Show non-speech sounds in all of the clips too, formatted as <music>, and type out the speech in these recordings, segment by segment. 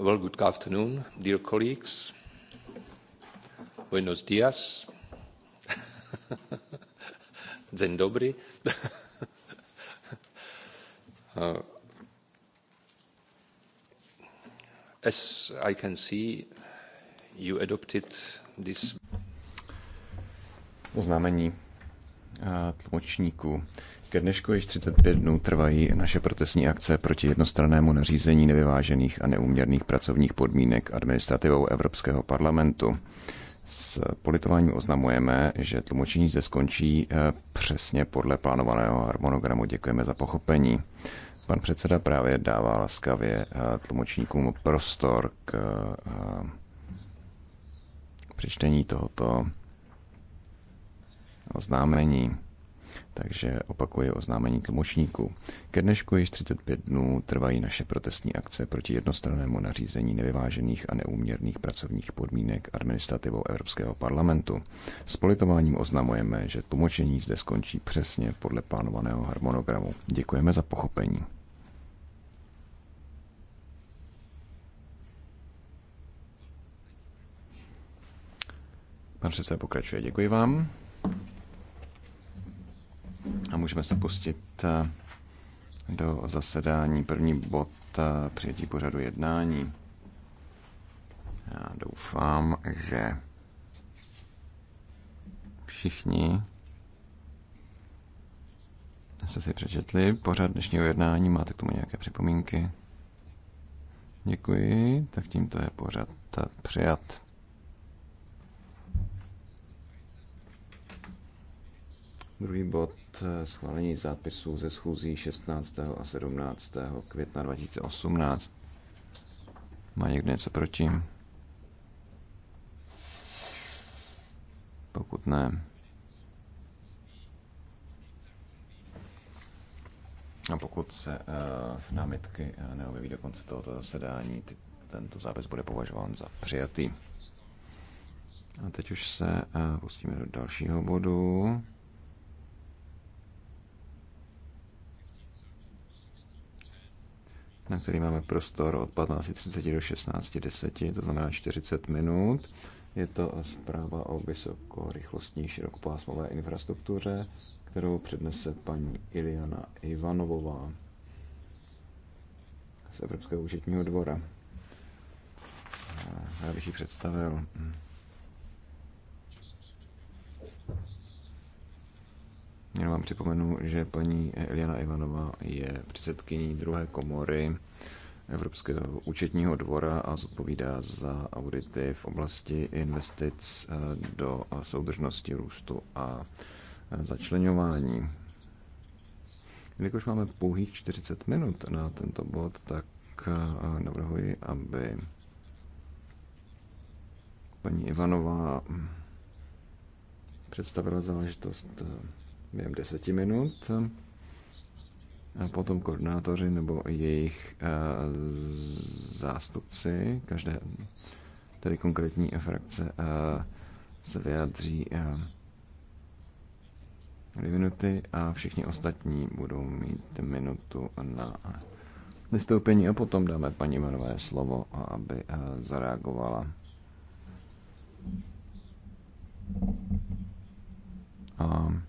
Well, good afternoon, dear colleagues. Buenos dias. <laughs> Dzień dobry. <laughs> Uh, as I can see, you adopted this oznámení uh, tlumočníků. Ke dnešku již 35 dnů trvají naše protestní akce proti jednostrannému nařízení nevyvážených a neuměrných pracovních podmínek administrativou Evropského parlamentu. S politováním oznamujeme, že tlumočení zde skončí eh, přesně podle plánovaného harmonogramu. Děkujeme za pochopení. Pan předseda právě dává laskavě eh, tlumočníkům prostor k eh, přečtení tohoto oznámení. Takže opakuje oznámení tlumočníků. Ke dnešku již 35 dnů trvají naše protestní akce proti jednostrannému nařízení nevyvážených a neúměrných pracovních podmínek administrativou Evropského parlamentu. S politováním oznamujeme, že tlumočení zde skončí přesně podle plánovaného harmonogramu. Děkujeme za pochopení. Pan předseda pokračuje. Děkuji vám. A můžeme se pustit eh, do zasedání. První bod eh, přijetí pořadu jednání. Já doufám, že všichni se si přečetli pořad dnešního jednání. Máte k tomu nějaké připomínky? Děkuji, tak tímto je pořad eh, přijat. Druhý bod Eh, schválení zápisů ze schůzí 16. a 17. května 2018. Má někdo něco proti? Pokud ne, A pokud se uh, v námitky eh, neobjeví do konce tohoto zasedání, ty, tento zápis bude považován za přijatý. A teď už se uh, pustíme do dalšího bodu. na který máme prostor od 15.30 do 16.10, to znamená 40 minut. Je to zpráva o vysokorychlostní širokopásmové infrastruktuře, kterou přednese paní Iliana Ivanovová z Evropského účetního dvora. Já bych ji představil. Jenom vám připomenu, že paní Eliana Ivanová je předsedkyní druhé komory Evropského účetního dvora a zodpovídá za audity v oblasti investic eh, do soudržnosti růstu a eh, začlenování. Jelikož máme pouhých 40 minut na tento bod, tak eh, navrhuji, aby paní Ivanová představila záležitost během deseti minut a potom koordinátoři nebo jejich eh, zástupci, každé tedy konkrétní frakce eh, se vyjádří eh, dvě minuty a všichni ostatní budou mít minutu na vystoupení a potom dáme paní Ivanové slovo, aby zareagovala. Um.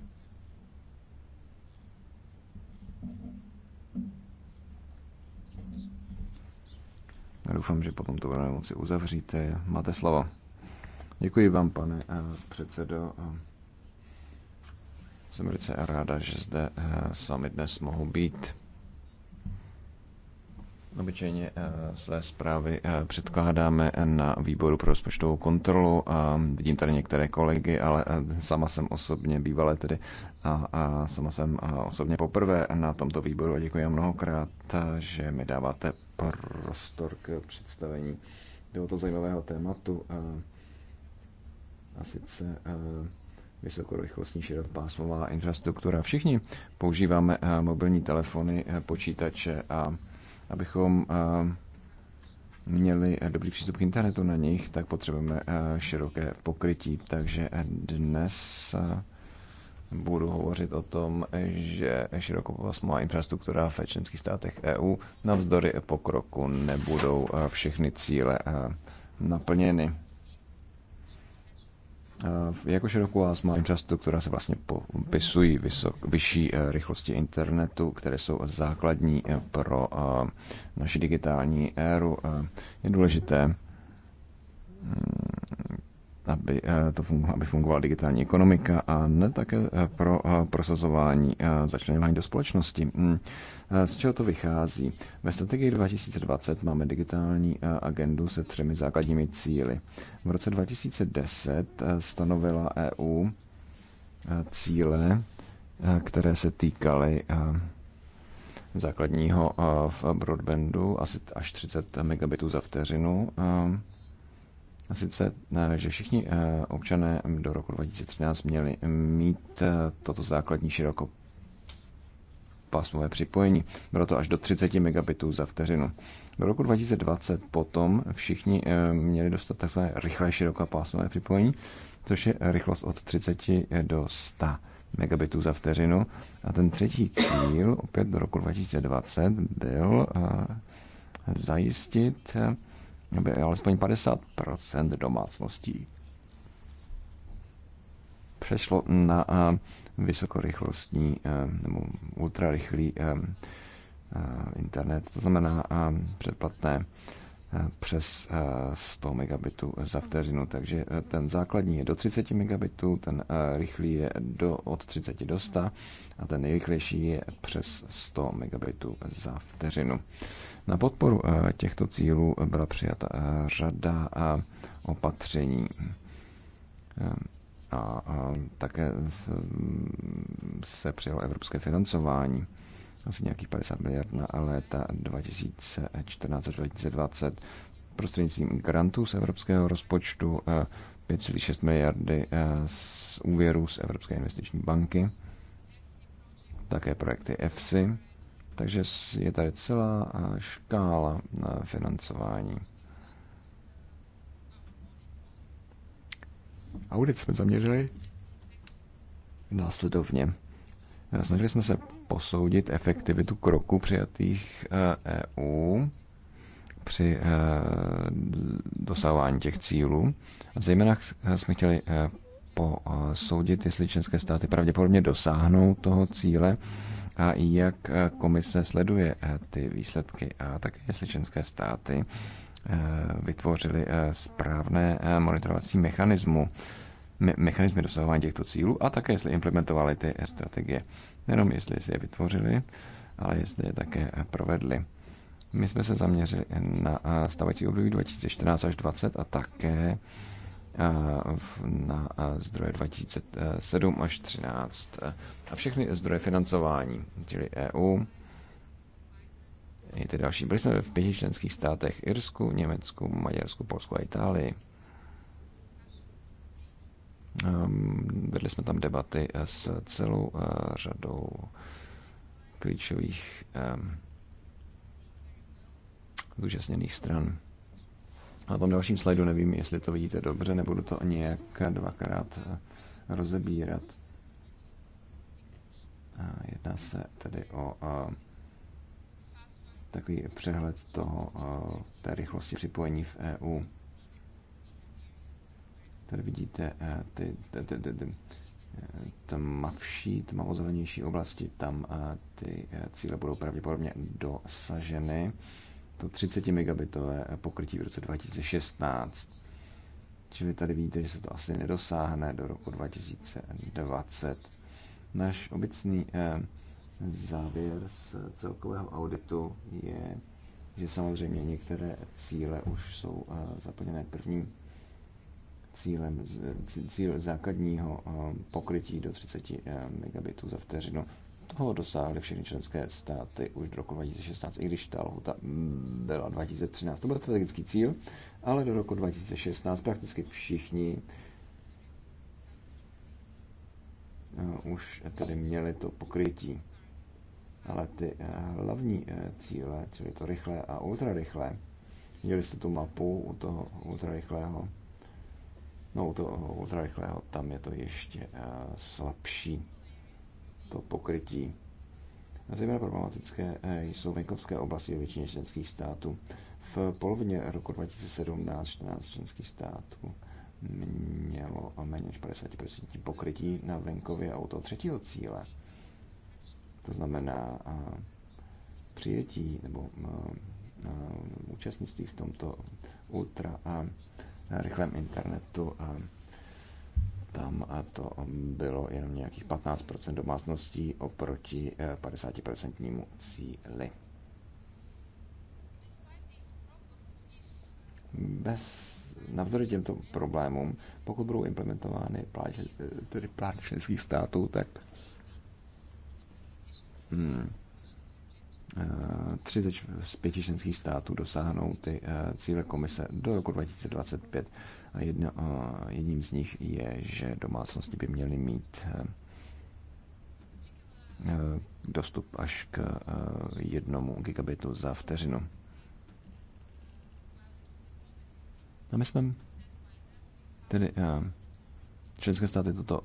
Doufám, že potom to budeme moci uzavřít. Máte slovo. Děkuji vám, pane eh, předsedo. Jsem velice ráda, že zde eh, s vámi dnes mohu být. Obyčejně eh, své zprávy předkládáme na výboru pro rozpočtovou kontrolu. Vidím tady některé kolegy, ale sama jsem osobně bývalé tedy a, a sama jsem osobně poprvé na tomto výboru a děkuji mnohokrát, že mi dáváte prostor k představení tohoto zajímavého tématu a sice vysokorychlostní širokopásmová infrastruktura. Všichni používáme mobilní telefony, počítače a abychom měli dobrý přístup k internetu na nich, tak potřebujeme široké pokrytí. Takže dnes budu hovořit o tom, že širokopásmová infrastruktura v členských státech EU navzdory pokroku nebudou eh, všechny cíle eh, naplněny. Eh, jako širokopásmová infrastruktura se vlastně popisují vysok, vyšší rychlosti internetu, které jsou základní pro naši digitální éru. Je důležité mm, aby, eh, to fungovala, aby fungovala digitální ekonomika a ne také eh, pro eh, prosazování začlenování do společnosti. Hmm. Z čeho to vychází? Ve strategii 2020 máme digitální agendu se třemi základními cíly. V roce 2010 stanovila EU cíle, které se týkaly základního v broadbandu asi až 30 megabitů za vteřinu a sice, eh, že všichni eh, občané do roku 2013 měli mít eh, toto základní široko pásmové připojení. Bylo to až do 30 megabitů za vteřinu. Do roku 2020 potom všichni měli dostat takzvané rychlé širokopásmové připojení, což je rychlost od 30 do 100 megabitů za vteřinu. A ten třetí cíl, opět do roku 2020, byl zajistit aby alespoň 50 domácností přešlo na eh, vysokorychlostní eh, nebo ultrarychlý eh, internet, to znamená předplatné přes 100 eh, megabitů za vteřinu, takže eh, ten základní je do 30 megabitů, ten eh, rychlý je do, od 30 do 100 a ten nejrychlejší je přes 100 megabitů za vteřinu. Na podporu těchto cílů byla přijata řada opatření a také se přijalo evropské financování asi nějakých 50 miliard na léta 2014 až 2020 prostřednictvím grantů z evropského rozpočtu, 5,6 eh, miliardy eh, z úvěru z Evropské investiční banky, také projekty EFSI, takže je tady celá eh, škála na financování. Audit jsme zaměřili následovně. Snažili jsme se posoudit efektivitu kroku přijatých EU eh, e při eh, dosahování těch cílů. Zejména jsme chtěli eh, posoudit, jestli členské státy pravděpodobně dosáhnou toho cíle a jak komise sleduje ty výsledky a také jestli členské státy vytvořili správné monitorovací mechanismu, mechanismy mechanizmy dosahování těchto cílů a také jestli implementovali ty strategie. Nejenom jestli si je vytvořili, ale jestli je také eh, provedli. My jsme se zaměřili na eh, stávající období 2014 až 2020 a také eh, na zdroje 2007 až 13 a všechny zdroje financování, čili EU, i ty další. Byli jsme v pěti členských státech Irsku, Německu, Maďarsku, Polsku a Itálii. Ehm, vedli jsme tam debaty eh, s celou eh, řadou klíčových ehm, zúčastněných stran. Na tom dalším slajdu nevím, jestli to vidíte dobře, nebudu to ani jak dvakrát eh, rozebírat. Jedná se tedy o ehm, takový přehled toho té rychlosti připojení v EU. Tady vidíte ty, ty, ty, ty, ty tmavší, tmavozelenější oblasti, tam ty cíle budou pravděpodobně dosaženy. To 30 megabitové pokrytí v roce 2016. Čili tady vidíte, že se to asi nedosáhne do roku 2020. Náš obecný závěr z celkového auditu je, že samozřejmě některé cíle už jsou zaplněné prvním cílem, cíl základního eh, pokrytí do 30 eh, megabitů za vteřinu. Toho dosáhly všechny členské státy už do roku 2016, i když ta lhuta mm, byla 2013. To byl strategický cíl, ale do roku 2016 prakticky všichni eh, už tedy měli to pokrytí. Ale ty hlavní cíle, čili to rychlé a ultrarychlé, měli jste tu mapu u toho ultrarychlého, No u toho ultrarychlého tam je to ještě eh, slabší, to pokrytí. Zejména problematické eh, jsou venkovské oblasti ve většině členských států. V polovině roku 2017 14 členských států mělo méně než 50% pokrytí na venkově a u toho třetího cíle, to znamená eh, přijetí nebo účastnictví v tomto ultra a rychlém internetu a tam a to bylo jenom nějakých 15% domácností oproti 50% eh, cíli. Bez navzdory těmto problémům, pokud budou implementovány plány, eh, tedy plány členských států, tak hmm, 30 eh, z pěti členských států dosáhnou ty eh, cíle komise do roku 2025. A jedno, eh, jedním z nich je, že domácnosti by měly mít dostup až k jednomu gigabitu za vteřinu. A my jsme tedy členské státy toto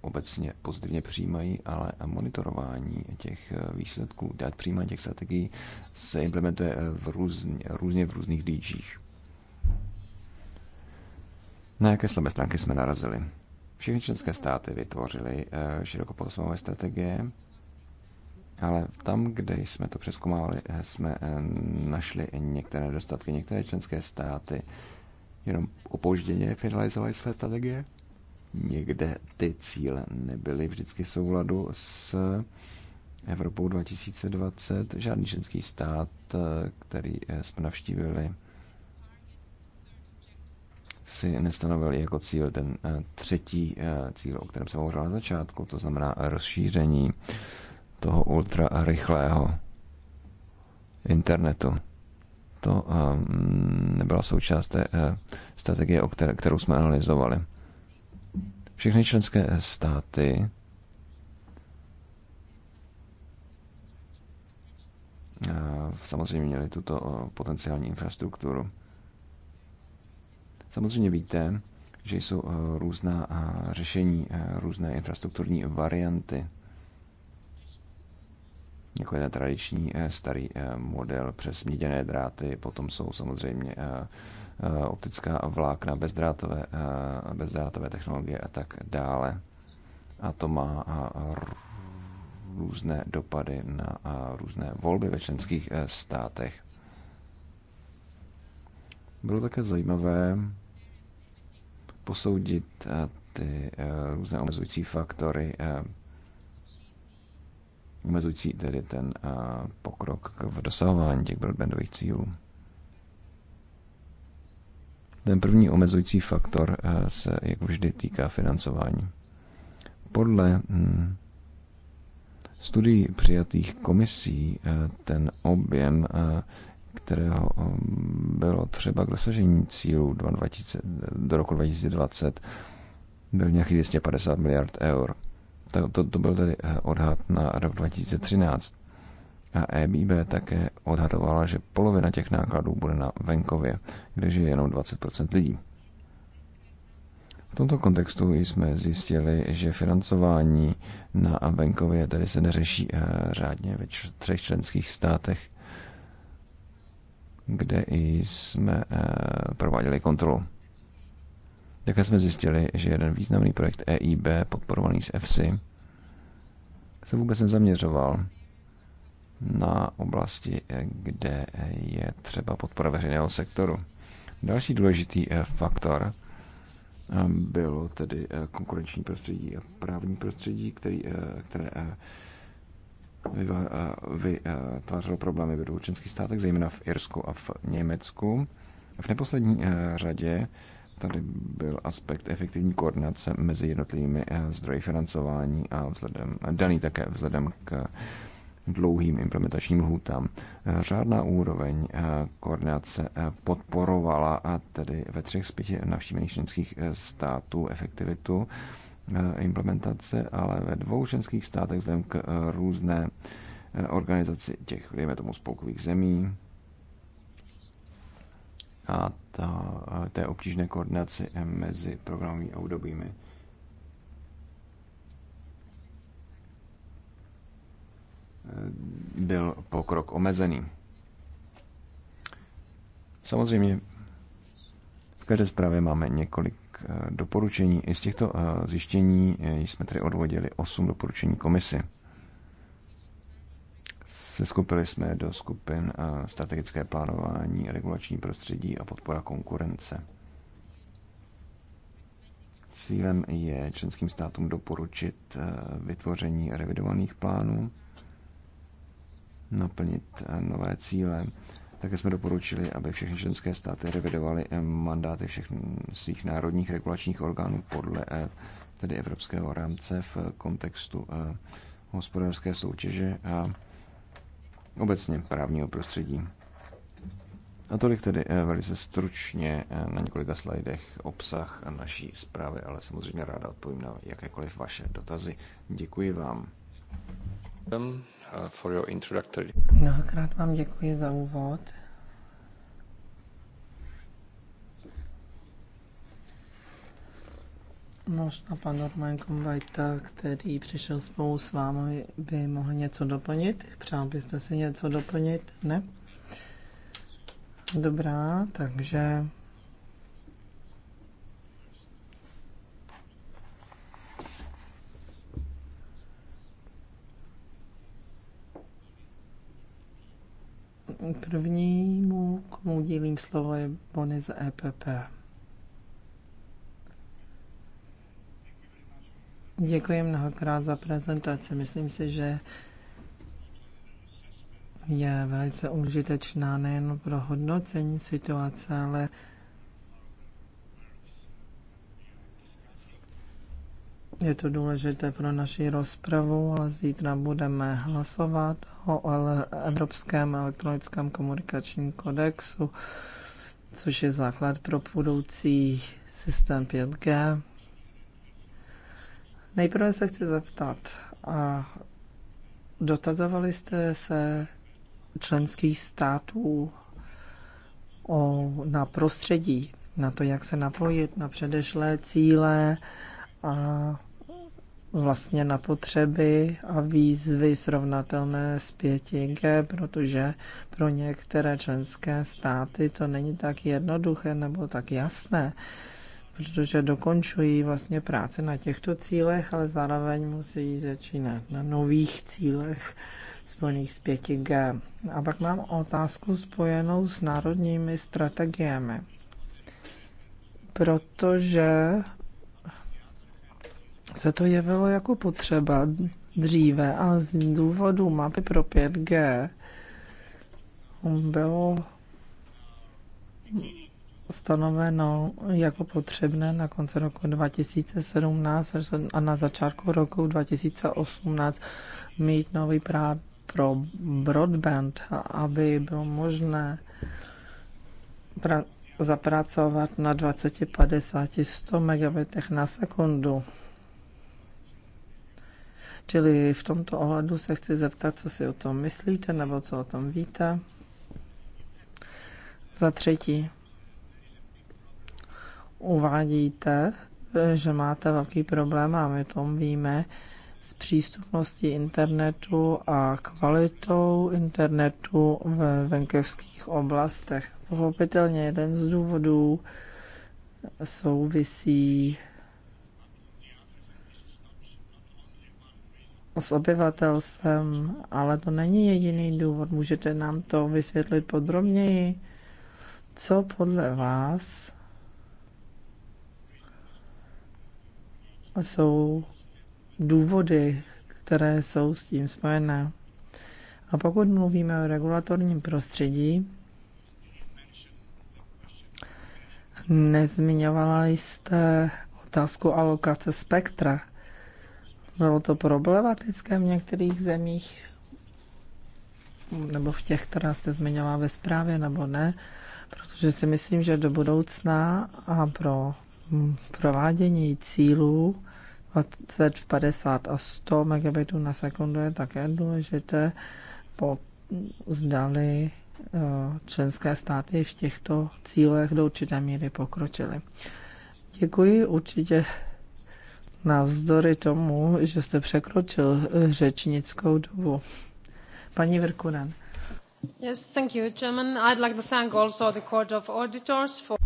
obecně pozitivně přijímají, ale monitorování těch eh, výsledků, dát přijímání těch strategií se implementuje eh, v různě, různě v různých DGích. Na jaké slabé stránky jsme narazili? Všechny členské státy vytvořily eh, širokopodosmové strategie, ale tam, kde jsme to přeskumávali, jsme našli některé nedostatky. Některé členské státy jenom opožděně finalizovaly své strategie někde ty cíle nebyly vždycky v souladu s Evropou 2020. Žádný členský stát, který eh, jsme navštívili, si nestanovil jako cíl ten eh, třetí eh, cíl, o kterém jsem hovořil na začátku, to znamená rozšíření toho ultrarychlého internetu. To ehm, nebyla součást té strategie, kterou jsme analyzovali. Všechny členské státy eh, samozřejmě měli tuto eh, potenciální infrastrukturu. Samozřejmě víte, že jsou eh, různá řešení, různé infrastrukturní varianty jako je ten tradiční eh, starý eh, model přes měděné dráty, potom jsou samozřejmě eh, optická vlákna, bezdrátové, bezdrátové technologie a tak dále. A to má různé dopady na různé volby ve členských státech. Bylo také zajímavé posoudit ty různé omezující faktory omezující tedy ten eh, pokrok v dosahování těch broadbandových cílů. Ten první omezující faktor eh, se, jak vždy, týká financování. Podle hm, studií přijatých komisí eh, ten objem, kterého bylo třeba k dosažení cílů do roku 2020, byl nějakých 250 miliard eur. To, to, to byl tedy eh, odhad na rok 2013. A EBB také odhadovala, že polovina těch nákladů bude na venkově, kde žije jenom 20% lidí. V tomto kontextu jsme zjistili, že financování na venkově tedy se neřeší eh, řádně ve třech členských státech, kde i jsme eh, prováděli kontrolu. Také jsme zjistili, že jeden významný projekt EIB, podporovaný z EFSI, se vůbec nezaměřoval na oblasti, kde je třeba podpora veřejného sektoru. Další důležitý eh, faktor eh, bylo tedy eh, konkurenční prostředí a právní prostředí, který, které vytvářelo problémy ve dvou státech, zejména v Irsku a v Německu. V neposlední řadě tady byl aspekt efektivní koordinace mezi jednotlivými eh, zdroji financování a vzhledem, daný také vzhledem k dlouhým implementačním lhůtám. Eh, řádná úroveň eh, koordinace podporovala a tedy ve třech z pěti navštívených členských států efektivitu implementace, ale ve dvou členských státech vzhledem k různé organizaci těch, dejme tomu, spolkových zemí a ta, té obtížné koordinaci eh, mezi programovými obdobími. Eh, byl pokrok omezený. Samozřejmě v každé zprávě máme několik eh, doporučení. I z těchto zjištění jsme tedy odvodili 8 doporučení komisi se skupili jsme do skupin eh, strategické plánování, regulační prostředí a podpora konkurence. Cílem je členským státům doporučit eh, vytvoření revidovaných plánů, naplnit eh, nové cíle. Také jsme doporučili, aby všechny členské státy revidovaly mandáty všech svých národních regulačních orgánů podle tedy evropského rámce v kontextu hospodářské soutěže a obecně právního prostředí. A tolik tedy eh, velice stručně eh, na několika slajdech obsah naší zprávy, ale samozřejmě ráda odpovím na jakékoliv vaše dotazy. Děkuji vám. Eh, for your introductory. Mnohokrát vám děkuji za úvod. Možná pan Ormankom Vajta, který přišel spolu s vámi, by mohl něco doplnit? Přál byste si něco doplnit? Ne? Dobrá, takže... Prvnímu, komu dělím slovo, je Bonnie z EPP. Děkuji mnohokrát za prezentaci. Myslím si, že je velice užitečná nejen pro hodnocení situace, ale je to důležité pro naši rozpravu a zítra budeme hlasovat o Evropském elektronickém komunikačním kodexu, což je základ pro budoucí systém 5G. Nejprve se chci zeptat, a dotazovali jste se členských států o, na prostředí, na to, jak se napojit na předešlé cíle a vlastně na potřeby a výzvy srovnatelné s 5G, protože pro některé členské státy to není tak jednoduché nebo tak jasné protože dokončují vlastně práce na těchto cílech, ale zároveň musí začínat na nových cílech spojených s 5G. A pak mám otázku spojenou s národními strategiemi, protože se to jevilo jako potřeba dříve a z důvodu mapy pro 5G bylo stanoveno jako potřebné na konci roku 2017 a na začátku roku 2018 mít nový práv pro broadband, aby bylo možné pra- zapracovat na 20, 50, 100 megabitech na sekundu. Čili v tomto ohledu se chci zeptat, co si o tom myslíte nebo co o tom víte. Za třetí, uvádíte, že máte velký problém a my tom víme s přístupností internetu a kvalitou internetu ve venkovských oblastech. Pochopitelně jeden z důvodů souvisí s obyvatelstvem, ale to není jediný důvod. Můžete nám to vysvětlit podrobněji? Co podle vás jsou důvody, které jsou s tím spojené. A pokud mluvíme o regulatorním prostředí, nezmiňovala jste otázku alokace spektra. Bylo to problematické v některých zemích, nebo v těch, která jste zmiňovala ve zprávě, nebo ne, protože si myslím, že do budoucna a pro provádění cílů 20, 50 a 100 megabitů na sekundu je také důležité, po zdali eh, členské státy v těchto cílech do určité míry pokročily. Děkuji určitě navzdory tomu, že jste překročil eh, řečnickou dobu. Paní Virkunen. Yes, thank you, Chairman. I'd like to thank also the Court of Auditors for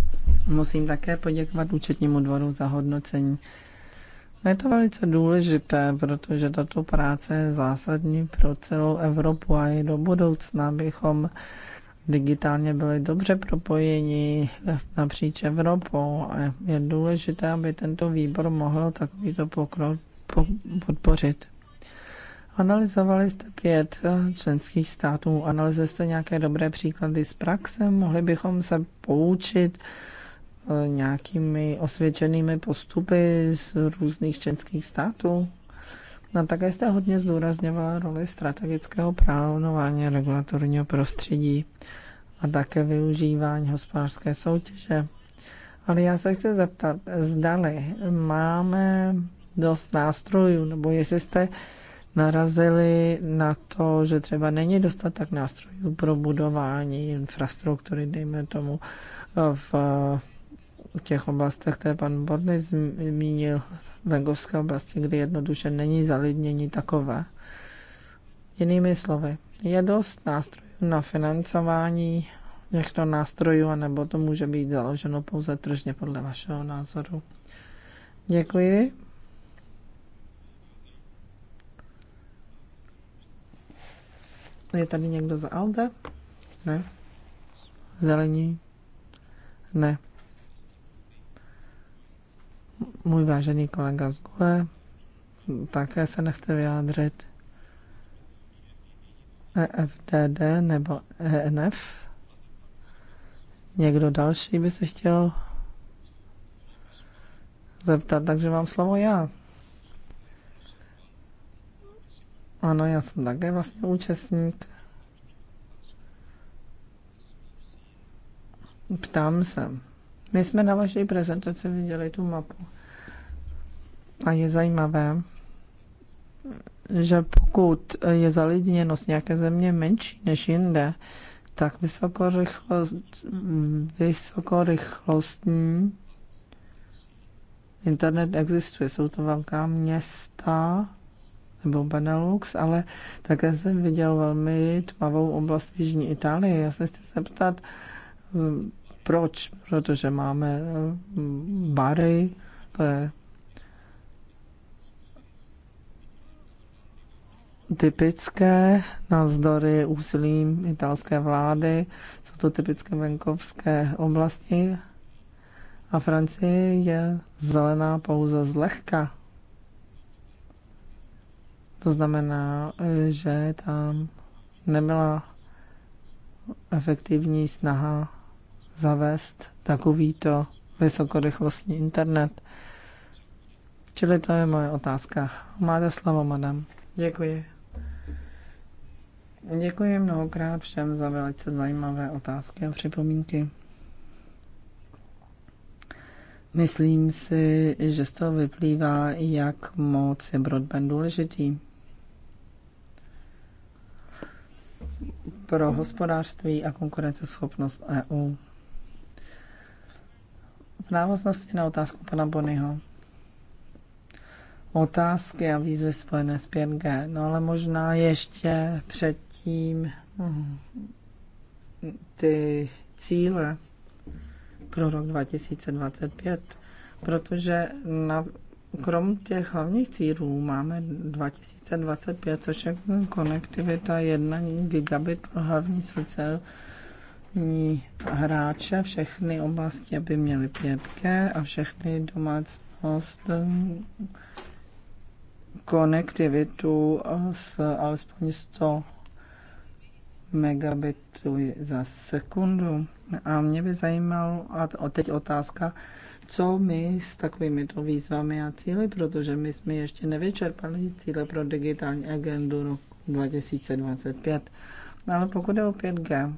Musím také poděkovat účetnímu dvoru za hodnocení. No, je to velice důležité, protože tato práce je zásadní pro celou Evropu a i do budoucna bychom digitálně byli dobře propojeni napříč Evropou. A je důležité, aby tento výbor mohl takovýto pokrok po- podpořit. Analyzovali jste pět členských států. Analyzovali jste nějaké dobré příklady z praxe? Mohli bychom se poučit Eh, nějakými osvědčenými postupy z různých členských států? No také jste hodně zdůrazňovala roli strategického plánování regulatorního prostředí a také využívání hospodářské soutěže. Ale já se chci zeptat, zdali máme dost nástrojů, nebo jestli jste narazili na to, že třeba není dostatek nástrojů pro budování infrastruktury, dejme tomu, v těch oblastech, které pan Borny zmínil, venkovské oblasti, kdy jednoduše není zalidnění takové. Jinými slovy, je dost nástrojů na financování těchto nástrojů, anebo to může být založeno pouze tržně podle vašeho názoru. Děkuji. Je tady někdo za Alde? Ne. Zelení? Ne. Můj vážený kolega z Gule, také se nechce vyjádřit. EFDD nebo ENF? Někdo další by se chtěl zeptat, takže mám slovo já. Ano, já jsem také vlastně účastník. Ptám se. My jsme na vaší prezentaci viděli tu mapu. A je zajímavé, že pokud je zalidněnost nějaké země menší než jinde, tak vysokorychlost, vysokorychlostní internet existuje. Jsou to velká města nebo Benelux, ale také jsem viděl velmi tmavou oblast v Jižní Itálii. Já se chci zeptat, proč? Protože máme eh, bary, typické navzdory úsilím italské vlády. Jsou to typické venkovské oblasti a Francie je zelená pouze zlehka. To znamená, eh, že tam nebyla efektivní snaha zavést takovýto vysokorychlostní internet. Čili to je moje otázka. Máte slovo, madam. Děkuji. Děkuji mnohokrát všem za velice zajímavé otázky a připomínky. Myslím si, že z toho vyplývá, jak moc je broadband důležitý pro hospodářství a konkurenceschopnost EU. V návaznosti na otázku pana Bonyho. Otázky a výzvy spojené s 5G. No ale možná ještě předtím hm, ty cíle pro rok 2025, protože na, krom těch hlavních cílů máme 2025, což je konektivita 1 gigabit pro hlavní srdce ostatní hráče, všechny oblasti, aby měly 5 a všechny domácnost um, konektivitu s alespoň 100 megabitů za sekundu. A mě by zajímalo, a teď otázka, co my s takovými to výzvami a cíly, protože my jsme ještě nevyčerpali cíle pro digitální agendu roku 2025. Ale pokud je o 5G,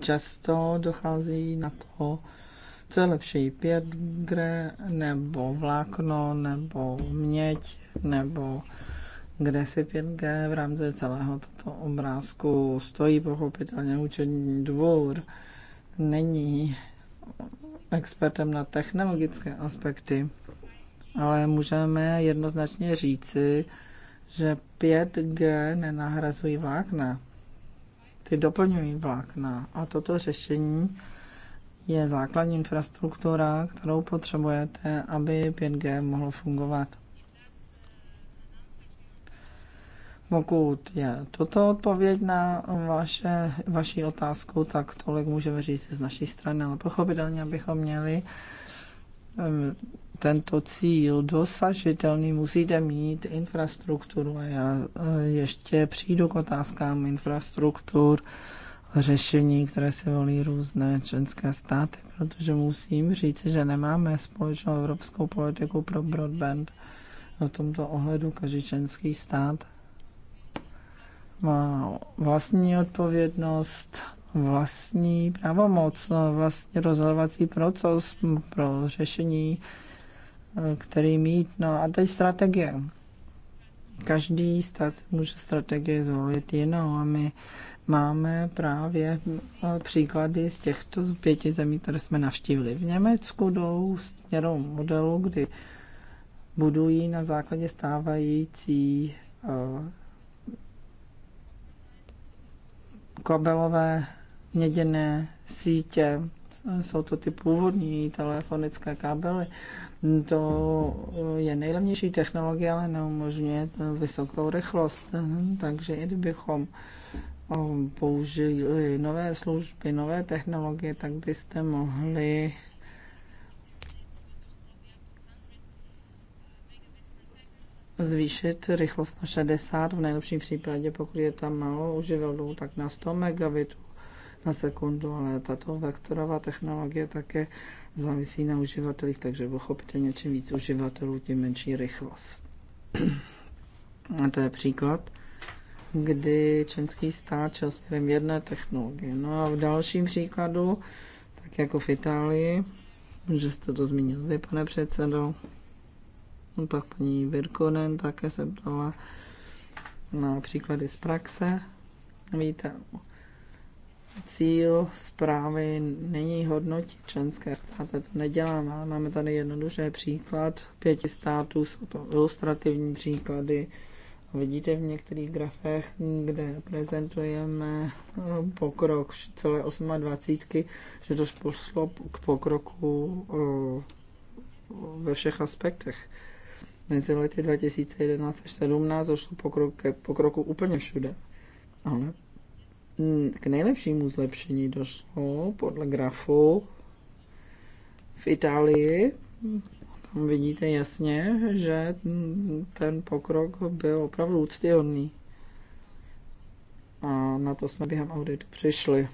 Často dochází na to, co je lepší, gre nebo vlákno, nebo měď, nebo kde si 5G v rámci celého toto obrázku stojí pochopitelně účetní dvůr. Není expertem na technologické aspekty, ale můžeme jednoznačně říci, že 5G nenahrazují vlákna ty doplňují vlákna. A toto řešení je základní infrastruktura, kterou potřebujete, aby 5G mohlo fungovat. Pokud je toto odpověď na vaše, vaši otázku, tak tolik můžeme říct z naší strany, ale pochopitelně, bychom měli tento cíl dosažitelný, musíte mít infrastrukturu. A já e, ještě přijdu k otázkám infrastruktur, řešení, které si volí různé členské státy, protože musím říct, že nemáme společnou evropskou politiku pro broadband. V tomto ohledu každý členský stát má vlastní odpovědnost, vlastní pravomoc, no, vlastní rozhodovací proces pro řešení Eh, který mít. No a teď strategie. Každý stát může strategie zvolit jinou a my máme právě eh, příklady z těchto pěti zemí, které jsme navštívili. V Německu jdou směrou modelu, kdy budují na základě stávající eh, kabelové měděné sítě. Jsou to ty původní telefonické kabely. To eh, je nejlevnější technologie, ale neumožňuje eh, vysokou rychlost. Mhm, takže i kdybychom eh, použili nové služby, nové technologie, tak byste mohli zvýšit rychlost na 60, v nejlepším případě, pokud je tam málo uživatelů, tak na 100 megabitů na sekundu, ale tato vektorová technologie také závisí na uživatelích, takže pochopitelně čím víc uživatelů, tím menší rychlost. <clears throat> A to je příklad, kdy členský stát čel směrem jedné technologie. No a v dalším příkladu, tak jako v Itálii, že jste to zmínil vy, pane předsedo, no pak paní Virkonen také se ptala na příklady z praxe. Víte, cíl zprávy není hodnotí členské státy. To neděláme, ale máme tady jednoduše příklad pěti států, jsou to ilustrativní příklady. Vidíte v některých grafech, kde prezentujeme eh, pokrok celé 28, že to šlo k pokroku eh, ve všech aspektech. Mezi lety 2011 až 2017 došlo pokroku pokroku úplně všude. Ale k nejlepšímu zlepšení došlo podle grafu v Itálii. Tam vidíte jasně, že ten pokrok byl opravdu úctyhodný. A na to jsme během auditu přišli.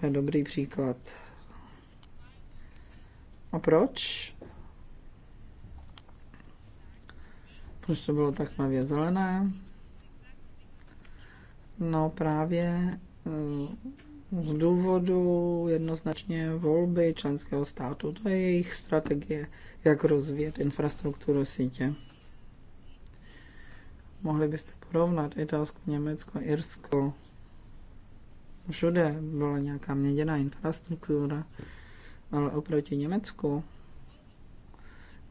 To je dobrý příklad. A proč? Proč to bylo tak mavě zelené? No právě Eh, z důvodu jednoznačně volby členského státu. To je jejich strategie, jak rozvíjet infrastrukturu sítě. Mohli byste porovnat Italsko, Německo, Irsko. Všude byla nějaká měděná infrastruktura, ale oproti Německu,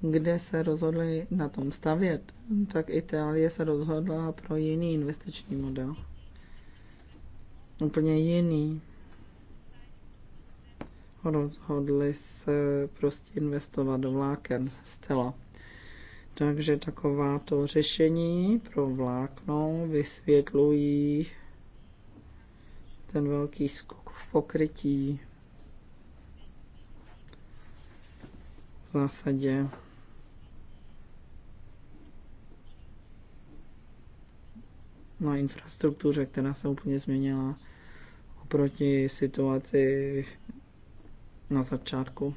kde se rozhodli na tom stavět, tak Itálie se rozhodla pro jiný investiční model úplně jiný. Rozhodli se prostě investovat do vláken zcela. Takže taková to řešení pro vlákno vysvětlují ten velký skok v pokrytí. V zásadě na infrastruktuře, která se úplně změnila oproti situaci na začátku.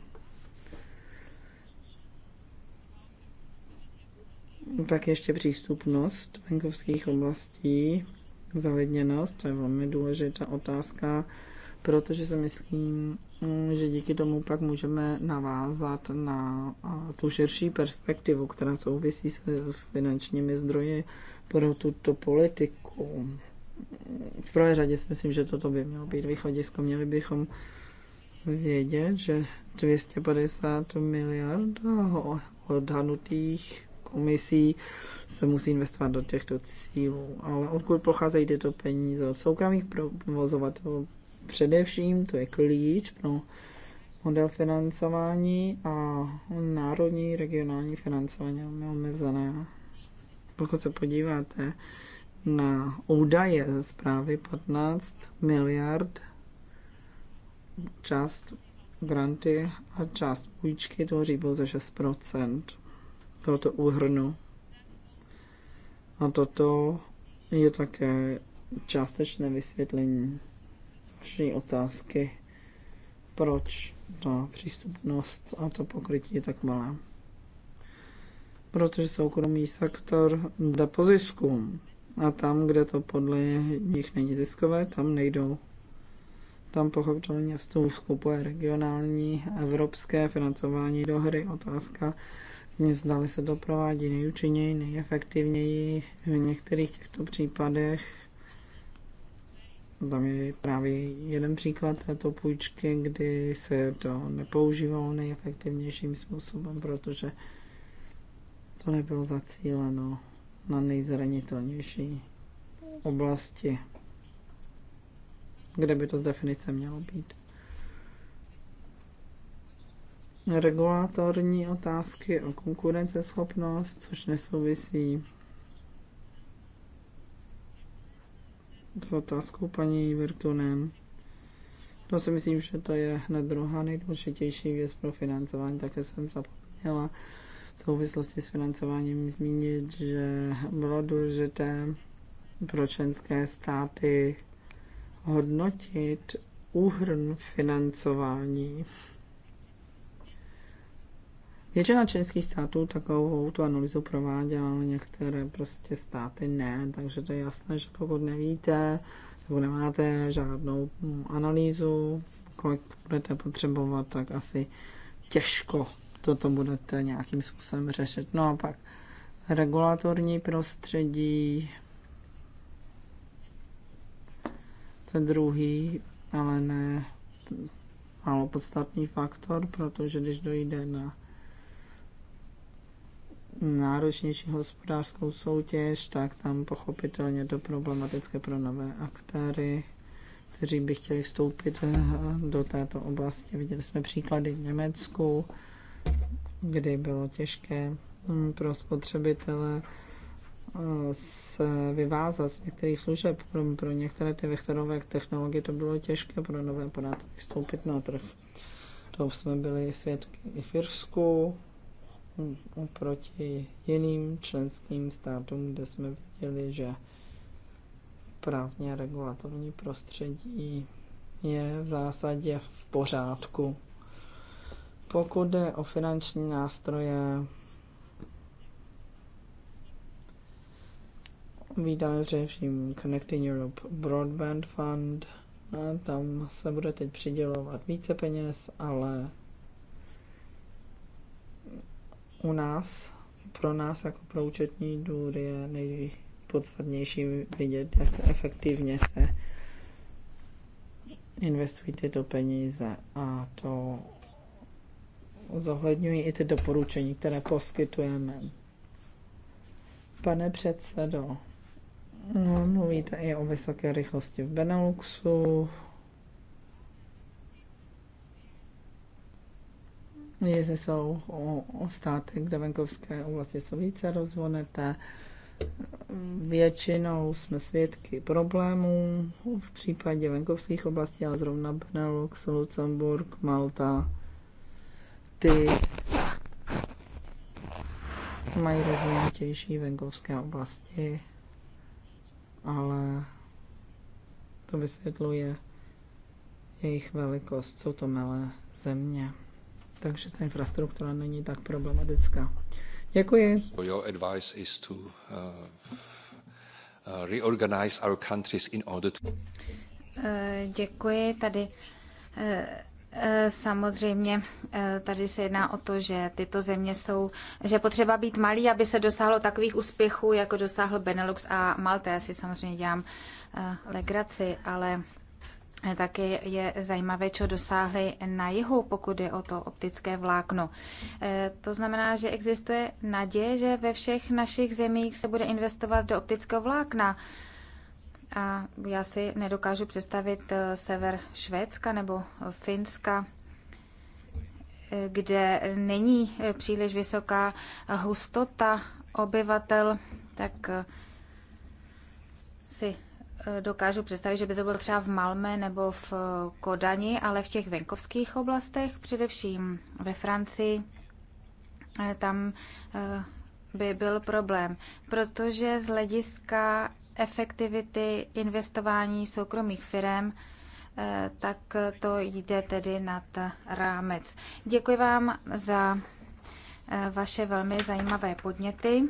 Pak ještě přístupnost venkovských oblastí, zalidněnost, to je velmi důležitá otázka, protože si myslím, že díky tomu pak můžeme navázat na tu širší perspektivu, která souvisí s finančními zdroji pro tuto politiku. V prvé řadě si myslím, že toto by mělo být východisko. Měli bychom vědět, že 250 miliard odhadnutých komisí se musí investovat do těchto cílů. Ale odkud pocházejí tyto peníze? Od soukromých provozovatelů především, to je klíč pro model financování a národní regionální financování omezené pokud se podíváte na údaje ze zprávy 15 miliard, část granty a část půjčky tvoří pouze 6% tohoto úhrnu. A toto je také částečné vysvětlení vaší otázky, proč ta přístupnost a to pokrytí je tak malé protože soukromý sektor jde po zisku. A tam, kde to podle nich není ziskové, tam nejdou. Tam pochopitelně z toho vstupuje regionální evropské financování do hry. Otázka zní, zdali se to provádí nejúčinněji, nejefektivněji v některých těchto případech. Tam je právě jeden příklad této půjčky, kdy se to nepoužívalo nejefektivnějším způsobem, protože to bylo zacíleno na nejzranitelnější oblasti, kde by to z definice mělo být. Regulatorní otázky o konkurenceschopnost, což nesouvisí s otázkou paní Virtunen. To si myslím, že to je hned druhá nejdůležitější věc pro financování, také jsem zapomněla v souvislosti s financováním zmínit, že bylo důležité pro členské státy hodnotit úhrn financování. Většina členských států takovou tu analýzu prováděla, ale některé prostě státy ne, takže to je jasné, že pokud nevíte nebo nemáte žádnou analýzu, kolik budete potřebovat, tak asi těžko toto budete nějakým způsobem řešit. No a pak regulatorní prostředí, ten druhý, ale ne málo podstatný faktor, protože když dojde na náročnější hospodářskou soutěž, tak tam pochopitelně to problematické pro nové aktéry, kteří by chtěli vstoupit eh, do této oblasti. Viděli jsme příklady v Německu, kdy bylo těžké mm, pro spotřebitele eh, se vyvázat z některých služeb. Pro, pro některé ty vektorové technologie to bylo těžké, pro nové podáty vstoupit na trh. To jsme byli svědky i v Irsku, mm, oproti jiným členským státům, kde jsme viděli, že právně regulatorní prostředí je v zásadě v pořádku. Pokud jde o finanční nástroje, vítám především Connecting Europe Broadband Fund. A tam se bude teď přidělovat více peněz, ale u nás, pro nás jako pro účetní důr je nejpodstatnější vidět, jak efektivně se investují tyto peníze a to zohledňují i ty doporučení, které poskytujeme. Pane předsedo, no, mluvíte i o vysoké rychlosti v Beneluxu. Jestli jsou o, o státy, kde venkovské oblasti jsou více rozvoneté, většinou jsme svědky problémů v případě venkovských oblastí, ale zrovna Benelux, Lucemburg, Malta, ty mají rozvinutější venkovské oblasti, ale to vysvětluje jejich velikost, jsou to malé země. Takže ta infrastruktura není tak problematická. Děkuji. Your advice is to uh, uh, reorganize our countries in order to... Eh, děkuji. Tady eh, Eh, samozřejmě eh, tady se jedná o to, že tyto země jsou, že potřeba být malý, aby se dosáhlo takových úspěchů, jako dosáhl Benelux a Malta. Já si samozřejmě dělám eh, legraci, ale taky je zajímavé, co dosáhli na jihu, pokud je o to optické vlákno. To znamená, že existuje naděje, že ve všech našich zemích se bude investovat do optického vlákna a já si nedokážu představit eh, sever Švédska nebo Finska, eh, kde není eh, příliš vysoká hustota obyvatel, tak si dokážu představit, že by to bylo třeba v Malmé nebo v Kodani, ale v těch venkovských oblastech, především ve Francii, tam by byl problém, protože z hlediska efektivity investování soukromých firm, eh, tak to jde tedy nad rámec. Děkuji vám za eh, vaše velmi zajímavé podněty.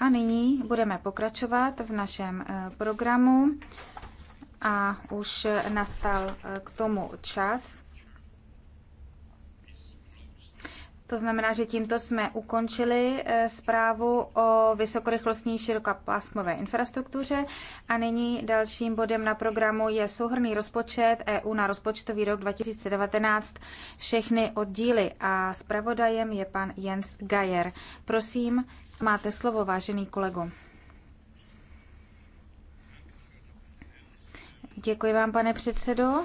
A nyní budeme pokračovat v našem eh, programu a už nastal k tomu čas. To znamená, že tímto jsme ukončili eh, zprávu o vysokorychlostní širokopásmové infrastruktuře a nyní dalším bodem na programu je souhrný rozpočet EU na rozpočtový rok 2019 všechny oddíly a zpravodajem je pan Jens Gajer. Prosím, máte slovo, vážený kolego. Děkuji vám, pane předsedo.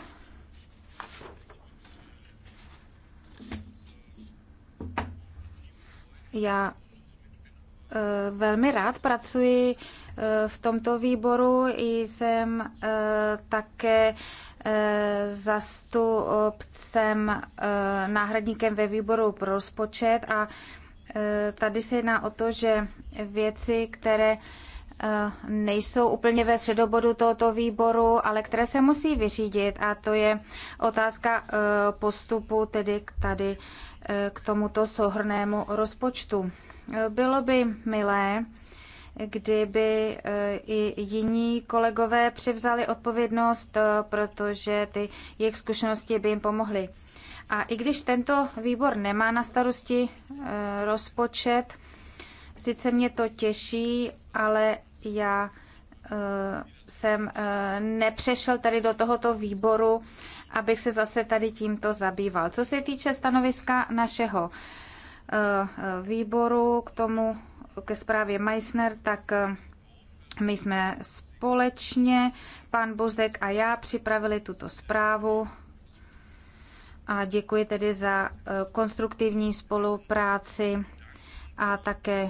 Já e, velmi rád pracuji e, v tomto výboru. Jsem e, také zastupcem, náhradníkem ve výboru pro rozpočet a tady se jedná o to, že věci, které nejsou úplně ve středobodu tohoto výboru, ale které se musí vyřídit a to je otázka postupu tedy tady E, k tomuto souhrnému rozpočtu. E, bylo by milé, kdyby e, i jiní kolegové převzali odpovědnost, protože ty jejich zkušenosti by jim pomohly. A i když tento výbor nemá na starosti rozpočet, sice mě to těší, ale já jsem nepřešel tady do tohoto výboru abych se zase tady tímto zabýval. Co se týče stanoviska našeho eh, eh, výboru k tomu, ke zprávě Meissner, tak eh, my jsme společně, pan Bozek a já, připravili tuto zprávu a děkuji tedy za konstruktivní spolupráci a také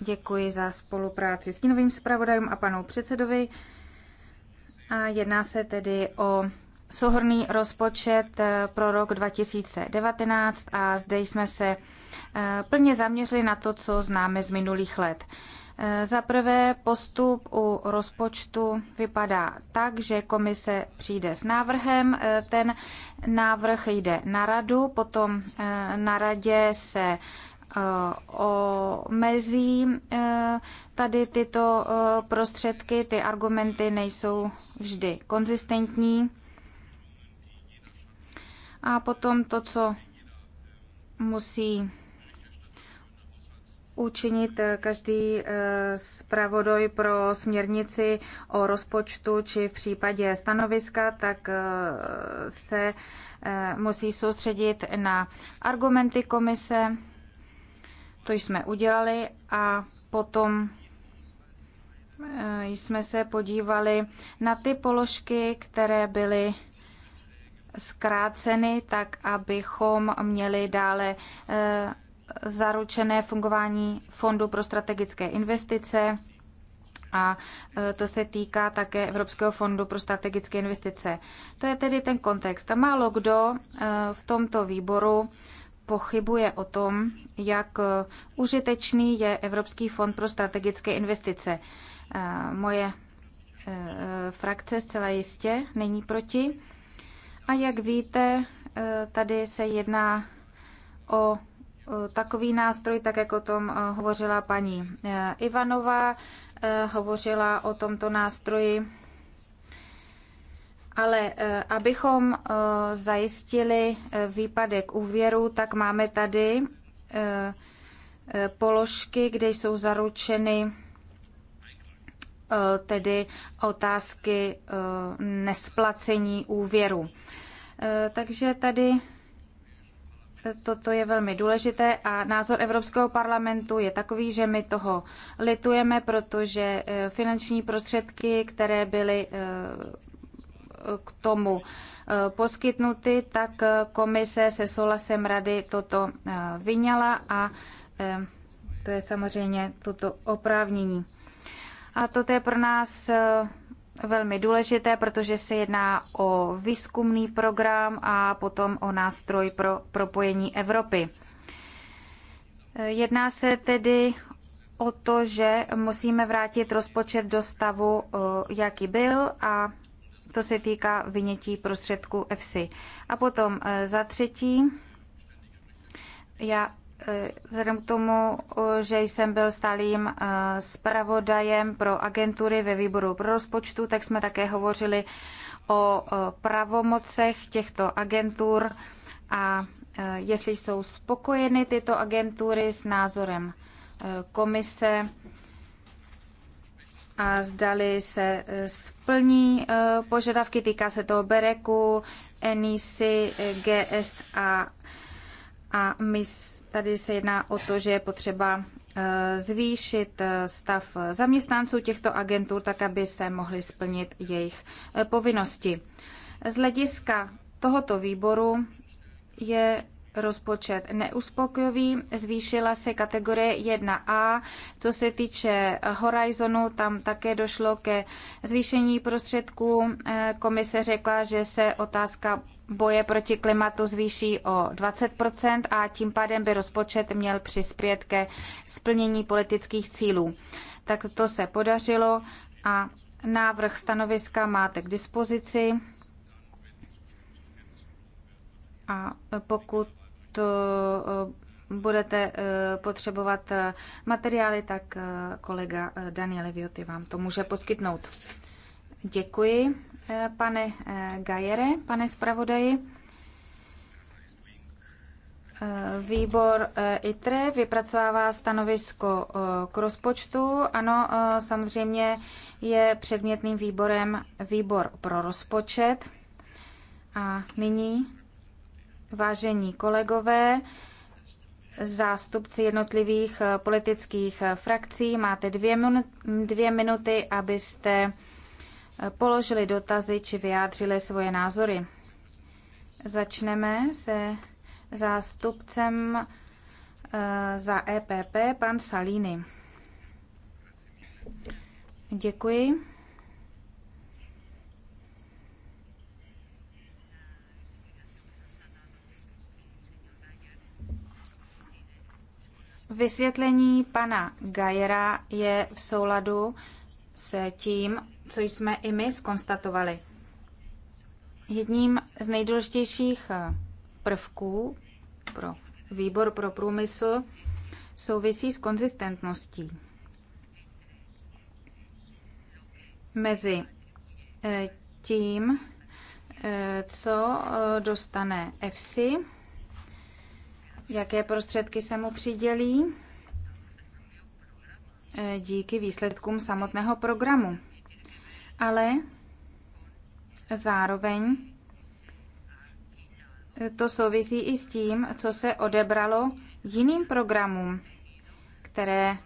děkuji za spolupráci s novým zpravodajem a panu předsedovi. A jedná se tedy o souhrný rozpočet eh, pro rok 2019 a zde jsme se eh, plně zaměřili na to, co známe z minulých let. Eh, za prvé postup u rozpočtu vypadá tak, že komise přijde s návrhem, ten návrh jde na radu, potom na radě se omezí tady tyto prostředky, ty argumenty nejsou vždy konzistentní. A potom to, co musí učinit eh, každý eh, zpravodaj pro směrnici o rozpočtu či v případě stanoviska, tak eh, se musí soustředit na argumenty komise, to jsme udělali a potom jsme se podívali na ty položky, které byly zkráceny, tak abychom měli dále eh, zaručené fungování Fondu pro strategické investice a eh, to se týká také Evropského fondu pro strategické investice. To je tedy ten kontext. A málo kdo eh, v tomto výboru pochybuje o tom, jak užitečný je Evropský fond pro strategické investice. Moje frakce zcela jistě není proti a jak víte, eh, tady se jedná o eh, takový nástroj, tak jak o tom eh, hovořila paní Ivanová, hovořila o tomto nástroji. Ale abychom zajistili výpadek úvěru, tak máme tady položky, kde jsou zaručeny Eh, tedy otázky eh, nesplacení úvěru. Eh, takže tady Toto je velmi důležité a názor Evropského parlamentu je takový, že my toho litujeme, protože finanční prostředky, které byly k tomu poskytnuty, tak komise se souhlasem rady toto vyňala a to je samozřejmě toto oprávnění. A toto je pro nás eh, velmi důležité, protože se jedná o výzkumný program a potom o nástroj pro propojení Evropy. Eh, jedná se tedy o to, že musíme vrátit rozpočet do stavu, eh, jaký byl a to se týká vynětí prostředků EFSI. A potom za třetí, já Vzhledem k tomu, že jsem byl stálým eh, zpravodajem pro agentury ve výboru pro rozpočtu, tak jsme také hovořili o eh, pravomocech těchto agentur a eh, jestli jsou spokojeny tyto agentury s názorem komise a zdali se splní požadavky, týká se toho Bereku, NISI, GSA a MIS Tady se jedná o to, že je potřeba eh, zvýšit eh, stav zaměstnanců těchto agentů, tak aby se mohly splnit jejich eh, povinnosti. Z hlediska tohoto výboru je rozpočet neuspokojivý. Zvýšila se kategorie 1A. Co se týče Horizonu, tam také došlo ke zvýšení prostředků. Komise řekla, že se otázka boje proti klimatu zvýší o 20 a tím pádem by rozpočet měl přispět ke splnění politických cílů. Tak to se podařilo a návrh stanoviska máte k dispozici. A pokud to e, budete e, potřebovat e, materiály, tak kolega Daniel Vioty vám to může poskytnout. Děkuji. Eh, pane eh, Gajere, pane zpravodaji. Eh, výbor ITRE vypracovává stanovisko k rozpočtu. Ano, samozřejmě je předmětným výborem výbor pro rozpočet. A nyní, vážení kolegové, zástupci jednotlivých politických frakcí, máte dvě, dvě minuty, abyste položili dotazy či vyjádřili svoje názory. Začneme se zástupcem eh, za EPP, pan Salini. Děkuji. Vysvětlení pana Gajera je v souladu s tím, co jsme i my skonstatovali. Jedním z nejdůležitějších eh, prvků pro výbor pro průmysl souvisí s konzistentností mezi eh, tím, eh, co dostane EFSI, jaké prostředky se mu přidělí díky výsledkům samotného programu ale zároveň to souvisí i s tím, co se odebralo jiným programům, které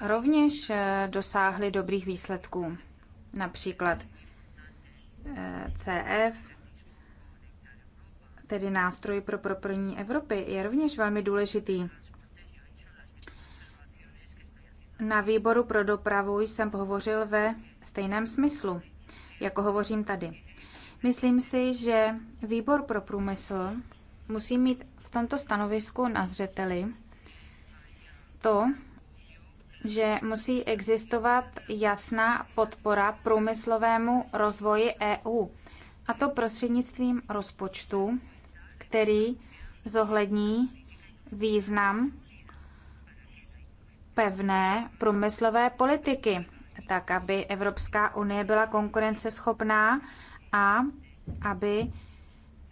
rovněž eh, dosáhly dobrých výsledků. Například eh, CF, tedy nástroj pro propojení Evropy, je rovněž velmi důležitý. Na výboru pro dopravu jsem hovořil ve stejném smyslu, jako hovořím tady. Myslím si, že výbor pro průmysl musí mít v tomto stanovisku na zřeteli to, že musí existovat jasná podpora průmyslovému rozvoji EU, a to prostřednictvím rozpočtu, který zohlední význam pevné průmyslové politiky, tak aby Evropská unie byla konkurenceschopná a aby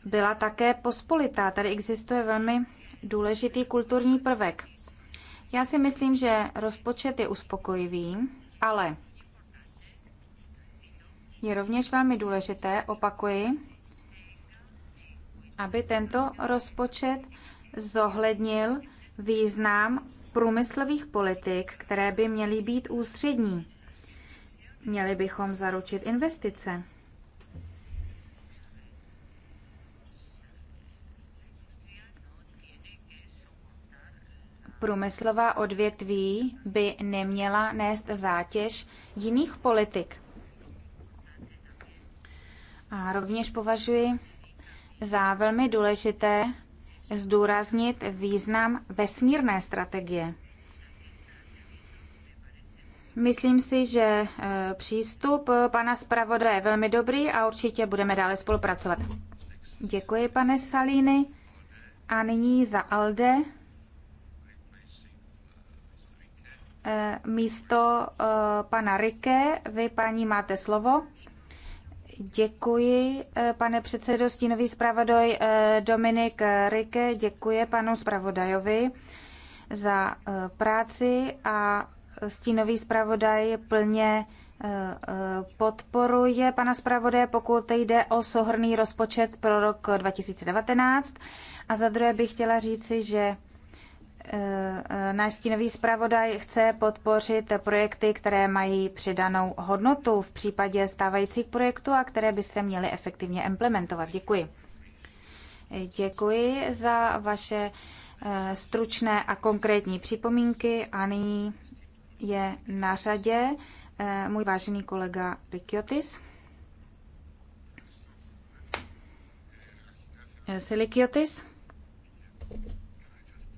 byla také pospolitá. Tady existuje velmi důležitý kulturní prvek. Já si myslím, že rozpočet je uspokojivý, ale je rovněž velmi důležité, opakuji, aby tento rozpočet zohlednil význam průmyslových politik, které by měly být ústřední. Měli bychom zaručit investice. Průmyslová odvětví by neměla nést zátěž jiných politik. A rovněž považuji za velmi důležité zdůraznit význam vesmírné strategie. Myslím si, že e, přístup e, pana zpravodaje je velmi dobrý a určitě budeme dále spolupracovat. Děkuji, pane Salíny. A nyní za Alde e, místo pana Rike. Vy, paní, máte slovo. Děkuji, eh, pane předsedo, stínový zpravodaj eh, Dominik Rike, děkuji panu zpravodajovi za eh, práci a stínový zpravodaj plně podporuje pana zpravodaje, pokud jde o souhrný rozpočet pro rok 2019. A za druhé bych chtěla říci, že Náš stínový zpravodaj chce podpořit projekty, které mají přidanou hodnotu v případě stávajících projektů a které by se měly efektivně implementovat. Děkuji. Děkuji za vaše eh, stručné a konkrétní připomínky a nyní je na řadě eh, můj vážený kolega Rikiotis. Eh, Silikiotis.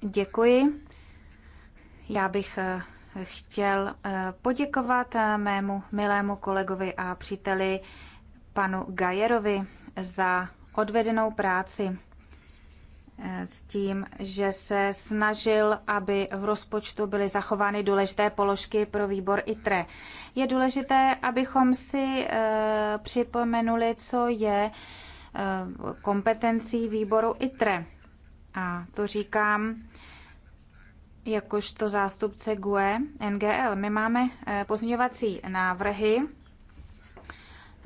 Děkuji. Já bych eh, chtěl eh, poděkovat eh, mému milému kolegovi a příteli panu Gajerovi za odvedenou práci s tím, že se snažil, aby v rozpočtu byly zachovány důležité položky pro výbor ITRE. Je důležité, abychom si připomenuli, co je kompetencí výboru ITRE. A to říkám jakožto zástupce GUE NGL. My máme eh, pozměňovací návrhy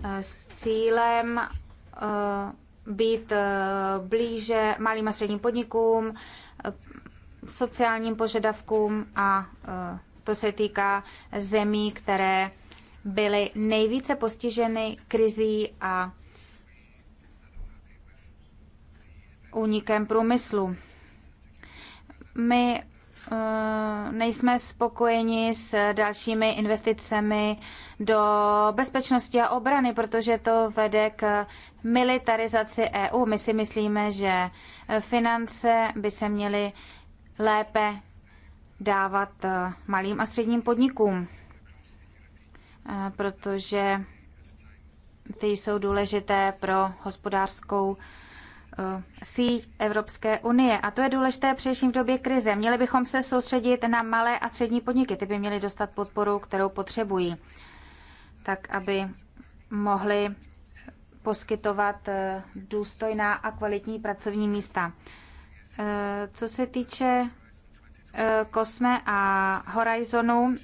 eh, s cílem eh, být blíže malým a středním podnikům, sociálním požadavkům a to se týká zemí, které byly nejvíce postiženy krizí a únikem průmyslu. My eh, nejsme spokojeni s dalšími investicemi do bezpečnosti a obrany, protože to vede k militarizaci EU. My si myslíme, že finance by se měly lépe dávat eh, malým a středním podnikům, eh, protože ty jsou důležité pro hospodářskou Eh, síť Evropské unie. A to je důležité především v době krize. Měli bychom se soustředit na malé a střední podniky. Ty by měly dostat podporu, kterou potřebují, tak aby mohly poskytovat eh, důstojná a kvalitní pracovní místa. Eh, co se týče Kosme a Horizonu,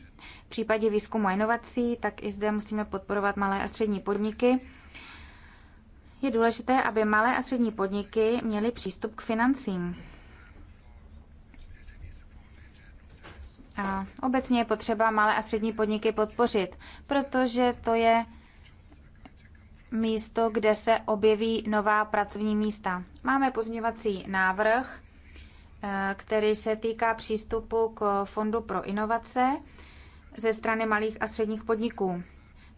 v případě výzkumu a inovací, tak i zde musíme podporovat malé a střední podniky je důležité, aby malé a střední podniky měly přístup k financím. A obecně je potřeba malé a střední podniky podpořit, protože to je místo, kde se objeví nová pracovní místa. Máme pozměňovací návrh, eh, který se týká přístupu k Fondu pro inovace ze strany malých a středních podniků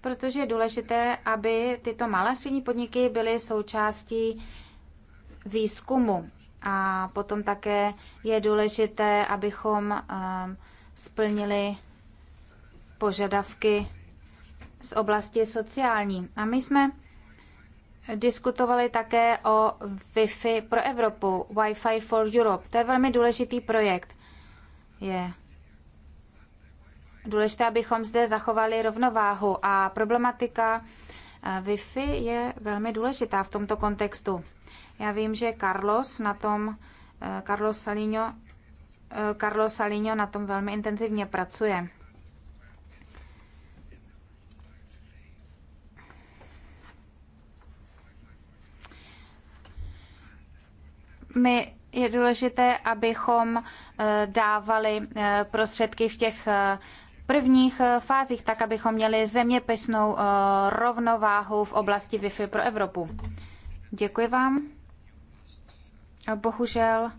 protože je důležité, aby tyto malé střední podniky byly součástí výzkumu. A potom také je důležité, abychom ehm, splnili požadavky z oblasti sociální. A my jsme diskutovali také o Wi-Fi pro Evropu, Wi-Fi for Europe. To je velmi důležitý projekt. Je důležité, abychom zde zachovali rovnováhu a problematika eh, Wi-Fi je velmi důležitá v tomto kontextu. Já vím, že Carlos na tom, eh, Carlos Salino, eh, Carlos Salino na tom velmi intenzivně pracuje. My je důležité, abychom dávali prostředky v těch prvních eh, fázích, tak abychom měli zeměpisnou eh, rovnováhu v oblasti Wi-Fi pro Evropu. Děkuji vám. Bohužel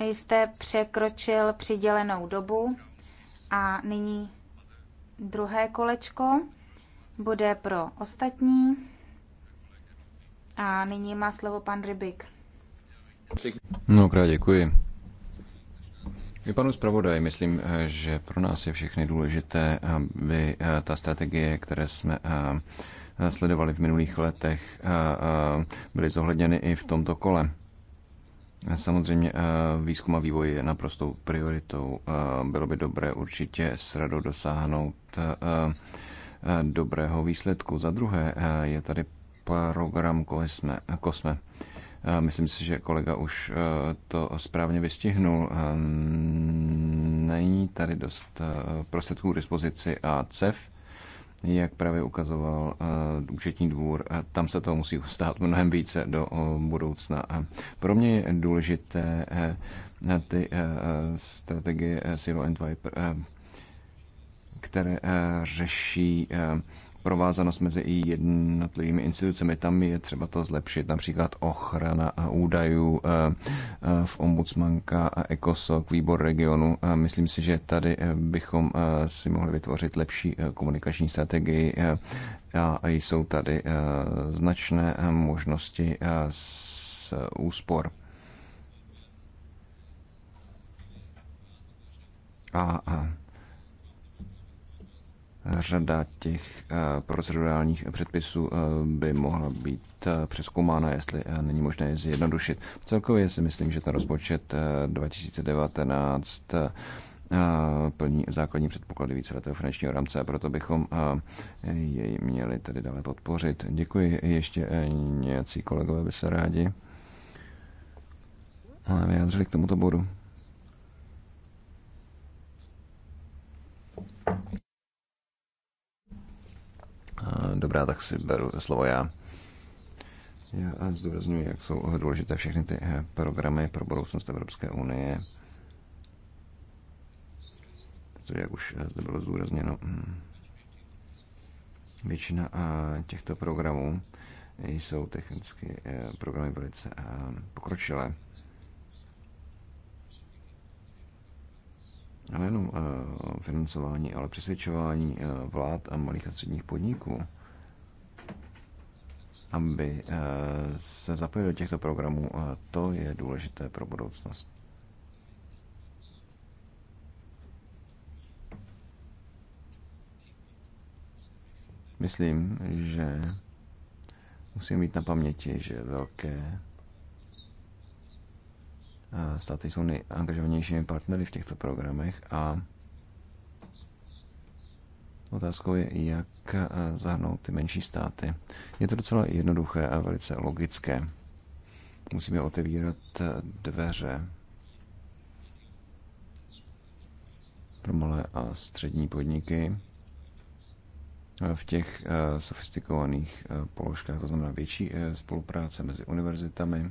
jste překročil přidělenou dobu a nyní druhé kolečko bude pro ostatní. A nyní má slovo pan Rybik. Mnohokrát děkuji. K panu zpravodaji, myslím, eh, že pro nás je všechny důležité, aby eh, ta strategie, které jsme eh, sledovali v minulých letech, byly zohledněny i v tomto kole. Samozřejmě výzkum a vývoj je naprostou prioritou. Bylo by dobré určitě s radou dosáhnout dobrého výsledku. Za druhé je tady program Kosme. Kosme Myslím si, že kolega už eh, to správně vystihnul. Ehm, není tady dost eh, prostředků k dispozici a CEF, jak právě ukazoval eh, účetní dvůr, tam se to musí stát mnohem více do budoucna. Pro mě je důležité ty strategie Silo and Viper, které řeší provázanost mezi i jednotlivými institucemi. Tam je třeba to zlepšit, například ochrana a údajů eh, eh, v ombudsmanka a ECOSOC, výbor regionu. Eh, myslím si, že tady bychom si mohli vytvořit lepší komunikační strategii a jsou tady značné možnosti s úspor. A, a řada těch eh, procedurálních předpisů eh, by mohla být eh, přeskoumána, jestli není možné je zjednodušit. Celkově si myslím, že ten rozpočet 2019 plní základní předpoklady víceletého finančního rámce a proto bychom jej měli tedy dále podpořit. Děkuji. Ještě nějací kolegové by se rádi vyjádřili k tomuto bodu. Dobrá, tak si beru slovo já. Já zdůraznuju, jak jsou důležité všechny ty eh, programy pro budoucnost Evropské unie. Protože, jak už eh, zde bylo zdůrazněno, hm. většina eh, těchto programů jsou technicky programy velice pokročilé. nejenom eh, financování, ale přesvědčování eh, vlád a malých a středních podniků, aby eh, se zapojili do těchto programů, to je důležité pro budoucnost. Myslím, že musím mít na paměti, že velké Eh, státy jsou nejangažovanějšími partnery v těchto programech a otázkou je, jak eh, zahrnout ty menší státy. Je to docela jednoduché a velice logické. Musíme otevírat eh, dveře pro malé a střední podniky v těch sofistikovaných položkách, to znamená větší spolupráce mezi univerzitami,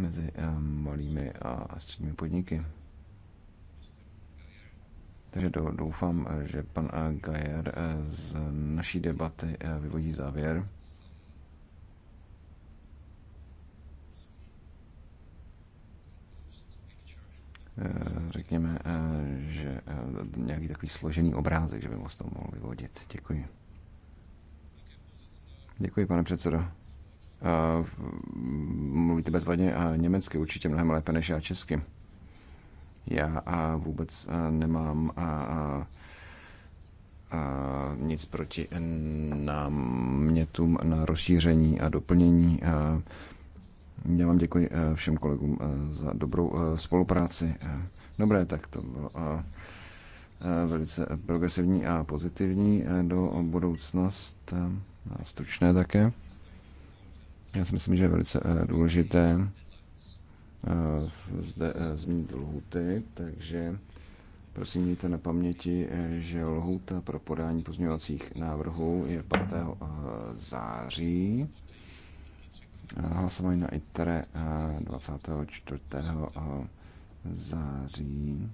mezi eh, malými a středními podniky. Takže doufám, eh, že pan eh, Gajer z naší debaty vyvodí závěr. řekněme, že nějaký takový složený obrázek, že by z toho mohl vyvodit. Děkuji. Děkuji, pane předsedo. Eh, mluvíte bezvadně německy, určitě mnohem lépe než já česky. Já eh, vůbec eh, nemám a nic proti námětům na rozšíření a doplnění. Já vám děkuji všem kolegům za dobrou spolupráci. Dobré, tak to bylo velice progresivní a pozitivní do budoucnost a stručné také. Já si myslím, že je velice eh, důležité eh, zde eh, zmínit lhuty, takže prosím mějte na paměti, že lhuta pro podání pozměňovacích návrhů je 5. září. Hlasování na ITERE 24. září.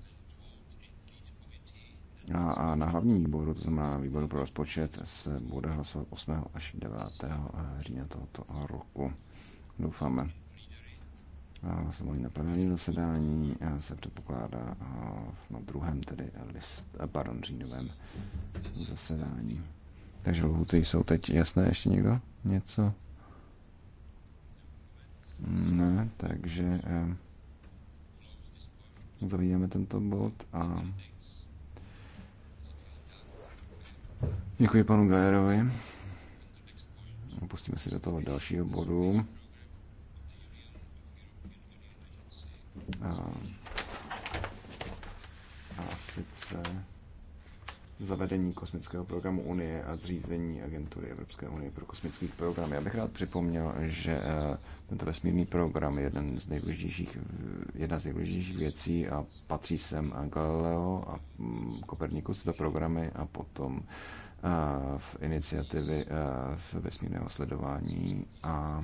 A, a na hlavním výboru, to znamená výboru pro rozpočet, se bude hlasovat 8. až 9. Eh, října tohoto roku. Doufáme. A hlasování na plenárním zasedání eh, se předpokládá eh, na druhém, tedy list, pardon, říjnovém zasedání. Takže lhuty jsou teď jasné, ještě někdo? Něco? Ne, takže uzavíráme tento bod a Děkuji panu Gajerovi. Pustíme si do toho dalšího bodu. A, a sice zavedení kosmického programu Unie a zřízení agentury Evropské unie pro kosmický program. Já bych rád připomněl, že eh, tento vesmírný program je jeden z nejdůležitějších, jedna z nejdůležitějších věcí a patří sem a Galileo a mm, Kopernikus do programy a potom eh, v iniciativy eh, v vesmírného sledování a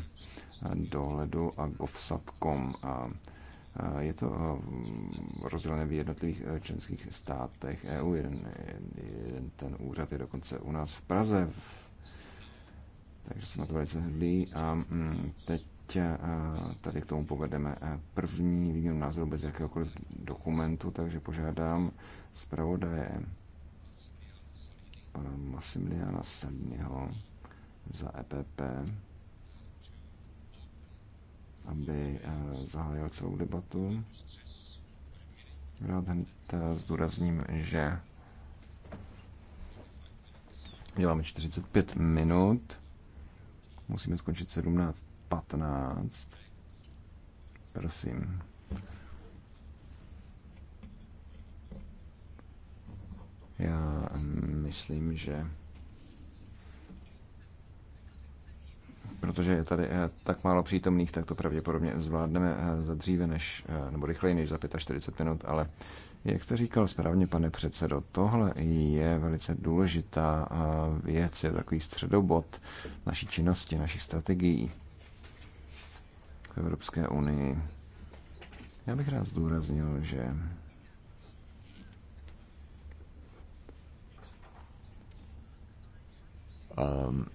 dohledu a govsatcom. A je to mm, rozdělené v jednotlivých e, členských státech EU. Jeden, jeden ten úřad je dokonce u nás v Praze. Takže se na to velice hrdí. A mm, teď e, tady k tomu povedeme e, první výměnu názoru bez jakéhokoliv dokumentu, takže požádám zpravodaje pana Massimiliana Salínyho za EPP aby eh, zahájil celou debatu. Rád hned eh, zdůrazním, že děláme 45 minut, musíme skončit 17.15. Prosím. Já mm, myslím, že protože je tady eh, tak málo přítomných, tak to pravděpodobně zvládneme eh, za dříve než, eh, nebo rychleji než za 45 minut, ale jak jste říkal správně, pane předsedo, tohle je velice důležitá věc, je takový středobod naší činnosti, naší strategií v Evropské unii. Já bych rád zdůraznil, že um,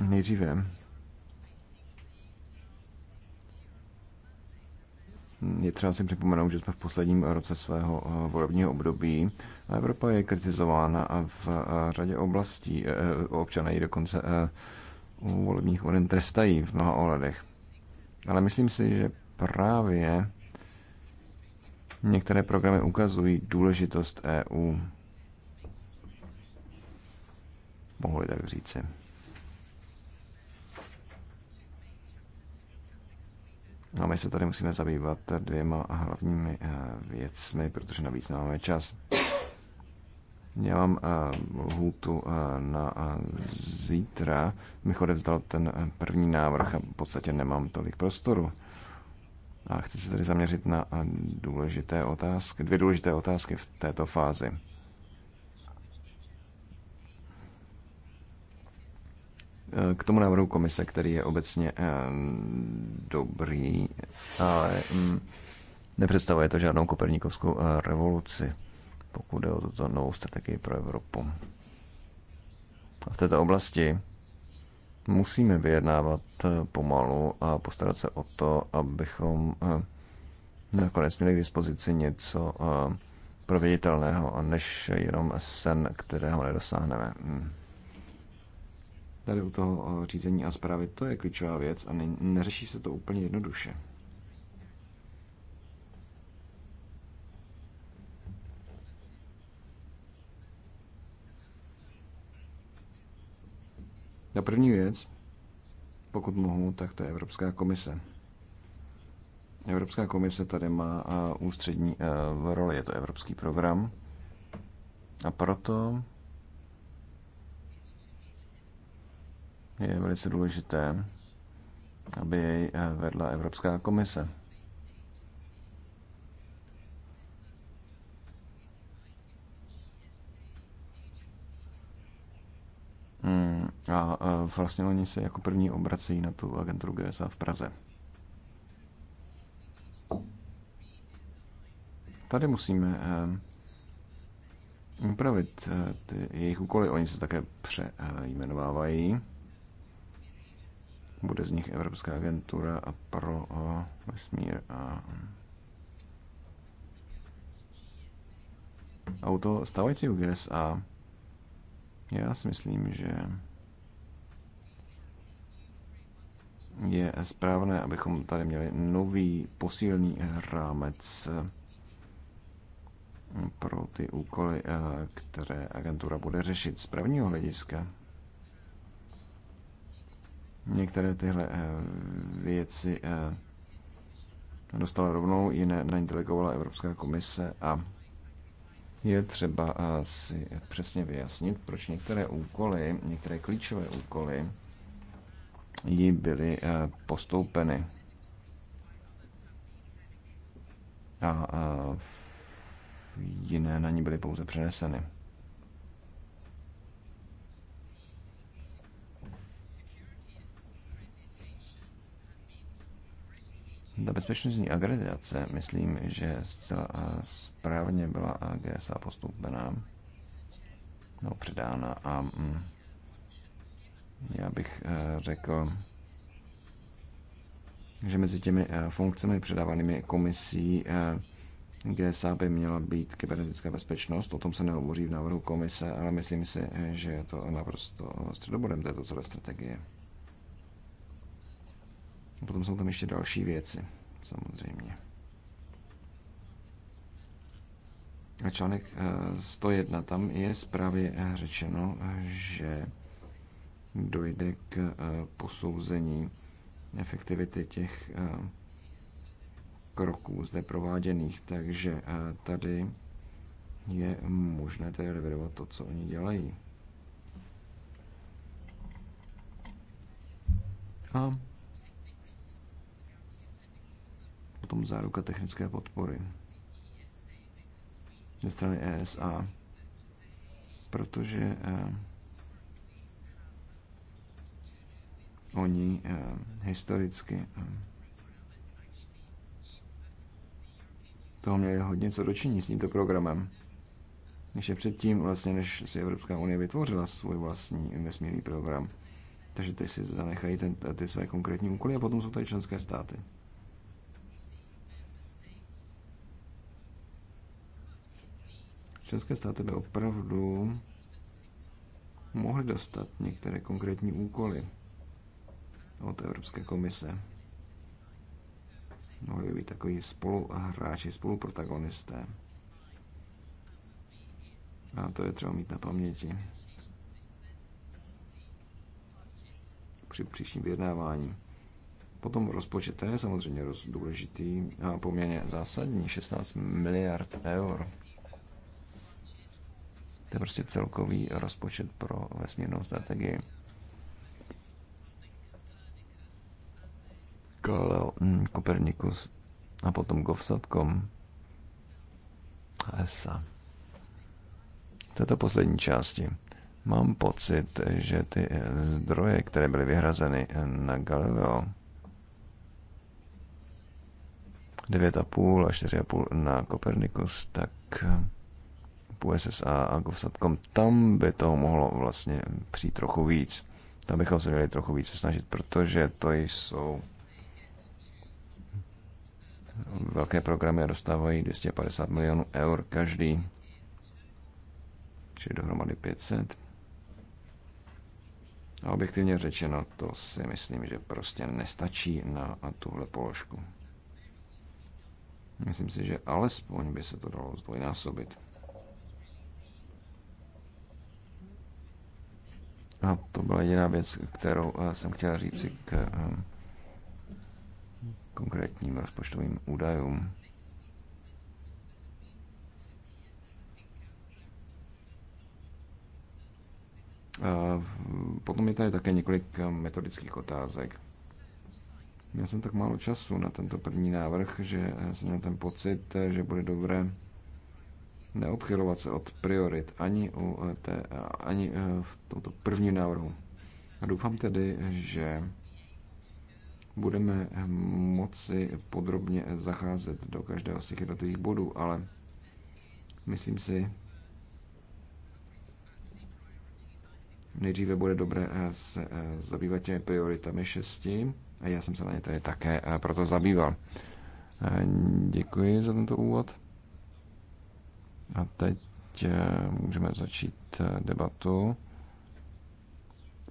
Nejdříve je třeba si připomenout, že jsme v posledním roce svého eh, volebního období a Evropa je kritizována a v eh, řadě oblastí. Eh, občané ji dokonce u volebních uren trestají v mnoha ohledech. Ale myslím si, že právě některé programy ukazují důležitost EU. Mohli tak říci. A no, my se tady musíme zabývat dvěma hlavními eh, věcmi, protože navíc nemáme čas. Já mám eh, hůtu eh, na zítra. chodem vzdal ten první návrh a v podstatě nemám tolik prostoru. A chci se tady zaměřit na důležité otázky, dvě důležité otázky v této fázi. k tomu návrhu komise, který je obecně eh, dobrý, ale mm, nepředstavuje to žádnou koperníkovskou eh, revoluci, pokud jde o tuto novou strategii pro Evropu. A v této oblasti musíme vyjednávat eh, pomalu a postarat se o to, abychom nakonec měli k dispozici něco proveditelného a než jenom sen, kterého nedosáhneme. Hmm tady u toho eh, řízení a zprávy, to je klíčová věc a ne, neřeší se to úplně jednoduše. Na první věc, pokud mohu, tak to je Evropská komise. Evropská komise tady má eh, ústřední eh, roli, je to evropský program. A proto je velice důležité, aby jej eh, vedla Evropská komise. Hmm, a eh, vlastně oni se jako první obrací na tu agenturu GSA v Praze. Tady musíme eh, upravit ty jejich úkoly. Oni se také přejmenovávají. Bude z nich Evropská agentura a pro eh, vesmír a eh, auto u GSA. Já si myslím, že je správné, abychom tady měli nový posílný rámec eh, pro ty úkoly, které agentura bude řešit z prvního hlediska. Některé tyhle eh, věci eh, dostala rovnou, jiné na ně delegovala Evropská komise a je třeba eh, si přesně vyjasnit, proč některé úkoly, některé klíčové úkoly jí byly postoupeny. A jiné na ní byly pouze přeneseny. Ta bezpečnostní agregace, myslím, že zcela správně byla GSA postupená nebo předána a mm, já bych e, řekl, že mezi těmi e, funkcemi předávanými komisí e, GSA by měla být kybernetická bezpečnost. O tom se nehovoří v návrhu komise, ale myslím si, že je to naprosto středobodem této celé strategie. A potom jsou tam ještě další věci, samozřejmě. A článek 101, eh, tam je zprávě eh, řečeno, že dojde k eh, posouzení efektivity těch kroků zde prováděných, takže tady je možné tedy revidovat to, co oni dělají. A potom záruka technické podpory ze strany ESA, protože eh, oni eh, historicky eh, toho měli hodně co dočiní s tímto programem. Ještě předtím, vlastně, než si Evropská unie vytvořila svůj vlastní vesmírný program. Takže teď si zanechají ten, ty své konkrétní úkoly a potom jsou tady členské státy. Členské státy by opravdu mohly dostat některé konkrétní úkoly od Evropské komise. Mohli by být takový spoluhráči, spoluprotagonisté. A to je třeba mít na paměti. Při příštím vyjednávání. Potom rozpočet, ten je samozřejmě důležitý a poměrně zásadní, 16 miliard eur. To je prostě celkový rozpočet pro vesmírnou strategii. Galileo, Kopernikus hm, a potom Govsatcom a ESA. V této poslední části mám pocit, že ty zdroje, které byly vyhrazeny na Galileo, 9,5 a 4,5 na Kopernikus, tak typu SSA a Govsatcom, tam by toho mohlo vlastně přijít trochu víc. Tam bychom se měli trochu více snažit, protože to jsou velké programy dostávají 250 milionů eur každý, čili dohromady 500. A objektivně řečeno, to si myslím, že prostě nestačí na tuhle položku. Myslím si, že alespoň by se to dalo zdvojnásobit. A no, to byla jediná věc, kterou eh, jsem chtěl říci k eh, konkrétním rozpočtovým údajům. Eh, potom je tady také několik metodických otázek. Měl jsem tak málo času na tento první návrh, že jsem měl ten pocit, že bude dobré neodchylovat se od priorit ani, u eh, té, ani eh, v tomto prvním návrhu. A doufám tedy, že budeme moci podrobně zacházet do každého z těch jednotlivých bodů, ale myslím si, nejdříve bude dobré eh, se zabývat těmi prioritami šesti a já jsem se na ně tady také proto zabýval. Děkuji za tento úvod. A teď eh, můžeme začít eh, debatu.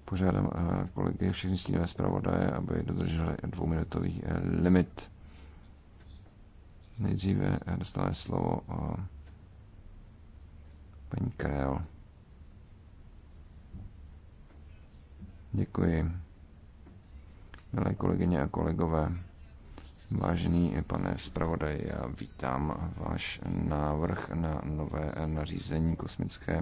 Požádám eh, kolegy, všechny stínové zpravodaje, aby dodrželi dvouminutový limit. Nejdříve dostane slovo paní Krell. Děkuji. Milé kolegyně a kolegové, Vážený pane zpravodaj, já vítám váš návrh na nové nařízení kosmické.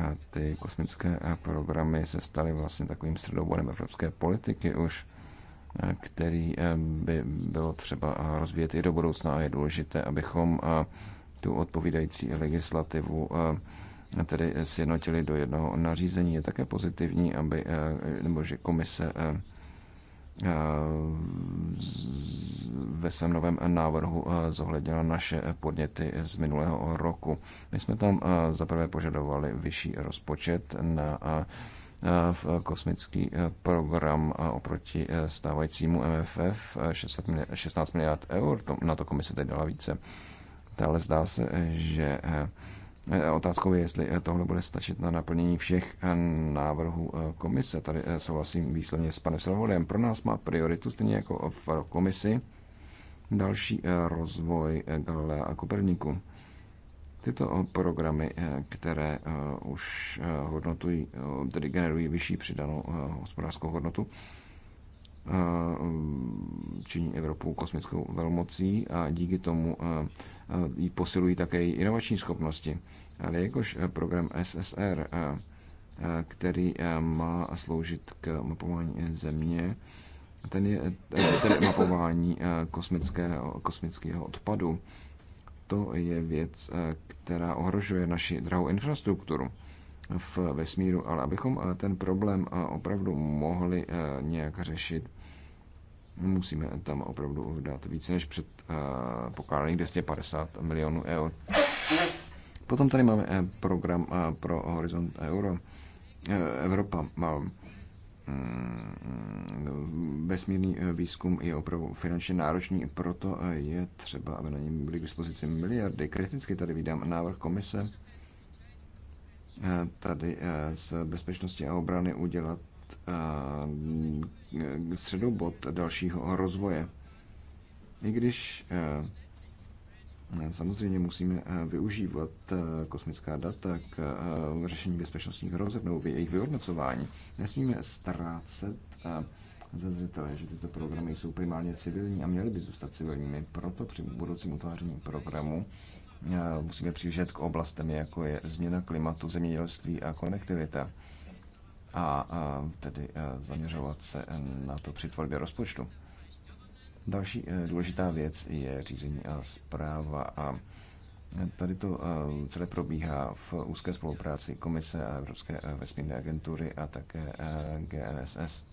A ty kosmické programy se staly vlastně takovým středobodem evropské politiky už, který e, by bylo třeba rozvíjet i do budoucna a je důležité, abychom tu odpovídající legislativu tedy sjednotili do jednoho nařízení. Je také pozitivní, aby, e, nebo že komise e, Eh, ve svém novém návrhu eh, zohlednila naše podněty z minulého roku. My jsme tam eh, zaprvé požadovali vyšší rozpočet na v kosmický program oproti stávajícímu MFF 16 miliard eur. Na to komise teď dala více. Ale zdá se, že Eh, otázkou je, jestli eh, tohle bude stačit na naplnění všech eh, návrhů komise. Tady souhlasím výsledně s panem Selvodem. Pro nás má prioritu, stejně jako v komisi, další rozvoj Galilea a Koperníku. Tyto programy, které už hodnotují, tedy generují vyšší přidanou hospodářskou hodnotu, činí Evropu kosmickou velmocí a díky tomu ji posilují také inovační schopnosti ale jakož eh, program SSR, eh, eh, který má sloužit k mapování země, ten je tedy mapování kosmického, kosmického odpadu. To je věc, která ohrožuje naši drahou infrastrukturu v vesmíru, ale abychom ten problém opravdu mohli nějak řešit, musíme tam opravdu dát více než před pokládaných 250 milionů eur. Potom tady máme eh, program eh, pro Horizont Euro. Eh, Evropa má mm, vesmírný výzkum je opravdu finančně náročný, proto je třeba, aby na něm byly k dispozici miliardy. Kriticky tady vydám návrh komise tady z bezpečnosti a obrany udělat středobod dalšího rozvoje. I když Eh, samozřejmě musíme eh, využívat eh, kosmická data k řešení bezpečnostních hrozeb nebo jejich vyhodnocování. Nesmíme ztrácet ze zřetele, že tyto programy jsou primárně civilní a měly by zůstat civilními. Proto při budoucím utváření programu musíme přihlížet k oblastem, jako je změna klimatu, zemědělství a konektivita. A, a tedy zaměřovat se na to při tvorbě rozpočtu. Další eh, důležitá věc je řízení a zpráva a Tady to eh, celé probíhá v úzké spolupráci Komise a Evropské eh, vesmírné agentury a také GNSS.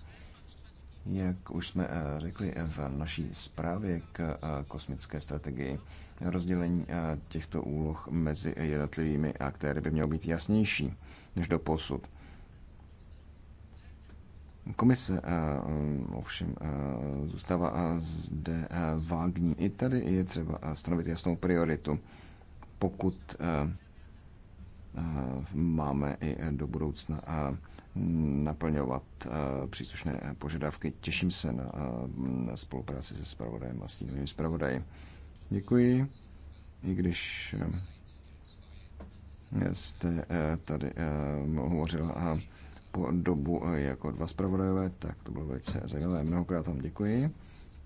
Jak už jsme řekli v naší zprávě k kosmické strategii, rozdělení těchto úloh mezi jednotlivými aktéry by mělo být jasnější než do posud. Komise eh, eh, ovšem eh, zůstává zde vágní. I tady je třeba stanovit jasnou prioritu. Pokud máme i do budoucna naplňovat příslušné požadavky. Těším se na, na spolupráci se spravodajem a s stínovým spravodaji. Děkuji, i když jste tady hovořila dobu eh, jako dva zpravodajové, tak to bylo velice zajímavé. Mnohokrát vám děkuji.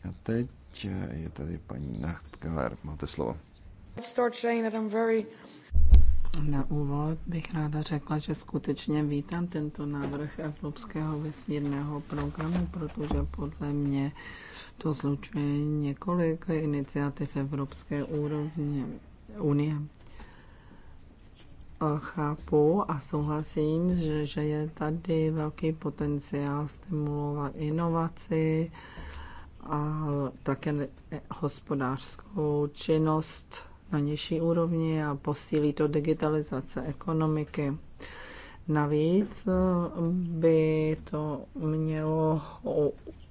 A teď eh, je tady paní Nachtkeller. Máte slovo. Na úvod bych ráda řekla, že skutečně vítám tento návrh Evropského vesmírného programu, protože podle mě to zlučuje několik iniciativ Evropské úrovně unie chápu a souhlasím, že, že je tady velký potenciál stimulovat inovaci a také hospodářskou činnost na nižší úrovni a posílí to digitalizace ekonomiky. Navíc eh, by to mělo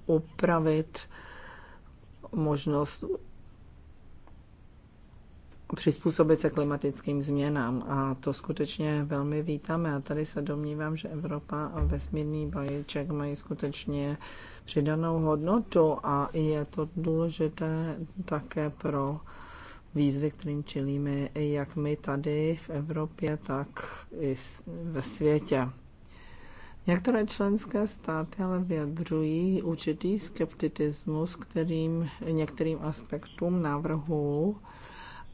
upravit možnost přizpůsobit se klimatickým změnám. A to skutečně velmi vítáme. A tady se domnívám, že Evropa a vesmírný balíček mají skutečně přidanou hodnotu a je to důležité také pro výzvy, kterým čelíme, jak my tady v Evropě, tak i ve světě. Některé členské státy ale vyjadřují určitý skepticismus kterým, některým aspektům návrhu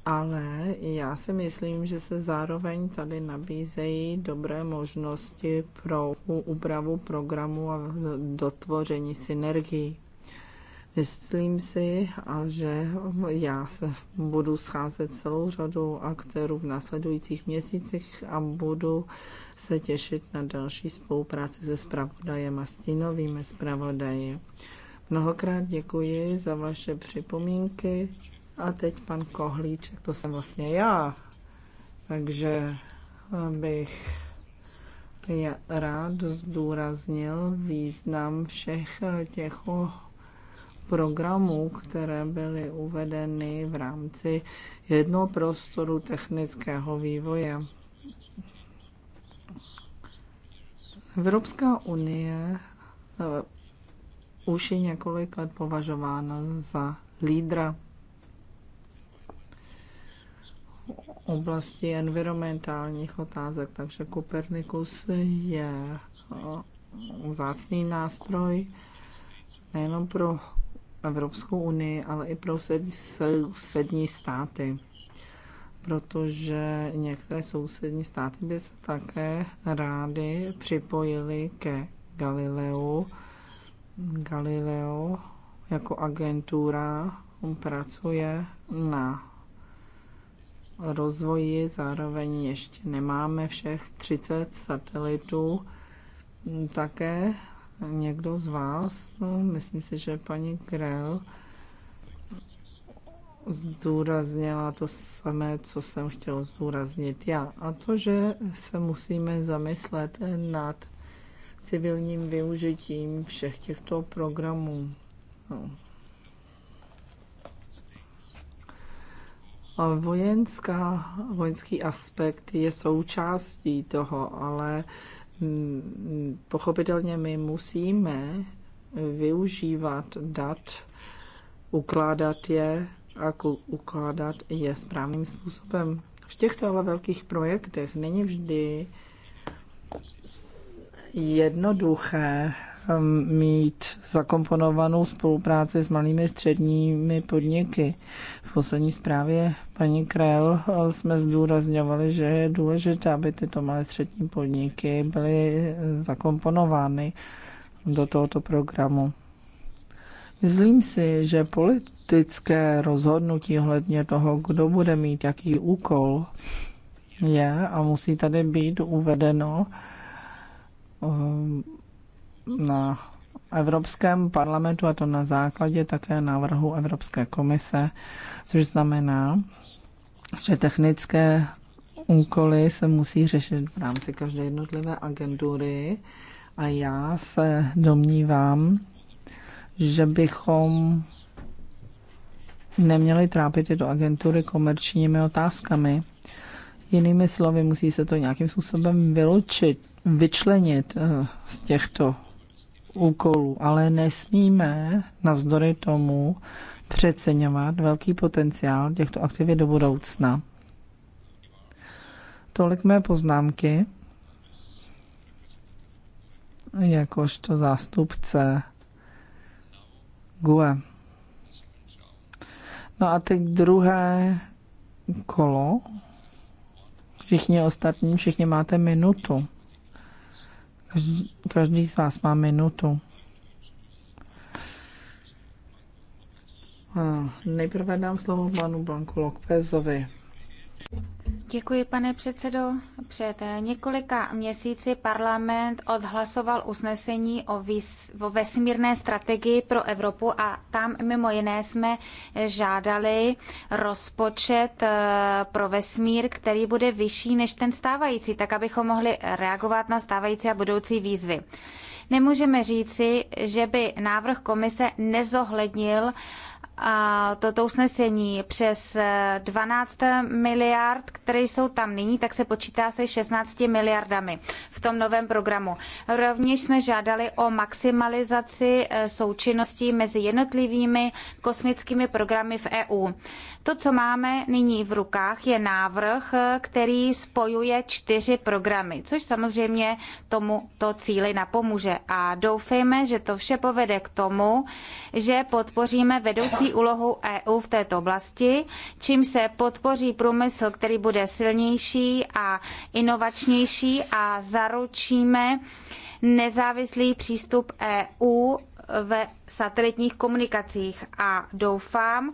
ale já si myslím, že se zároveň tady nabízejí dobré možnosti pro úpravu programu a dotvoření synergií. Myslím si, a že já se budu scházet celou řadou aktérů v následujících měsících a budu se těšit na další spolupráci se spravodajem a stínovými spravodaji. Mnohokrát děkuji za vaše připomínky a teď pan Kohlíček, to jsem vlastně já. Takže eh, bych já rád zdůraznil význam všech eh, těch programů, které byly uvedeny v rámci jednoho prostoru technického vývoje. Evropská unie eh, už je několik let považována za lídra oblasti environmentálních otázek, takže Kopernikus je eh, vzácný nástroj nejenom pro Evropskou unii, ale i pro sousední státy, protože některé sousední státy by se také rády připojily ke Galileu. Galileo jako agentura pracuje na rozvoji, zároveň ještě nemáme všech 30 satelitů. Hm, také někdo z vás, no, myslím si, že paní Krell, zdůraznila to samé, co jsem chtěl zdůraznit já. A to, že se musíme zamyslet nad civilním využitím všech těchto programů. No, Vojenská, vojenský aspekt je součástí toho, ale mm, pochopitelně my musíme využívat dat, ukládat je a ukládat je správným způsobem. V těchto ale velkých projektech není vždy jednoduché um, mít zakomponovanou spolupráci s malými středními podniky. V poslední zprávě paní Krell uh, jsme zdůrazňovali, že je důležité, aby tyto malé střední podniky byly zakomponovány do tohoto programu. Myslím si, že politické rozhodnutí ohledně toho, kdo bude mít jaký úkol, je a musí tady být uvedeno, Ehm, na Evropském parlamentu, a to na základě také návrhu Evropské komise, což znamená, že technické úkoly se musí řešit v rámci každé jednotlivé agentury a já se domnívám, že bychom neměli trápit tyto agentury komerčními otázkami. Jinými slovy, musí se to nějakým způsobem vylučit, vyčlenit eh, z těchto úkolů, ale nesmíme navzdory tomu přeceňovat velký potenciál těchto aktivit do budoucna. Tolik mé poznámky jakožto zástupce GUE. No a teď druhé kolo Všichni ostatní, všichni máte minutu. Každý, každý z vás má minutu. A nejprve dám slovo panu Blanku Lokpezovi. Děkuji, pane předsedo. Před eh, několika měsíci parlament odhlasoval usnesení o, vys, o vesmírné strategii pro Evropu a tam mimo jiné jsme eh, žádali rozpočet eh, pro vesmír, který bude vyšší než ten stávající, tak abychom mohli reagovat na stávající a budoucí výzvy. Nemůžeme říci, že by návrh komise nezohlednil toto usnesení přes 12 eh, miliard, které jsou tam nyní, tak se počítá se 16 miliardami v tom novém programu. Rovněž jsme žádali o maximalizaci eh, součinnosti mezi jednotlivými kosmickými programy v EU. To, co máme nyní v rukách, je návrh, který spojuje čtyři programy, což samozřejmě tomuto cíli napomůže. A doufejme, že to vše povede k tomu, že podpoříme vedoucí úlohu EU v této oblasti, čím se podpoří průmysl, který bude silnější a inovačnější a zaručíme nezávislý přístup EU ve satelitních komunikacích a doufám,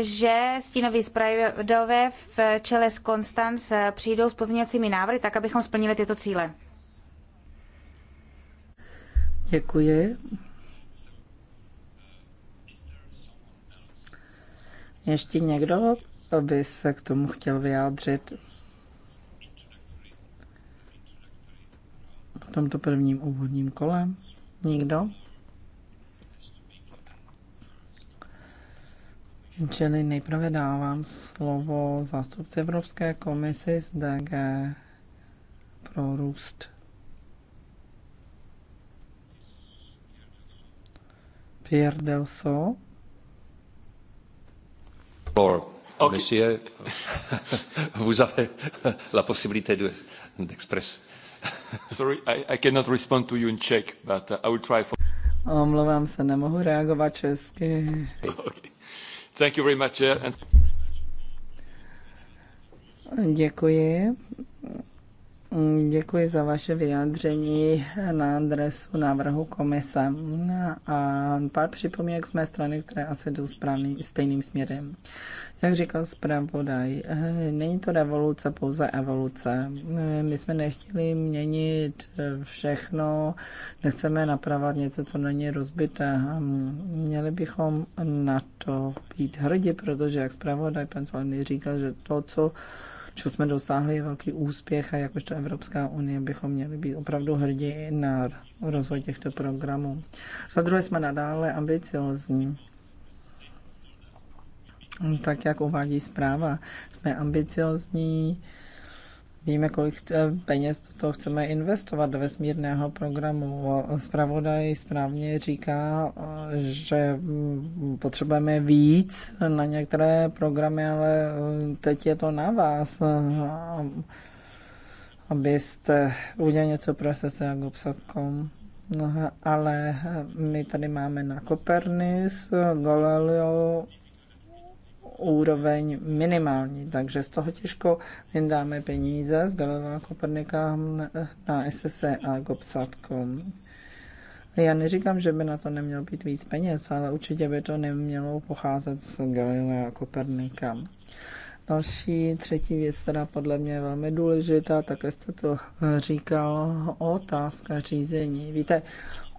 že stínoví zpravodové v čele s Konstanc přijdou s pozměňovacími návrhy, tak abychom splnili tyto cíle. Děkuji. Ještě někdo by se k tomu chtěl vyjádřit v tomto prvním úvodním kole? Nikdo? Čili nejprve dávám slovo zástupci Evropské komisi z DG pro růst. Pierre Delso. Or, okay. monsieur, <laughs> vous avez la possibilité d'express. De, Sorry, I, I cannot respond to you in Czech, but uh, I will try for... Omlouvám se, nemohu reagovat česky. Okay. Děkuji Děkuji za vaše vyjádření na adresu návrhu komise a pár připomínek z mé strany, které asi jdou správný, stejným směrem. Jak říkal zpravodaj, není to revoluce, pouze evoluce. My jsme nechtěli měnit všechno, nechceme napravovat něco, co není rozbité. Měli bychom na to být hrdí, protože, jak zpravodaj pan Salny říkal, že to, co čeho jsme dosáhli, je velký úspěch a jakožto Evropská unie bychom měli být opravdu hrdí na rozvoj těchto programů. Za druhé jsme nadále ambiciozní. Tak, jak uvádí zpráva, jsme ambiciozní Víme, kolik eh, peněz do toho chceme investovat do vesmírného programu. Spravodaj správně říká, eh, že mm, potřebujeme víc na některé programy, ale eh, teď je to na vás, abyste udělali něco pro SSL.com. No, ale my tady máme na Kopernis, Galileo, úroveň minimální, takže z toho těžko vyndáme peníze z Galileo Kopernika na SSE a Gobsatcom. Já neříkám, že by na to nemělo být víc peněz, ale určitě by to nemělo pocházet z Galileo Kopernika. Další třetí věc, která podle mě je velmi důležitá, také jste to říkal, otázka řízení. Víte,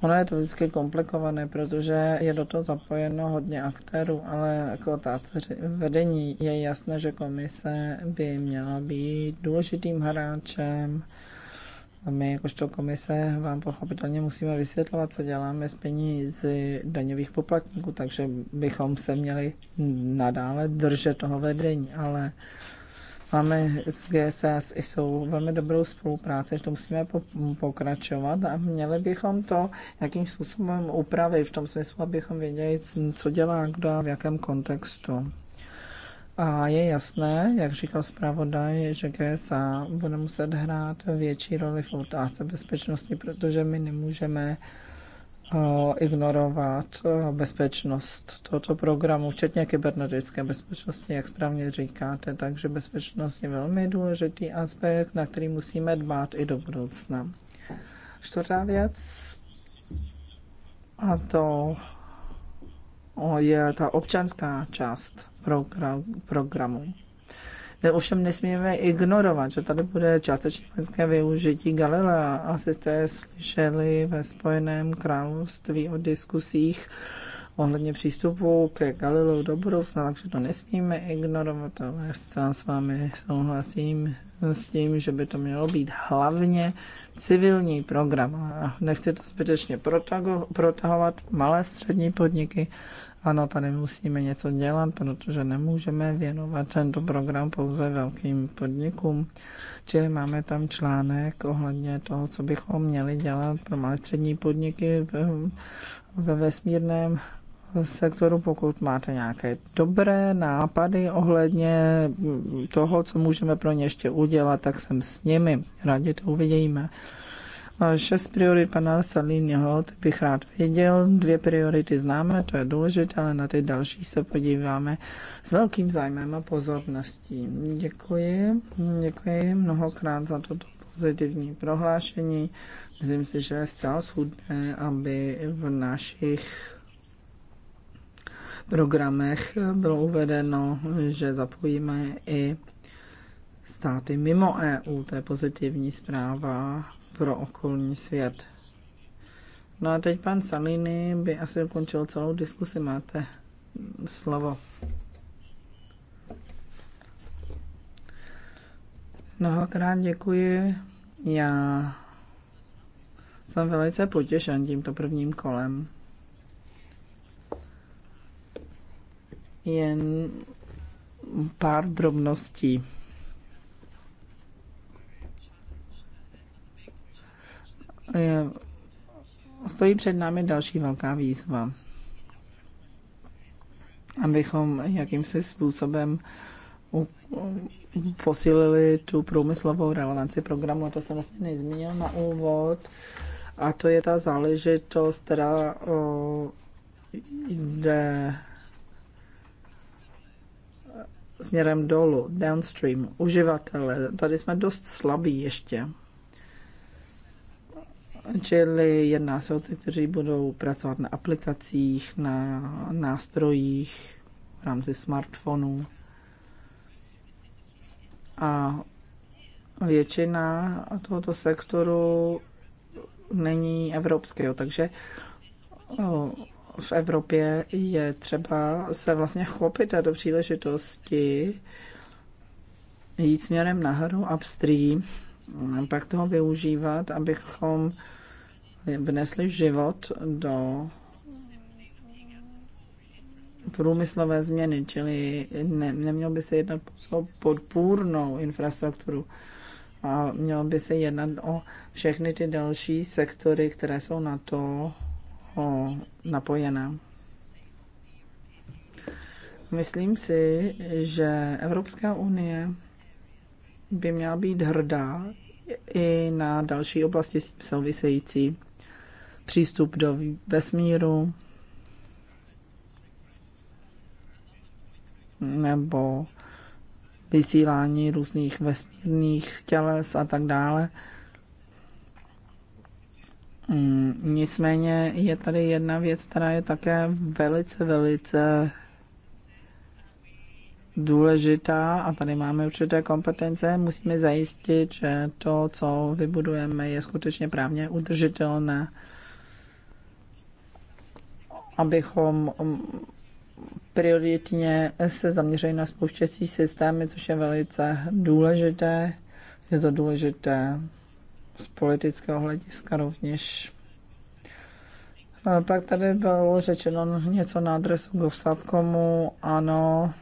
Ono je to vždycky komplikované, protože je do toho zapojeno hodně aktérů, ale jako táceři vedení je jasné, že komise by měla být důležitým hráčem. A my jakožto komise vám pochopitelně musíme vysvětlovat, co děláme s penízi daňových poplatníků, takže bychom se měli nadále držet toho vedení, ale Máme s GSS i jsou velmi dobrou spolupráci, že to musíme pokračovat a měli bychom to jakým způsobem upravit, v tom smyslu, abychom věděli, co dělá kdo a v jakém kontextu. A je jasné, jak říkal zpravodaj, že GSA bude muset hrát větší roli v otázce bezpečnosti, protože my nemůžeme uh, ignorovat bezpečnost tohoto programu, včetně kybernetické bezpečnosti, jak správně říkáte. Takže bezpečnost je velmi důležitý aspekt, na který musíme dbát i do budoucna. Čtvrtá věc, a to je ta občanská část program, programu. Ne, ovšem nesmíme ignorovat, že tady bude částečně vojenské využití Galilea. Asi jste slyšeli ve Spojeném království o diskusích ohledně přístupu ke Galileu do budoucna, takže to nesmíme ignorovat, ale já s vámi souhlasím s tím, že by to mělo být hlavně civilní program. Nechci to zbytečně protahovat, malé střední podniky ano, tady musíme něco dělat, protože nemůžeme věnovat tento program pouze velkým podnikům. Čili máme tam článek ohledně toho, co bychom měli dělat pro malé střední podniky ve vesmírném sektoru, pokud máte nějaké dobré nápady ohledně toho, co můžeme pro ně ještě udělat, tak jsem s nimi. Rádi to uvidíme. Šest priorit pana Salíního, ty bych rád věděl. Dvě priority známe, to je důležité, ale na ty další se podíváme s velkým zájmem a pozorností. Děkuji, děkuji mnohokrát za toto pozitivní prohlášení. Myslím si, že je zcela schudné, aby v našich programech bylo uvedeno, že zapojíme i státy mimo EU. To je pozitivní zpráva pro okolní svět. No a teď pan Salini by asi ukončil celou diskusi. Máte slovo. Mnohokrát děkuji. Já jsem velice potěšen tímto prvním kolem. Jen pár drobností. stojí před námi další velká výzva. Abychom jakýmsi způsobem posílili tu průmyslovou relevanci programu, a to jsem vlastně nezmínil na úvod, a to je ta záležitost, která o, jde směrem dolů, downstream, uživatele. Tady jsme dost slabí ještě. Čili jedná se o ty, kteří budou pracovat na aplikacích, na nástrojích v rámci smartfonů. A většina tohoto sektoru není evropského, takže v Evropě je třeba se vlastně chopit této příležitosti, jít směrem nahoru, upstream, pak toho využívat, abychom vnesli život do průmyslové změny, čili ne, neměl by se jednat o podpůrnou infrastrukturu a mělo by se jednat o všechny ty další sektory, které jsou na to o, napojené. Myslím si, že Evropská unie by měla být hrdá i na další oblasti související přístup do vesmíru nebo vysílání různých vesmírných těles a tak dále. Mm, nicméně je tady jedna věc, která je také velice, velice důležitá a tady máme určité kompetence. Musíme zajistit, že to, co vybudujeme, je skutečně právně udržitelné abychom um, prioritně se zaměřili na spouštěcí systémy, což je velice důležité. Je to důležité z politického hlediska rovněž. Pak tady bylo řečeno něco na adresu Gosatkomu. Ano,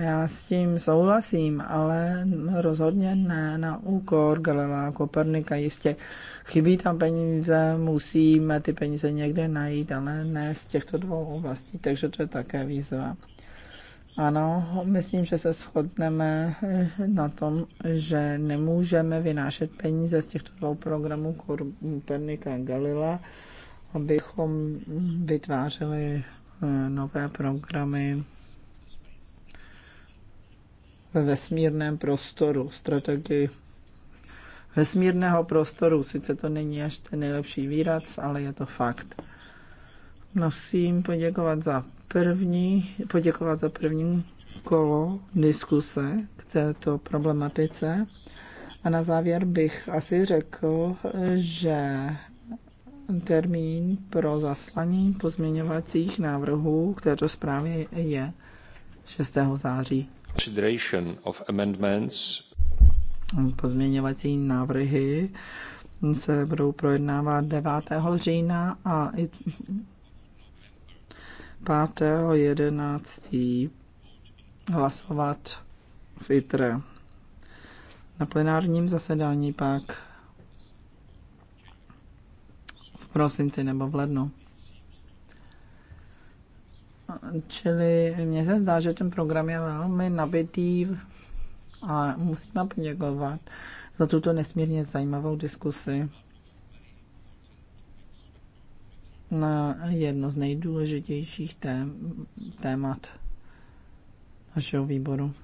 já s tím souhlasím, ale rozhodně ne na úkor Galilea Kopernika. Jistě chybí tam peníze, musíme ty peníze někde najít, ale ne z těchto dvou oblastí, takže to je také výzva. Ano, myslím, že se shodneme eh, na tom, že nemůžeme vynášet peníze z těchto dvou programů Kopernika a Galila, abychom vytvářeli eh, nové programy ve vesmírném prostoru, strategii vesmírného prostoru. Sice to není až ten nejlepší výraz, ale je to fakt. Musím poděkovat za první, poděkovat za první kolo diskuse k této problematice. A na závěr bych asi řekl, že termín pro zaslaní pozměňovacích návrhů k této zprávě je 6. září. Pozměňovací návrhy se budou projednávat 9. října a 5. 11. hlasovat v ITRE. Na plenárním zasedání pak v prosinci nebo v lednu. Čili mně se zdá, že ten program je velmi nabitý a musíme poděkovat za tuto nesmírně zajímavou diskusi na jedno z nejdůležitějších tém, témat našeho výboru.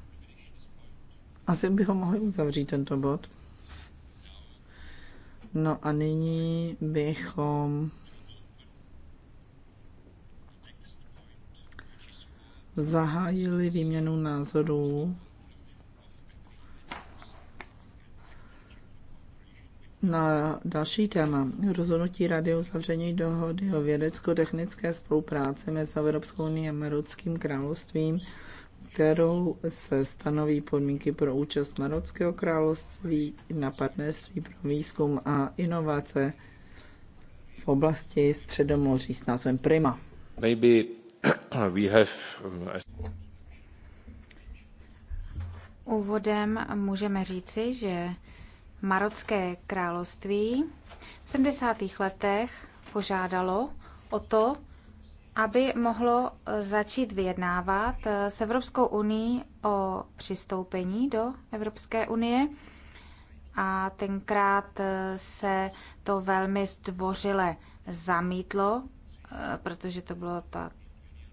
Asi bychom mohli uzavřít tento bod. No a nyní bychom zahájili výměnu názorů na další téma. Rozhodnutí Rady o zavření dohody o vědecko-technické spolupráci mezi Evropskou unii a Marockým královstvím, kterou se stanoví podmínky pro účast Marockého království na partnerství pro výzkum a inovace v oblasti Středomoří s názvem Prima. Maybe Um, Úvodem můžeme říci, že Marocké království v 70. letech požádalo o to, aby mohlo začít vyjednávat s Evropskou unii o přistoupení do Evropské unie. A tenkrát se to velmi zdvořile zamítlo, eh, protože to bylo ta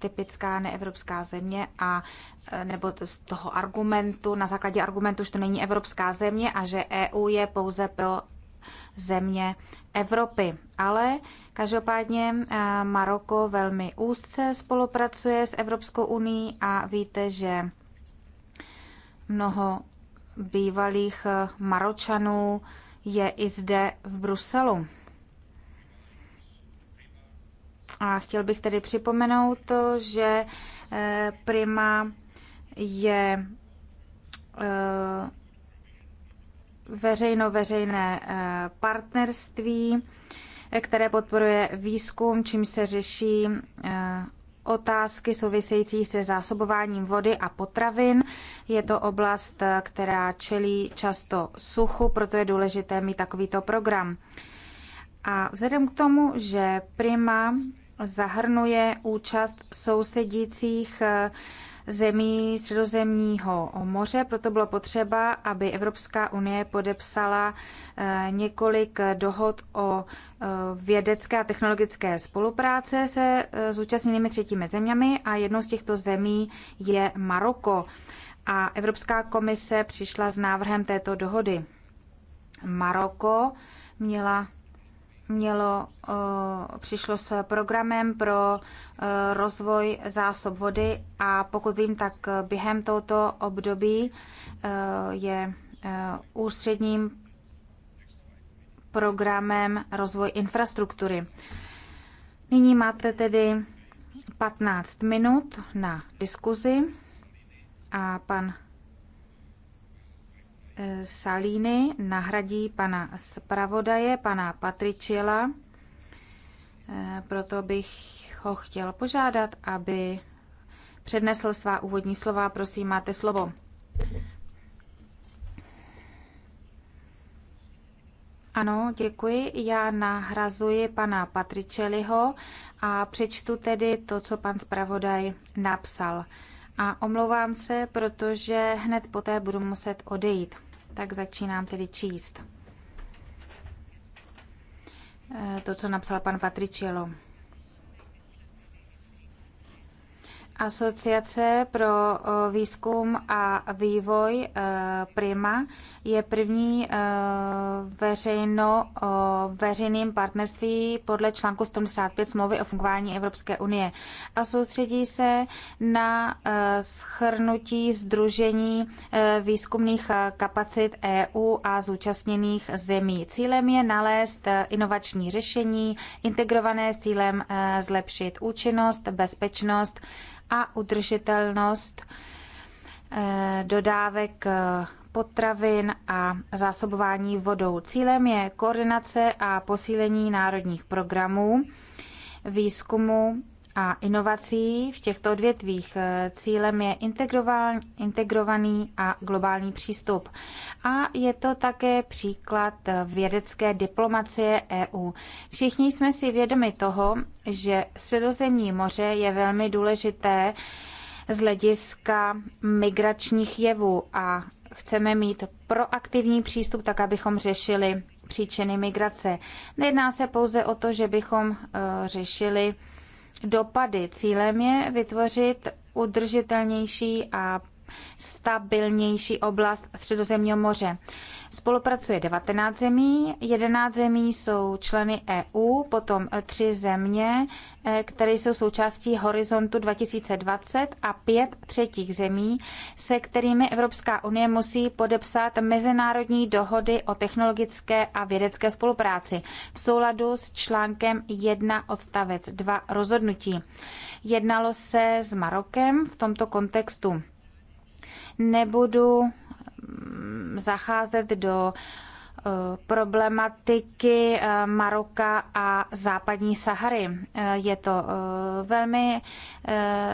typická neevropská země a e, nebo z toho argumentu, na základě argumentu, že to není evropská země a že EU je pouze pro země Evropy. Ale každopádně e, Maroko velmi úzce spolupracuje s Evropskou uní a víte, že mnoho bývalých e, Maročanů je i zde v Bruselu. A chtěl bych tedy připomenout to, že eh, Prima je eh, veřejno-veřejné eh, partnerství, které podporuje výzkum, čím se řeší otázky související se zásobováním vody a potravin. Je to oblast, která čelí často suchu, proto je důležité mít takovýto program. A vzhledem k tomu, že Prima zahrnuje účast sousedících eh, zemí Středozemního moře, proto bylo potřeba, aby Evropská unie podepsala eh, několik dohod o eh, vědecké a technologické spolupráce se zúčastněnými třetími zeměmi a jednou z těchto zemí je Maroko. A Evropská komise přišla s návrhem této dohody. Maroko měla mělo, přišlo s programem pro rozvoj zásob vody a pokud vím, tak během tohoto období je ústředním programem rozvoj infrastruktury. Nyní máte tedy 15 minut na diskuzi a pan Salíny nahradí pana zpravodaje, pana Patričila. Eh, proto bych ho chtěl požádat, aby přednesl svá úvodní slova. Prosím, máte slovo. Ano, děkuji. Já nahrazuji pana Patričeliho a přečtu tedy to, co pan zpravodaj napsal. A omlouvám se, protože hned poté budu muset odejít tak začínám tedy číst eh, to, co napsal pan Patriciello. Asociace pro eh, výzkum a vývoj eh, Prima je první eh, veřejno, veřejným partnerství podle článku 75 smlouvy o fungování Evropské unie a soustředí se na schrnutí združení výzkumných kapacit EU a zúčastněných zemí. Cílem je nalézt inovační řešení integrované s cílem zlepšit účinnost, bezpečnost a udržitelnost eh, dodávek eh, potravin a zásobování vodou. Cílem je koordinace a posílení národních programů, výzkumu a inovací v těchto odvětvích. Cílem je integrovaný a globální přístup. A je to také příklad vědecké diplomacie EU. Všichni jsme si vědomi toho, že Středozemní moře je velmi důležité z hlediska migračních jevů a chceme mít proaktivní přístup, tak abychom řešili příčiny migrace. Nejedná se pouze o to, že bychom eh, řešili dopady. Cílem je vytvořit udržitelnější a stabilnější oblast Středozemního moře. Spolupracuje 19 zemí, 11 zemí jsou členy EU, potom tři země, e, které jsou součástí Horizontu 2020 a pět třetích zemí, se kterými Evropská unie musí podepsat mezinárodní dohody o technologické a vědecké spolupráci v souladu s článkem 1 odstavec 2 rozhodnutí. Jednalo se s Marokem v tomto kontextu. Nebudu mm, zacházet do eh, problematiky eh, Maroka a západní Sahary. Eh, je to velmi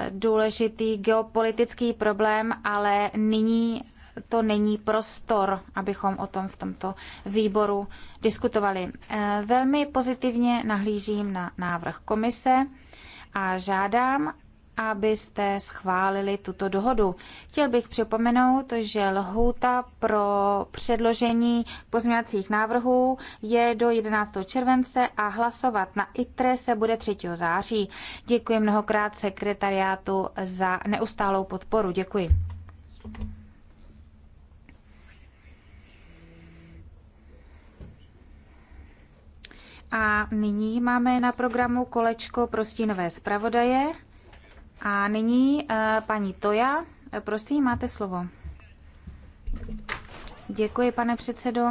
důležitý geopolitický problém, ale nyní to není prostor, abychom o tom v tomto výboru diskutovali. Velmi pozitivně nahlížím na návrh komise a žádám, abyste schválili tuto dohodu. Chtěl bych připomenout, že lhůta pro předložení pozměňovacích návrhů je do 11. července a hlasovat na ITRE se bude 3. září. Děkuji mnohokrát sekretariátu za neustálou podporu. Děkuji. A nyní máme na programu kolečko pro stínové zpravodaje. A nyní eh, paní Toja, prosím, máte slovo. Děkuji, pane předsedo.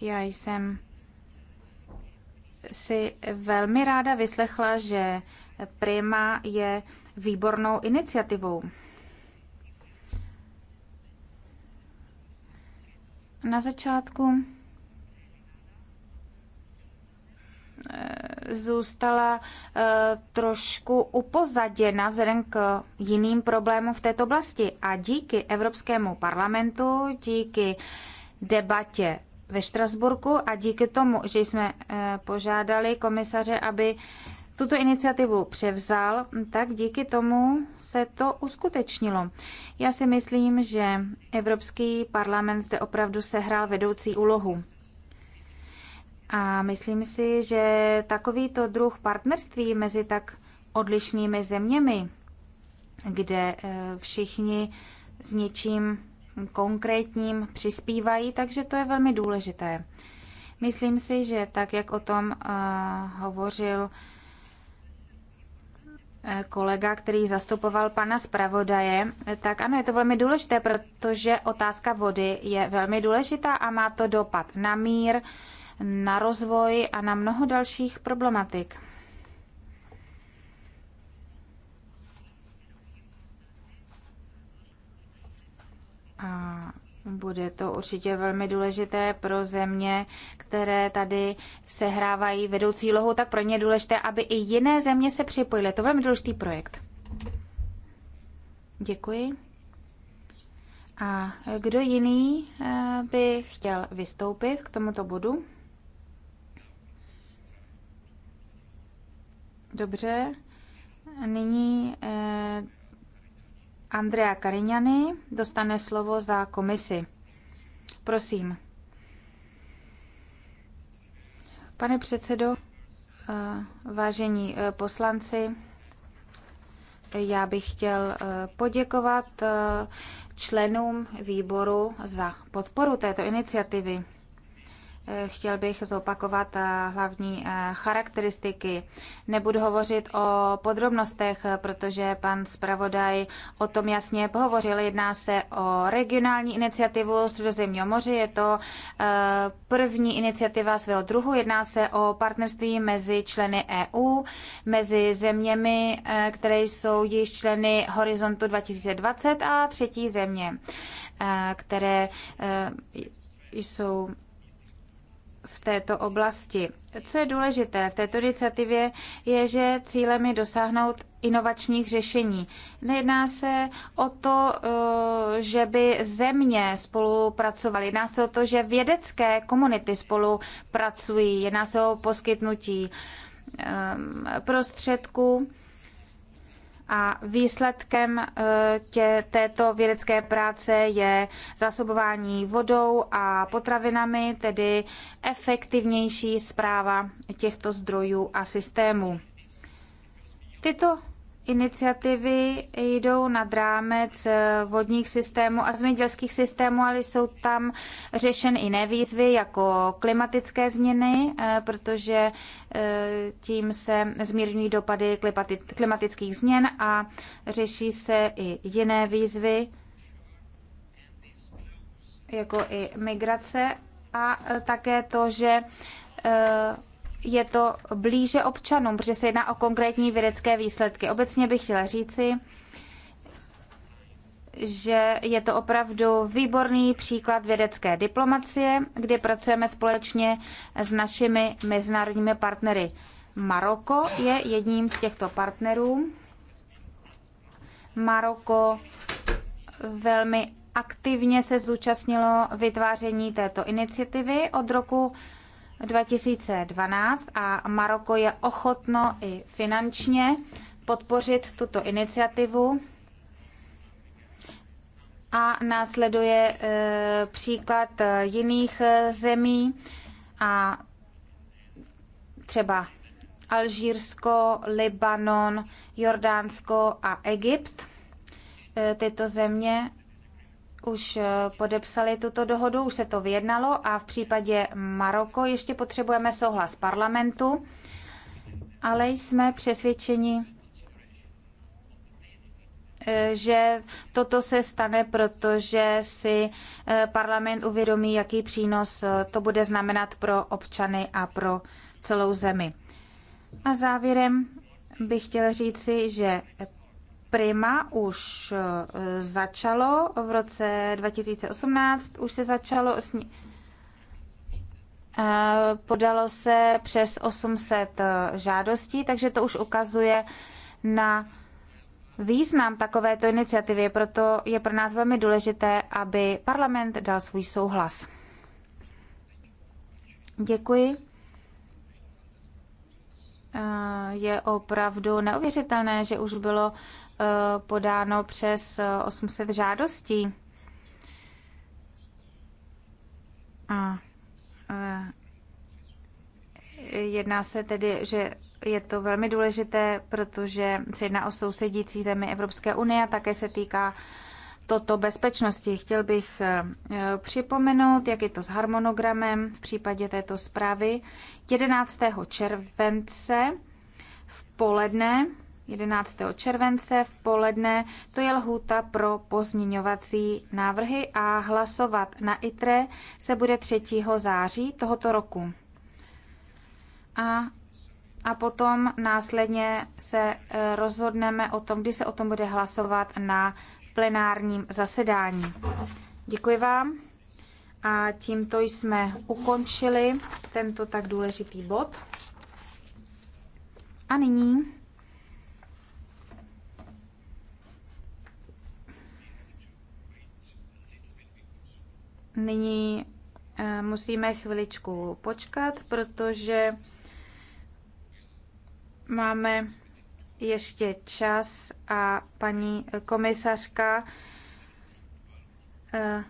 Já jsem si velmi ráda vyslechla, že Prima je výbornou iniciativou. Na začátku Eh, zůstala eh, trošku upozaděna vzhledem k jiným problémům v této oblasti. A díky Evropskému parlamentu, díky debatě ve Štrasburku a díky tomu, že jsme eh, požádali komisaře, aby tuto iniciativu převzal, tak díky tomu se to uskutečnilo. Já si myslím, že Evropský parlament zde opravdu sehrál vedoucí úlohu. A myslím si, že takovýto druh partnerství mezi tak odlišnými zeměmi, kde e, všichni s něčím konkrétním přispívají, takže to je velmi důležité. Myslím si, že tak, jak o tom e, hovořil e, kolega, který zastupoval pana zpravodaje, tak ano, je to velmi důležité, protože otázka vody je velmi důležitá a má to dopad na mír, na rozvoj a na mnoho dalších problematik. A bude to určitě velmi důležité pro země, které tady sehrávají vedoucí lohu, tak pro ně je důležité, aby i jiné země se připojily. To je velmi důležitý projekt. Děkuji. A kdo jiný eh, by chtěl vystoupit k tomuto bodu? Dobře. Nyní eh, Andrea Kariňany dostane slovo za komisi. Prosím. Pane předsedo, eh, vážení eh, poslanci, já bych chtěl eh, poděkovat členům výboru za podporu této iniciativy. Chtěl bych zopakovat eh, hlavní eh, charakteristiky. Nebudu hovořit o podrobnostech, protože pan zpravodaj o tom jasně pohovořil. Jedná se o regionální iniciativu Středozemního moře. Je to eh, první iniciativa svého druhu. Jedná se o partnerství mezi členy EU, mezi zeměmi, které jsou již členy Horizontu 2020 a třetí země, které jsou v této oblasti. Co je důležité v této iniciativě, je, že cílem je dosáhnout inovačních řešení. Nejedná se o to, eh, že by země spolupracovaly, jedná se o to, že vědecké komunity spolupracují, jedná se o poskytnutí ehm, prostředků a výsledkem eh, tě, této vědecké práce je zásobování vodou a potravinami, tedy efektivnější zpráva těchto zdrojů a systémů. Tyto iniciativy jdou nad rámec eh, vodních systémů a zemědělských systémů, ale jsou tam řešeny i nevýzvy jako klimatické změny, eh, protože eh, tím se zmírňují dopady klimatických změn a řeší se i jiné výzvy, jako i migrace a také to, že je to blíže občanům, protože se jedná o konkrétní vědecké výsledky. Obecně bych chtěla říci, že je to opravdu výborný příklad vědecké diplomacie, kde pracujeme společně s našimi mezinárodními partnery. Maroko je jedním z těchto partnerů. Maroko velmi aktivně se zúčastnilo vytváření této iniciativy od roku 2012 a Maroko je ochotno i finančně podpořit tuto iniciativu. A následuje e, příklad e, jiných e, zemí a třeba Alžírsko, Libanon, Jordánsko a Egypt. Tyto země už eh, podepsali tuto dohodu, už se to vyjednalo a v případě Maroko ještě potřebujeme souhlas parlamentu, ale jsme přesvědčeni, eh, že toto se stane, protože si eh, parlament uvědomí, jaký přínos to bude znamenat pro občany a pro celou zemi. A závěrem bych chtěl říci, že Prima už eh, začalo v roce 2018, už se začalo s ní. Eh, podalo se přes 800 eh, žádostí, takže to už ukazuje na význam takovéto iniciativy. Proto je pro nás velmi důležité, aby parlament dal svůj souhlas. Děkuji. Je opravdu neuvěřitelné, že už bylo Eh, podáno přes 800 eh, žádostí. A eh, jedná se tedy, že je to velmi důležité, protože se jedná o sousedící zemi Evropské unie a také se týká toto bezpečnosti. Chtěl bych připomenout, jak je to s harmonogramem v případě této zprávy. 11. července v poledne 11. července v poledne. To je lhůta pro pozměňovací návrhy a hlasovat na ITRE se bude 3. září tohoto roku. A, a potom následně se eh, rozhodneme o tom, kdy se o tom bude hlasovat na plenárním zasedání. Děkuji vám a tímto jsme ukončili tento tak důležitý bod. A nyní Nyní eh, musíme chviličku počkat, protože máme ještě čas a paní komisařka eh,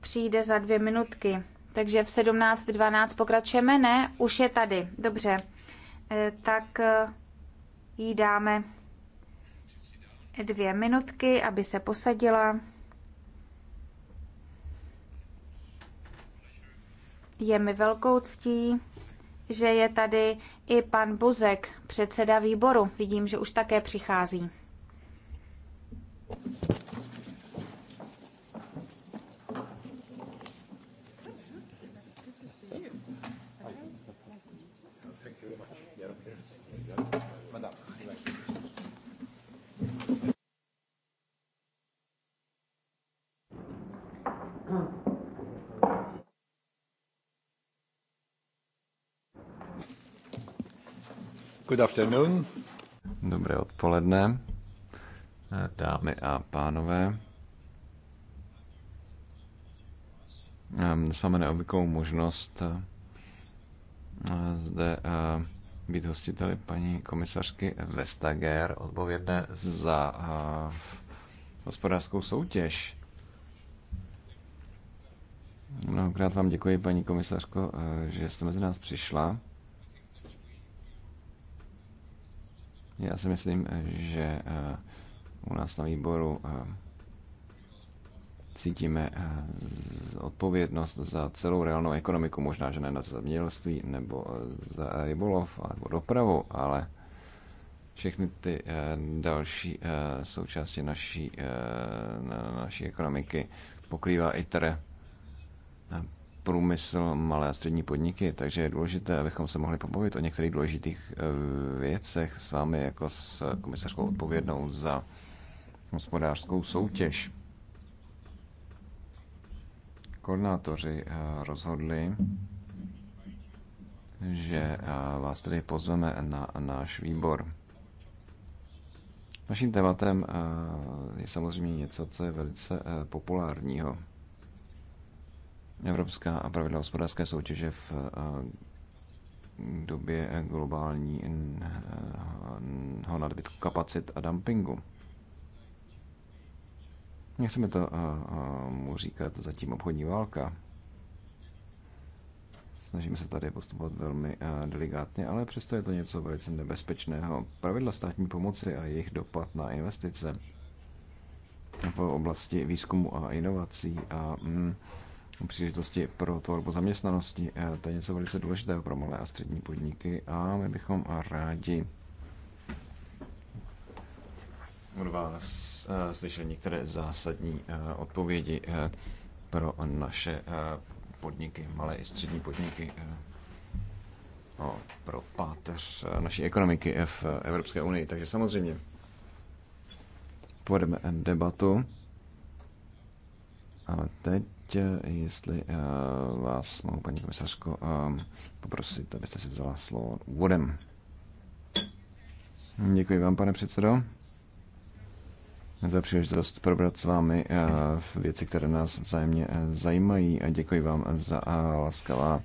přijde za dvě minutky. Takže v 17.12 pokračujeme? Ne, už je tady. Dobře, eh, tak jí dáme dvě minutky, aby se posadila. Je mi velkou ctí, že je tady i pan Buzek, předseda výboru. Vidím, že už také přichází. Good afternoon. Dobré odpoledne, dámy a pánové. Dnes máme neobvyklou možnost eh, zde eh, být hostiteli paní komisařky Vestager, odpovědné za eh, hospodářskou soutěž. Mnohokrát vám děkuji, paní komisařko, že jste mezi nás přišla. Já si myslím, že eh, u nás na výboru eh, cítíme eh, odpovědnost za celou reálnou ekonomiku, možná, že ne na zemědělství nebo za rybolov nebo dopravu, ale všechny ty další součásti naší, naší ekonomiky pokrývá ITRE průmysl, malé a střední podniky, takže je důležité, abychom se mohli pobavit o některých důležitých eh, věcech s vámi jako s komisařkou odpovědnou za hospodářskou soutěž. Koordinátoři eh, rozhodli, že eh, vás tedy pozveme na náš výbor. Naším tématem je samozřejmě něco, co je velice populárního – Evropská a pravidla hospodářské soutěže v eh, době eh, globálního eh, nadbytku kapacit a dumpingu. Nechceme to mu říkat zatím obchodní válka. Snažíme se tady postupovat velmi delikátně, ale přesto je to něco velice nebezpečného. Pravidla státní pomoci a jejich dopad na investice v oblasti výzkumu a inovací a mm, příležitosti pro tvorbu zaměstnanosti. Eh, to je něco velice důležitého pro malé a střední podniky a my bychom rádi od vás eh, slyšeli některé zásadní eh, odpovědi pro naše podniky, malé i střední podniky, no, pro páteř naší ekonomiky v Evropské unii. Takže samozřejmě povedeme debatu, ale teď jestli eh, vás mohu, paní komisařko, eh, poprosit, abyste si vzala slovo úvodem. Děkuji vám, pane předsedo, za příležitost probrat s vámi eh, věci, které nás vzájemně zajímají a děkuji vám za laskavá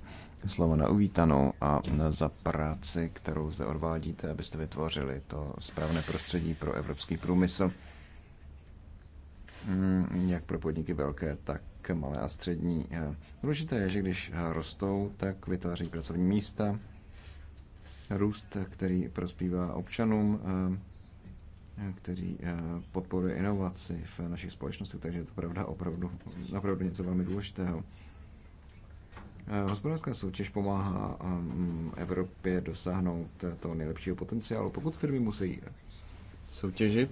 slovo na uvítanou a za práci, kterou zde odvádíte, abyste vytvořili to správné prostředí pro evropský průmysl, hmm, jak pro podniky velké, tak velké, malé a střední. Eh, důležité je, že když eh, rostou, tak vytváří pracovní místa, růst, eh, který prospívá občanům, který podporuje inovaci v našich společnostech, takže je to pravda opravdu, opravdu něco velmi důležitého. Hospodářská soutěž pomáhá Evropě dosáhnout toho nejlepšího potenciálu. Pokud firmy musí soutěžit,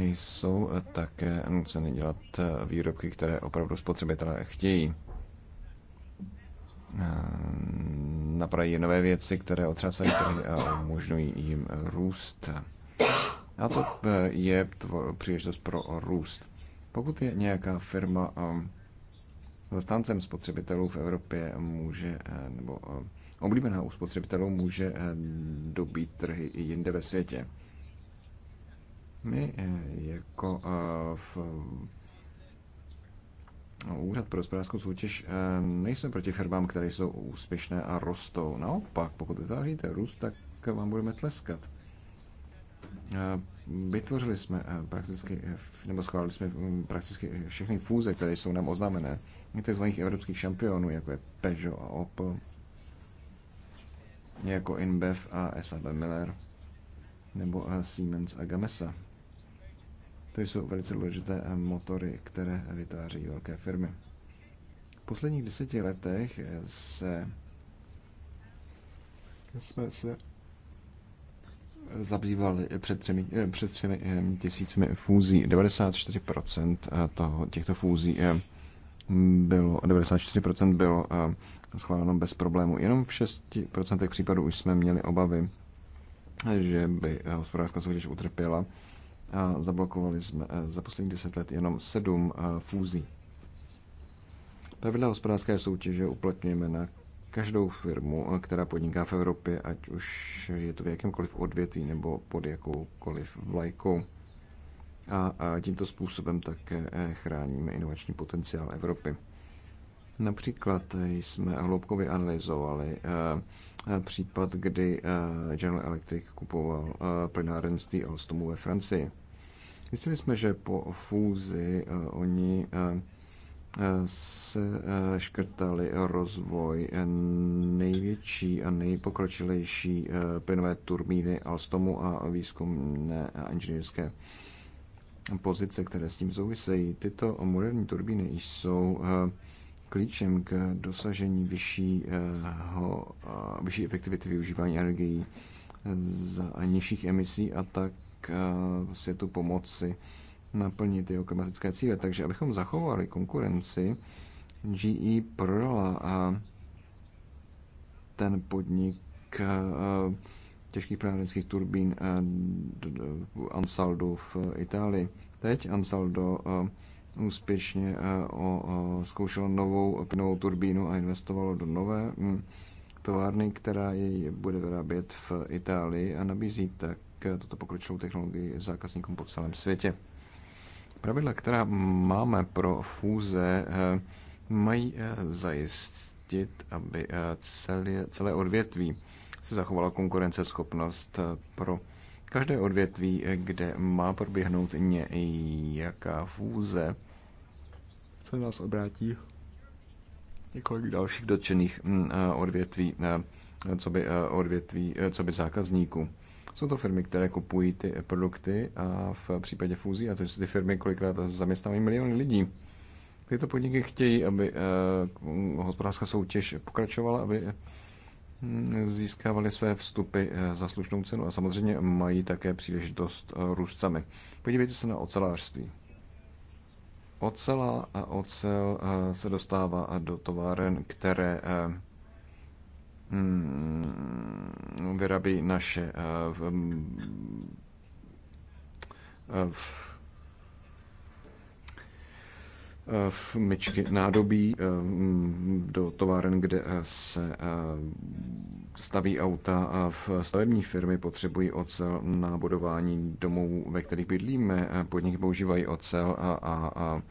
jsou eh, také nuceny dělat eh, výrobky, které opravdu spotřebitelé chtějí. Eh, Napraví nové věci, které otřásají trhy a umožňují jim růst. A to je příležitost pro růst. Pokud je nějaká firma zastáncem spotřebitelů v Evropě, může, nebo oblíbená u spotřebitelů, může dobít trhy i jinde ve světě. My eh, jako eh, v eh, Úřad pro hospodářskou soutěž nejsme proti firmám, které jsou úspěšné a rostou. Naopak, pokud vytváříte růst, tak vám budeme tleskat. Vytvořili jsme prakticky, nebo schválili jsme mm, prakticky všechny fúze, které jsou nám oznámené. Některých zvaných evropských šampionů, jako je Peugeot a Opel, jako InBev a SAB Miller, nebo Siemens a Gamesa. To jsou velice důležité motory, které vytváří velké firmy. V posledních deseti letech se jsme se zabývali před třemi, před třemi eh, tisícmi fúzí. 94% eh, toho, těchto fúzí eh, bylo, 94% bylo schváleno bez problému. Jenom v 6% případů už jsme měli obavy, že by hospodářská soutěž utrpěla a zablokovali jsme eh, za poslední deset let jenom sedm eh, fúzí. Pravidla hospodářské soutěže uplatňujeme na každou firmu, eh, která podniká v Evropě, ať už je to v jakémkoliv odvětví nebo pod jakoukoliv vlajkou. A, tímto způsobem také chráníme inovační potenciál Evropy. Například jsme hloubkově analyzovali případ, kdy General Electric kupoval plynárenství Alstomu ve Francii. Mysleli jsme, že po fúzi eh, oni eh, eh, se škrtali rozvoj největší a nejpokročilejší plynové turbíny Alstomu a výzkumné a inženýrské pozice, které s tím souvisejí. Tyto moderní turbíny jsou klíčem k dosažení vyššího, vyšší efektivity využívání energií za nižších emisí a tak Eh, světu pomoci naplnit jeho klimatické cíle. Takže abychom zachovali konkurenci, GE prodala eh, ten podnik eh, těžkých plenárenských turbín Ansaldo v Itálii. Teď Ansaldo úspěšně zkoušelo novou plynovou turbínu a investovalo do nové hm, továrny, která jej bude vyrábět v Itálii a nabízí tak tuto eh, pokročilou technologii zákazníkům po celém světě. Pravidla, která máme pro fúze, eh, mají eh, zajistit, aby celé, celé odvětví se zachovala konkurenceschopnost pro každé odvětví, kde má proběhnout nějaká fúze, se nás obrátí několik dalších dotčených mm, odvětví, co by odvětví, co by zákazníků. Jsou to firmy, které kupují ty produkty a v případě fúzí, a to jsou ty firmy kolikrát zaměstnávají miliony lidí. Tyto podniky chtějí, aby eh, hospodářská soutěž pokračovala, aby hm, získávali své vstupy eh, za slušnou cenu a samozřejmě mají také příležitost eh, růst sami. Podívejte se na ocelářství. Ocela a ocel se dostává do továren, které Mm, vyrábí naše eh, mm, eh, eh, v myčky nádobí mm, do továren, kde se staví auta a v stavební firmy potřebují ocel na budování domů, ve kterých bydlíme. Podniky používají ocel a, a, a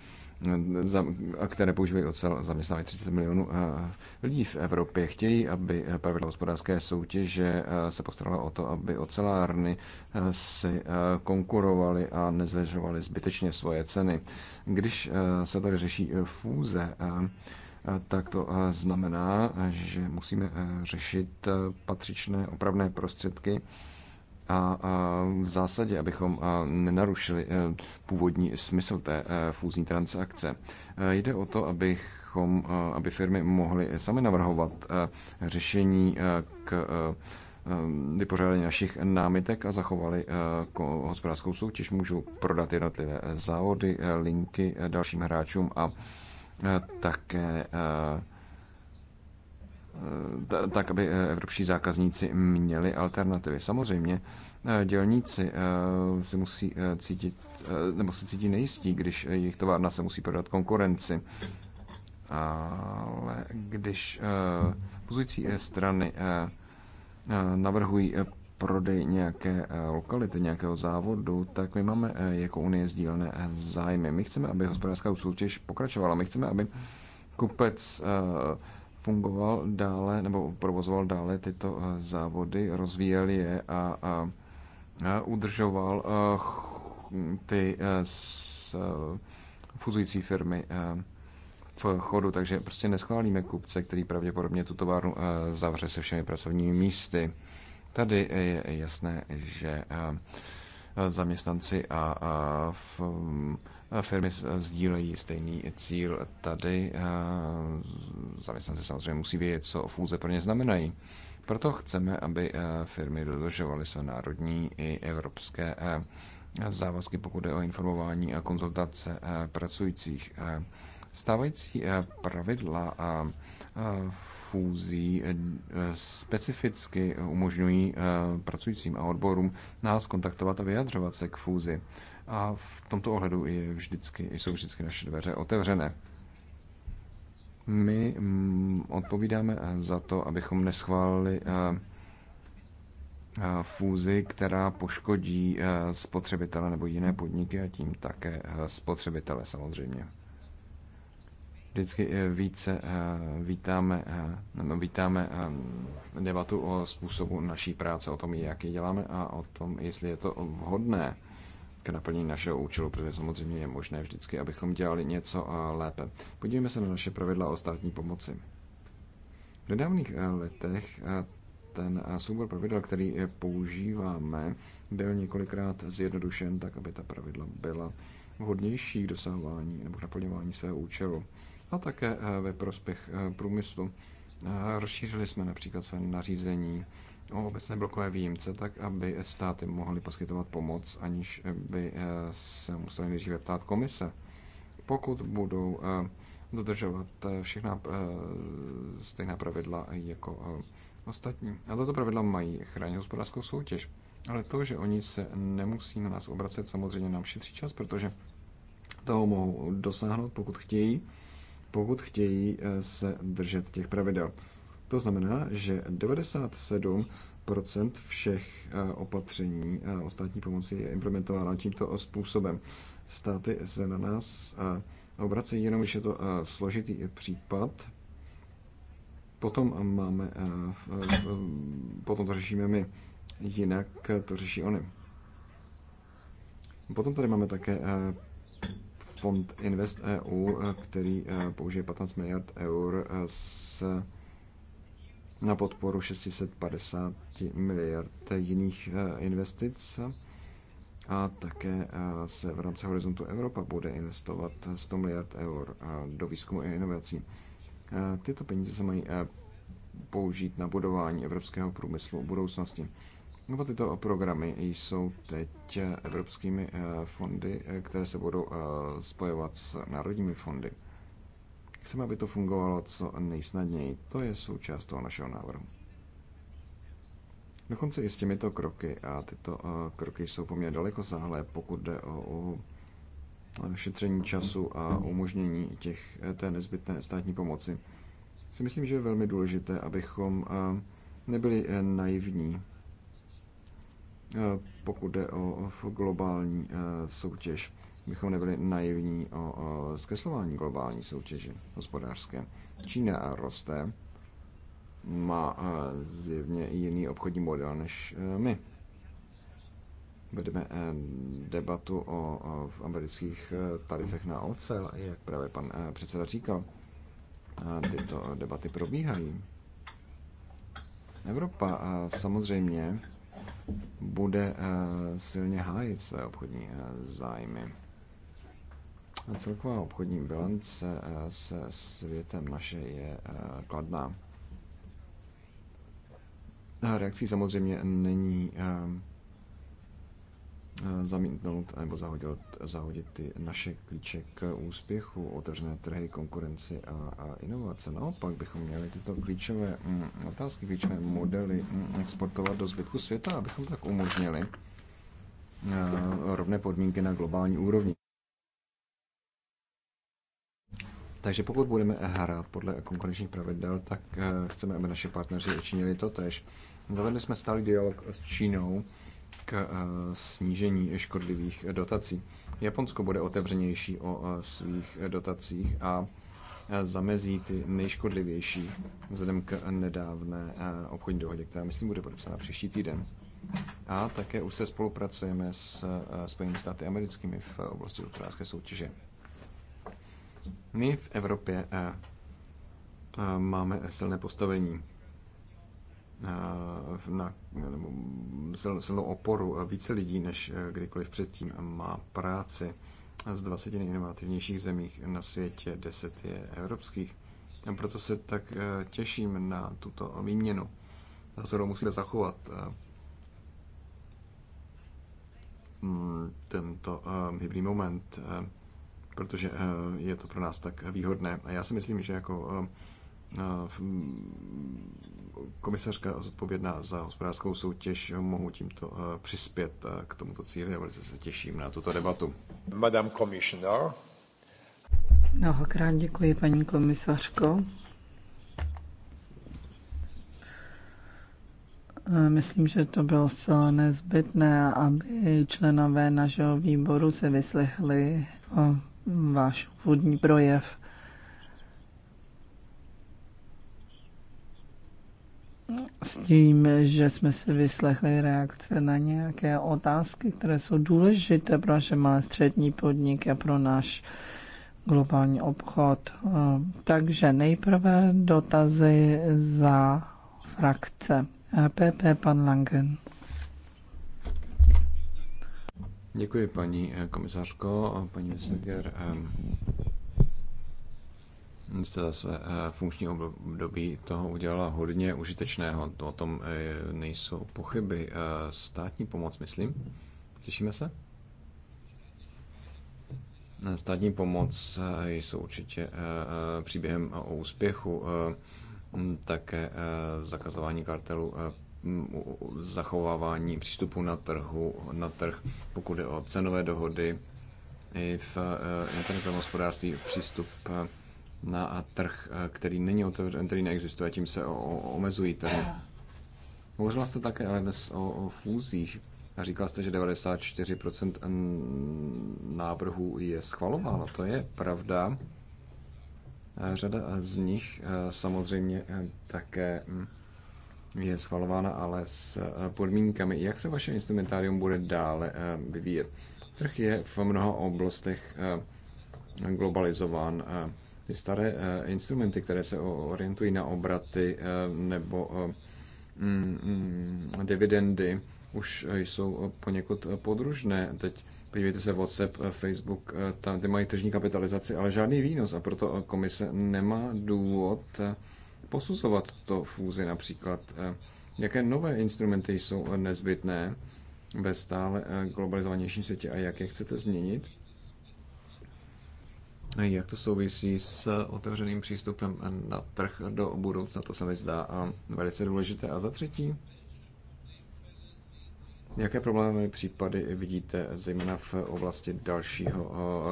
a které používají ocel, zaměstnávají 30 milionů eh, lidí v Evropě. Chtějí, aby pravidla hospodářské soutěže eh, se postarala o to, aby ocelárny eh, si konkurovaly a nezvěřovaly zbytečně svoje ceny. Když se tady řeší fůze, tak to znamená, že musíme řešit patřičné opravné prostředky, a v zásadě, abychom nenarušili e, původní smysl té e, fúzní transakce. E, jde o to, abych aby firmy mohly sami navrhovat řešení k vypořádání našich námitek a zachovali hospodářskou soutěž. Můžou prodat jednotlivé závody, linky dalším hráčům a také tak, aby eh, evropští zákazníci měli alternativy. Samozřejmě eh, dělníci eh, si musí cítit, nebo se cítí nejistí, když jejich továrna se musí prodat konkurenci. Ale když fuzující strany navrhují prodej nějaké lokality, nějakého závodu, tak my máme jako Unie sdílené zájmy. My chceme, aby hospodářská soutěž pokračovala. My chceme, aby kupec fungoval dále nebo provozoval dále tyto eh, závody, rozvíjel je a, a, a udržoval a, eh, ty eh, s, fuzující firmy v chodu, takže prostě neschválíme kupce, který pravděpodobně tu továrnu zavře se všemi pracovními místy. Tady je jasné, že zaměstnanci a v firmy sdílejí stejný cíl. Tady zaměstnanci samozřejmě musí vědět, co fůze pro ně znamenají. Proto chceme, aby e, firmy dodržovaly své národní i evropské e, závazky, pokud je o informování a konzultace e, pracujících. Stávající pravidla a fúzí specificky umožňují pracujícím a odborům nás kontaktovat a vyjadřovat se k fúzi a v tomto ohledu je vždycky, jsou vždycky naše dveře otevřené. My mm, odpovídáme eh, za to, abychom neschválili eh, eh, fúzi, která poškodí spotřebitele nebo jiné podniky a tím také spotřebitele samozřejmě. Vždycky více vítáme, vítáme debatu o způsobu naší práce, o tom, jak ji děláme a o tom, jestli je to vhodné k naplnění našeho účelu, protože samozřejmě je možné vždycky, abychom dělali něco lépe. Podívejme se na naše pravidla o státní pomoci. V nedávných eh, letech eh, ten eh, soubor pravidel, který používáme, byl několikrát zjednodušen tak, aby ta pravidla byla vhodnější k dosahování nebo k naplňování svého účelu a také ve prospěch průmyslu. Rozšířili jsme například své nařízení o obecné blokové výjimce, tak aby státy mohly poskytovat pomoc, aniž by eh, se museli nejdříve ptát komise. Pokud budou eh, dodržovat eh, všechna stejná pravidla jako ostatní. A toto pravidla mají chránit hospodářskou soutěž. Ale to, že oni se nemusí na nás obracet, samozřejmě nám šetří čas, protože toho mohou dosáhnout, pokud chtějí, pokud chtějí se držet těch pravidel. To znamená, že 97 všech eh, opatření eh, o státní pomoci je implementováno tímto způsobem. Státy se na nás eh, obracejí jenom, když je to složitý případ. Potom máme, potom to řešíme my, jinak to řeší oni. Potom tady máme také fond Invest EU, který použije 15 miliard eur s na podporu 650 miliard jiných eh, investic a také eh, se v rámci Horizontu Evropa bude investovat 100 miliard eur eh, do výzkumu a inovací. Tyto peníze se mají použít na budování evropského průmyslu v budoucnosti. Oba tyto programy jsou teď evropskými fondy, které se budou spojovat s národními fondy. Chceme, aby to fungovalo co nejsnadněji. To je součást toho našeho návrhu. Dokonce i s těmito kroky, a tyto eh, kroky jsou poměrně daleko sáhlé, pokud jde o šetření času a umožnění těch, eh, té nezbytné státní pomoci, si myslím, že je velmi důležité, abychom eh, nebyli naivní, pokud jde o globální soutěž bychom nebyli naivní o, o zkreslování globální soutěže hospodářské. Čína roste, má e, zjevně jiný obchodní model než e, my. Vedeme e, debatu o amerických tarifech na ocel, jak právě pan předseda říkal. Tyto debaty probíhají. Evropa samozřejmě bude silně hájit své obchodní zájmy. Celková obchodní bilance eh, se světem naše je eh, kladná. Reakcí samozřejmě není eh, zamítnout nebo zahodit, zahodit ty naše klíče k úspěchu, otevřené trhy, konkurenci a, a inovace. Naopak bychom měli tyto klíčové mm, otázky, klíčové modely mm, exportovat do zbytku světa, abychom tak umožnili rovné podmínky na globální úrovni. Takže pokud budeme hrát podle konkurenčních pravidel, tak eh, chceme, aby naši partneři činili to tež. Zavedli jsme stálý dialog s Čínou k eh, snížení škodlivých dotací. Japonsko bude otevřenější o eh, svých dotacích a zamezí ty nejškodlivější vzhledem k nedávné obchodní dohodě, která myslím bude podepsána příští týden. A také už se spolupracujeme s Spojenými státy americkými v oblasti hospodářské soutěže. My v Evropě eh, eh, máme silné postavení, eh, na, nebo silnou oporu. Více lidí než kdykoliv předtím má práci z 20 nejinovativnějších zemích na světě, 10 je evropských. A proto se tak těším na tuto výměnu. Ta se musíme zachovat mm, tento hybný moment protože eh, je to pro nás tak výhodné. A já si myslím, že jako eh, eh, komisařka zodpovědná za hospodářskou soutěž mohu tímto přispět k tomuto cíli a velice se těším na tuto debatu. Madame Commissioner. Mnohokrát děkuji, paní komisařko. Myslím, že to bylo zcela nezbytné, aby členové našeho výboru se vyslechli o váš vodní projev. S tím, že jsme si vyslechli reakce na nějaké otázky, které jsou důležité pro naše malé střední podniky a pro náš globální obchod. Takže nejprve dotazy za frakce. PP e pan Langen. Děkuji, paní eh, komisařko, paní Vestager. Eh, jste za své eh, funkční období toho udělala hodně užitečného. O tom nejsou pochyby. Státní pomoc, myslím. Slyšíme se? Státní pomoc jsou určitě příběhem o úspěchu. Také zakazování kartelu Mm, zachovávání přístupu na, trhu, na trh, pokud je o cenové dohody, i v eh, internetovém hospodářství přístup eh, na trh, eh, který není otevřen, který neexistuje, tím se o, o, omezují trhy. Hovořila jste také ale dnes o, o fúzích a říkala jste, že 94% návrhů je schvalováno. To je pravda. Řada z nich samozřejmě také hm, je schvalována, ale s eh, podmínkami. Jak se vaše instrumentárium bude dále eh, vyvíjet? Trh je v mnoha oblastech eh, globalizován. Ty staré instrumenty, které se orientují na obraty nebo mm, mm, dividendy, už jsou poněkud podružné. Teď podívejte se WhatsApp, Facebook, tam ty mají tržní kapitalizaci, ale žádný výnos a proto komise nemá důvod posuzovat to fúzi například? Eh, jaké nové instrumenty jsou nezbytné ve stále eh, globalizovanějším světě a jak je chcete změnit? Jak to souvisí s otevřeným přístupem na trh do budoucna, to se mi zdá eh, velice důležité. A za třetí, jaké problémy případy vidíte zejména v oblasti dalšího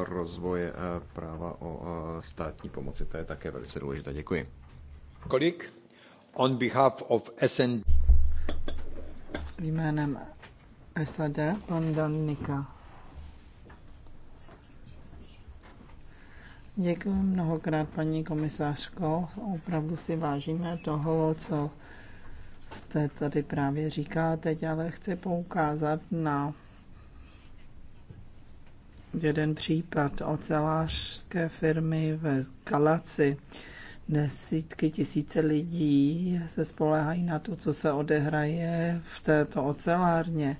rozvoje práva o státní pomoci? To je také velice důležité. Děkuji. Kolik? On behalf of SND. Jménem SAD, pan Danika. Děkuji mnohokrát, paní komisářko. Opravdu si vážíme toho, co jste tady právě říkala teď, ale chci poukázat na jeden případ ocelářské firmy ve Galaci. Desítky tisíce lidí se spolehají na to, co se odehraje v této ocelárně.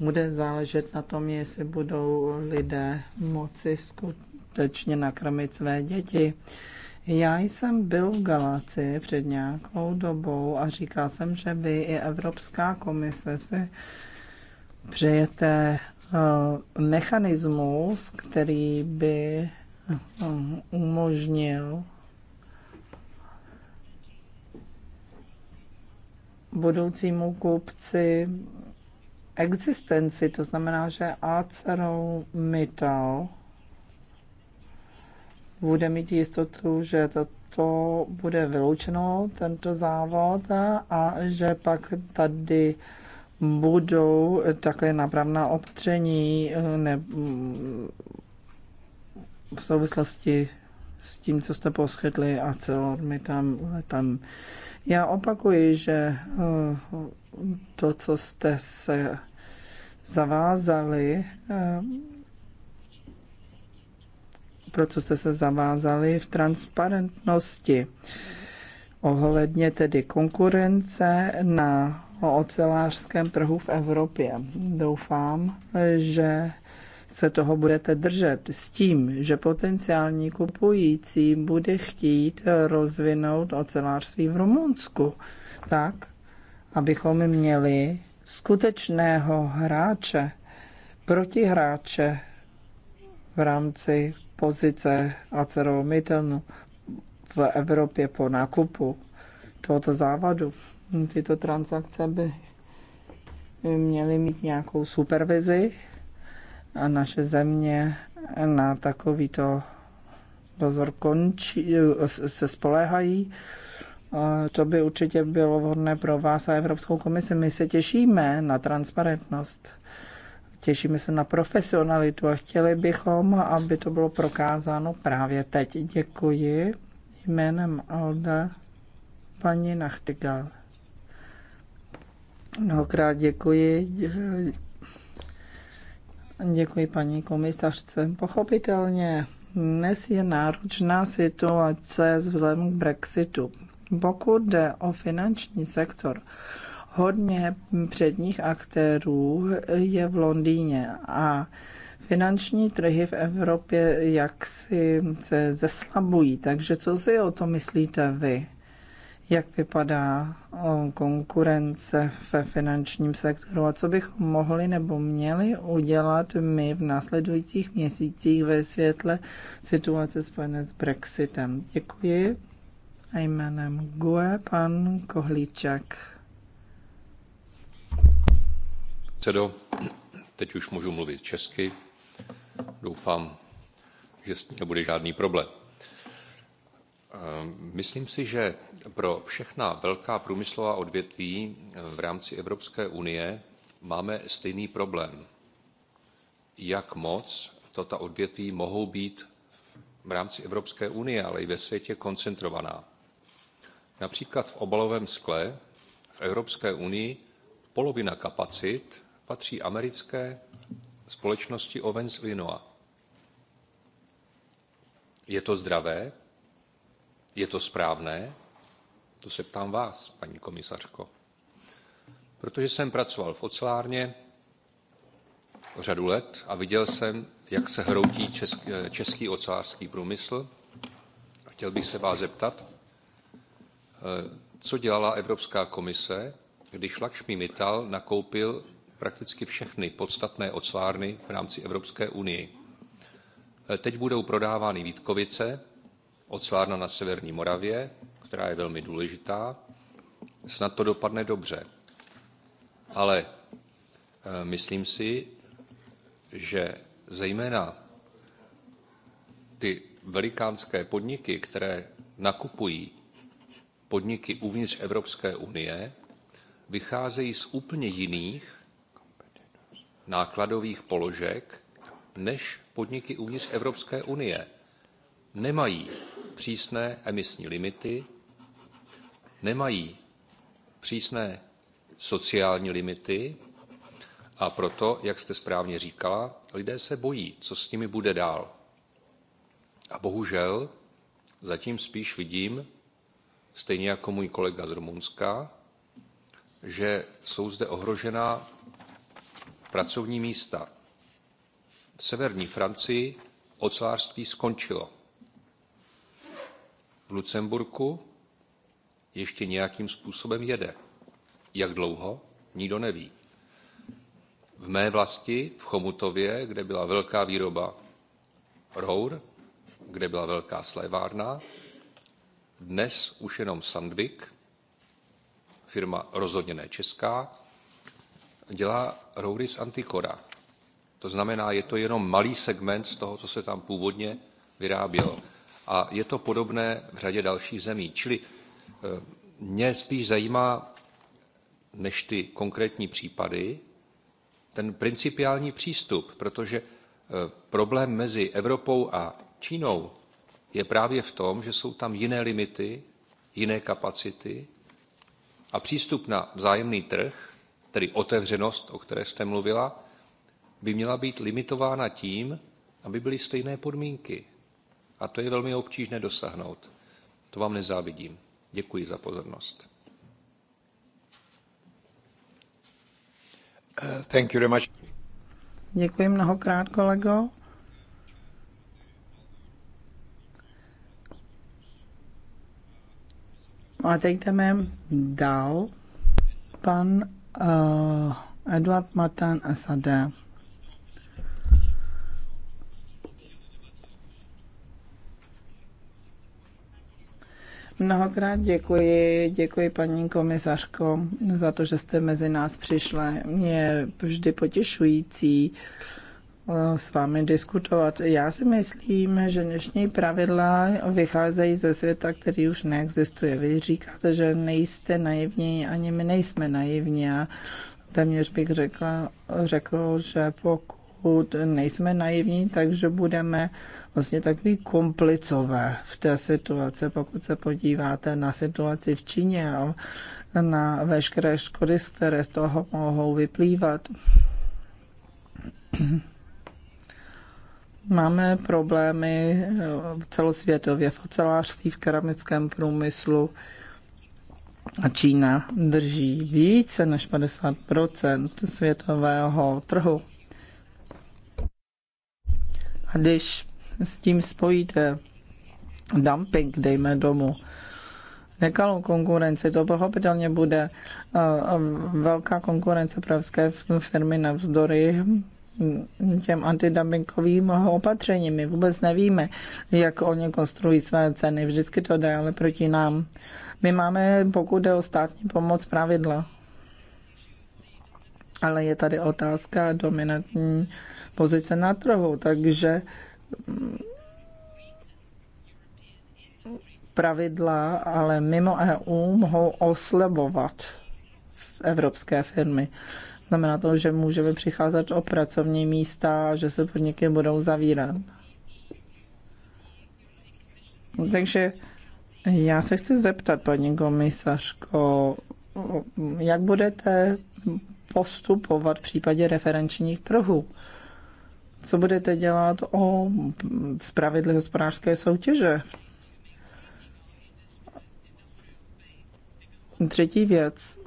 Bude záležet na tom, jestli budou lidé moci skutečně nakrmit své děti. Já jsem byl v Galácii před nějakou dobou a říkal jsem, že vy i Evropská komise si přejete eh, mechanismus, který by eh, umožnil budoucímu kupci existenci, to znamená, že ArcelorMittal bude mít jistotu, že toto bude vyloučeno, tento závod, a že pak tady budou také napravná opatření ne, v souvislosti s tím, co jste poskytli a co mi tam, tam já opakuji, že eh, to, co jste se zavázali, eh, pro co jste se zavázali v transparentnosti ohledně tedy konkurence na ocelářském trhu v Evropě. Doufám, že se toho budete držet s tím, že potenciální kupující bude chtít rozvinout ocelářství v Rumunsku, tak, abychom měli skutečného hráče, protihráče v rámci pozice ArcelorMittal v Evropě po nákupu tohoto závadu. Tyto transakce by měly mít nějakou supervizi, a naše země na takovýto dozor končí, eh, se spoléhají. To by určitě bylo vhodné pro vás a Evropskou komisi. My se těšíme na transparentnost, těšíme se na profesionalitu a chtěli bychom, aby to bylo prokázáno právě teď. Děkuji jménem Alda paní Nachtigal. Mnohokrát děkuji. Děkuji paní komisařce. Pochopitelně dnes je náročná situace vzhledem k Brexitu. Pokud jde o finanční sektor, hodně předních aktérů je v Londýně a finanční trhy v Evropě jaksi se zeslabují. Takže co si o to myslíte vy? jak vypadá konkurence ve finančním sektoru a co bychom mohli nebo měli udělat my v následujících měsících ve světle situace spojené s Brexitem. Děkuji. A jménem GUE pan Kohlíček. Cedo, teď už můžu mluvit česky. Doufám, že s tím nebude žádný problém. Ehm, myslím si, že pro všechna velká průmyslová odvětví ehm, v rámci Evropské unie máme stejný problém. Jak moc tato odvětví mohou být v rámci Evropské unie, ale i ve světě koncentrovaná. Například v obalovém skle v Evropské unii polovina kapacit patří americké společnosti Owens Illinois. Je to zdravé? Je to správné? To se ptám vás, paní komisařko. Protože jsem pracoval v ocelárně řadu let a viděl jsem, jak se hroutí český, český ocelářský průmysl. Chtěl bych se vás zeptat, eh, co dělala Evropská komise, když Lakšmi Mittal nakoupil prakticky všechny podstatné ocelárny v rámci Evropské unie. Eh, teď budou prodávány Vítkovice, ocelárna na Severní Moravě, která je velmi důležitá. Snad to dopadne dobře. Ale eh, myslím si, že zejména ty velikánské podniky, které nakupují podniky uvnitř Evropské unie, vycházejí z úplně jiných nákladových položek než podniky uvnitř Evropské unie. Nemají přísné emisní limity, nemají přísné sociální limity a proto, jak jste správně říkala, lidé se bojí, co s nimi bude dál. A bohužel zatím spíš vidím, stejně jako můj kolega z Rumunska, že jsou zde ohrožena pracovní místa. V severní Francii ocelářství skončilo v Lucemburku ještě nějakým způsobem jede. Jak dlouho? Nikdo neví. V mé vlasti, v Chomutově, kde byla velká výroba rour, kde byla velká slévárna, dnes už jenom Sandvik, firma rozhodně ne česká, dělá roury z antikora. To znamená, je to jenom malý segment z toho, co se tam původně vyrábělo a je to podobné v řadě dalších zemí. Čili e, mě spíš zajímá než ty konkrétní případy ten principiální přístup, protože e, problém mezi Evropou a Čínou je právě v tom, že jsou tam jiné limity, jiné kapacity a přístup na vzájemný trh, tedy otevřenost, o které jste mluvila, by měla být limitována tím, aby byly stejné podmínky. A to je velmi obtížné dosáhnout. To vám nezávidím. Děkuji za pozornost. Thank you very much. Děkuji mnohokrát, kolego. A teď jdeme dál. Pan uh, Eduard Matan Asade. Mnohokrát děkuji, děkuji paní komisařko, za to, že jste mezi nás přišla. Je vždy potěšující eh, s vámi diskutovat. Já si myslím, že dnešní pravidla vycházejí ze světa, který už neexistuje. Vy říkáte, že nejste naivní, ani my nejsme naivní. A téměř bych řekla, řekl, že pokud pokud nejsme naivní, takže budeme vlastně takový komplicové v té situaci. Pokud se podíváte na situaci v Číně a na veškeré škody, které z toho mohou vyplývat, Máme problémy eh, celosvětově v ocelářství, v keramickém průmyslu a Čína drží více než 50 světového trhu když s tím spojíte dumping, dejme domů, nekalou konkurenci, to pochopitelně bude eh, eh, velká konkurence pro evropské firmy navzdory těm antidumpingovým opatřením. My vůbec nevíme, jak oni konstruují své ceny. Vždycky to jde ale proti nám. My máme, pokud jde o státní pomoc, pravidla ale je tady otázka dominantní pozice na trhu, takže mm, pravidla, ale mimo EU mohou oslabovat evropské firmy. Znamená to, že můžeme přicházet o pracovní místa a že se podniky budou zavírat. Takže já se chci zeptat, paní komisařko, jak budete postupovat v případě referenčních trhů? Co budete dělat o zpravidly hospodářské soutěže? Třetí věc.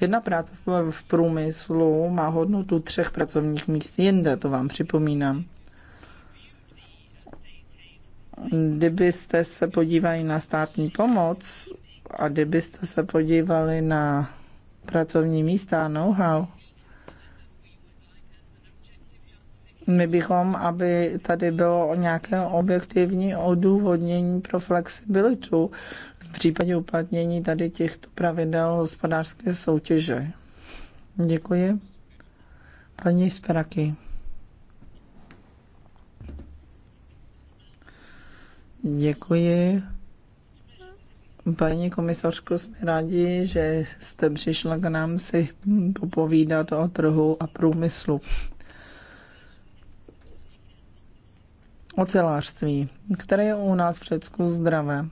Jedna práce v průmyslu má hodnotu třech pracovních míst jinde, to vám připomínám. Kdybyste se podívali na státní pomoc, a kdybyste se podívali na pracovní místa know-how, my bychom, aby tady bylo nějaké objektivní odůvodnění pro flexibilitu v případě uplatnění tady těchto pravidel hospodářské soutěže. Děkuji. Paní Speraky. Děkuji. Paní komisařko, jsme rádi, že jste přišla k nám si popovídat o trhu a průmyslu. Ocelářství, které je u nás v Řecku zdravé.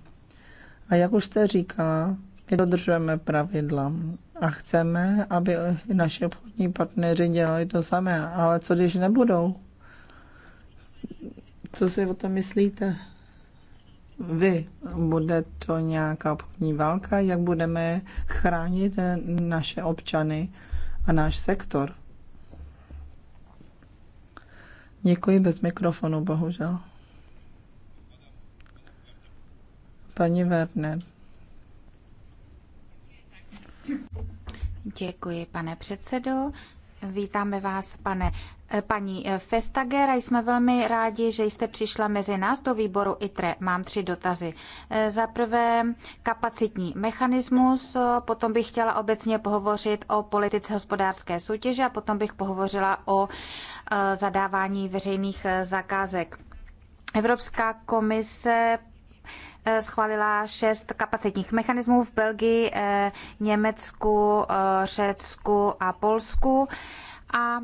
A jak už jste říkala, my dodržujeme pravidla a chceme, aby naši obchodní partneři dělali to samé. Ale co když nebudou? Co si o tom myslíte? vy? Bude to nějaká obchodní válka? Jak budeme chránit eh, naše občany a náš sektor? Děkuji bez mikrofonu, bohužel. Paní Werner. Děkuji, pane předsedo. Vítáme vás, pane Eh, paní eh, Festager, jsme velmi rádi, že jste přišla mezi nás do výboru ITRE. Mám tři dotazy. Eh, za prvé kapacitní mechanismus, potom bych chtěla obecně pohovořit o politice hospodářské soutěže a potom bych pohovořila o zadávání veřejných zakázek. Evropská komise schválila šest kapacitních mechanismů v Belgii, Německu, Řecku a Polsku. A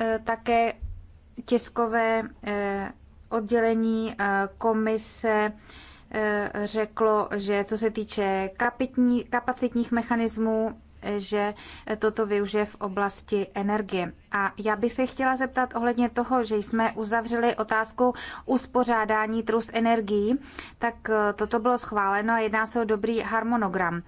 Eh, také tiskové eh, oddělení eh, komise řeklo, že co se týče kapitní, kapacitních mechanismů, že toto využije v oblasti energie. A já bych se chtěla zeptat ohledně toho, že jsme uzavřeli otázku uspořádání trus energií, tak toto bylo schváleno a jedná se o dobrý harmonogram.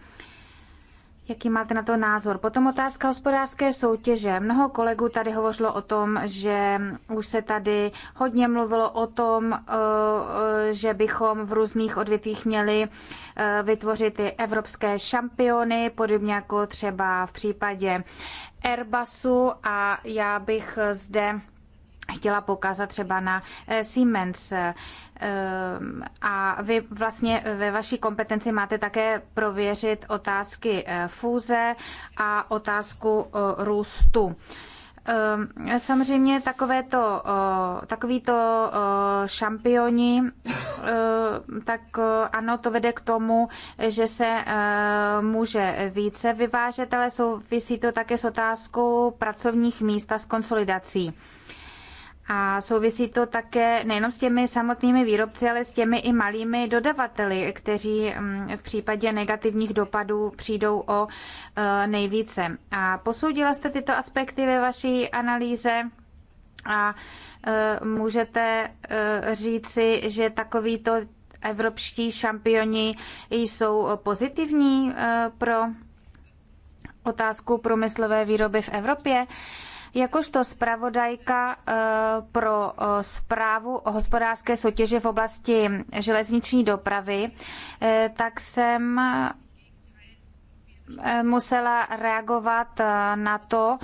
Jaký máte na to názor? Potom otázka hospodářské soutěže. Mnoho kolegů tady hovořilo o tom, že už se tady hodně mluvilo o tom, eh, eh, že bychom v různých odvětvích měli eh, vytvořit i evropské šampiony, podobně jako třeba v případě Airbusu a já bych zde chtěla poukázat třeba na eh, Siemens. Eh, a vy vlastně ve vaší kompetenci máte také prověřit otázky eh, fůze a otázku růstu. Samozřejmě takovéto, takovýto šampioni, tak ano, to vede k tomu, že se může více vyvážet, ale souvisí to také s otázkou pracovních míst a s konsolidací. A souvisí to také nejenom s těmi samotnými výrobci, ale s těmi i malými dodavateli, kteří mm, v případě negativních dopadů přijdou o e, nejvíce. A posoudila jste tyto aspekty ve vaší analýze? A e, můžete e, říci, že takovýto evropští šampioni jsou pozitivní pro otázku průmyslové výroby v Evropě? Jakožto zpravodajka eh, pro eh, zprávu o hospodářské soutěži v oblasti železniční dopravy, eh, tak jsem musela reagovat na to,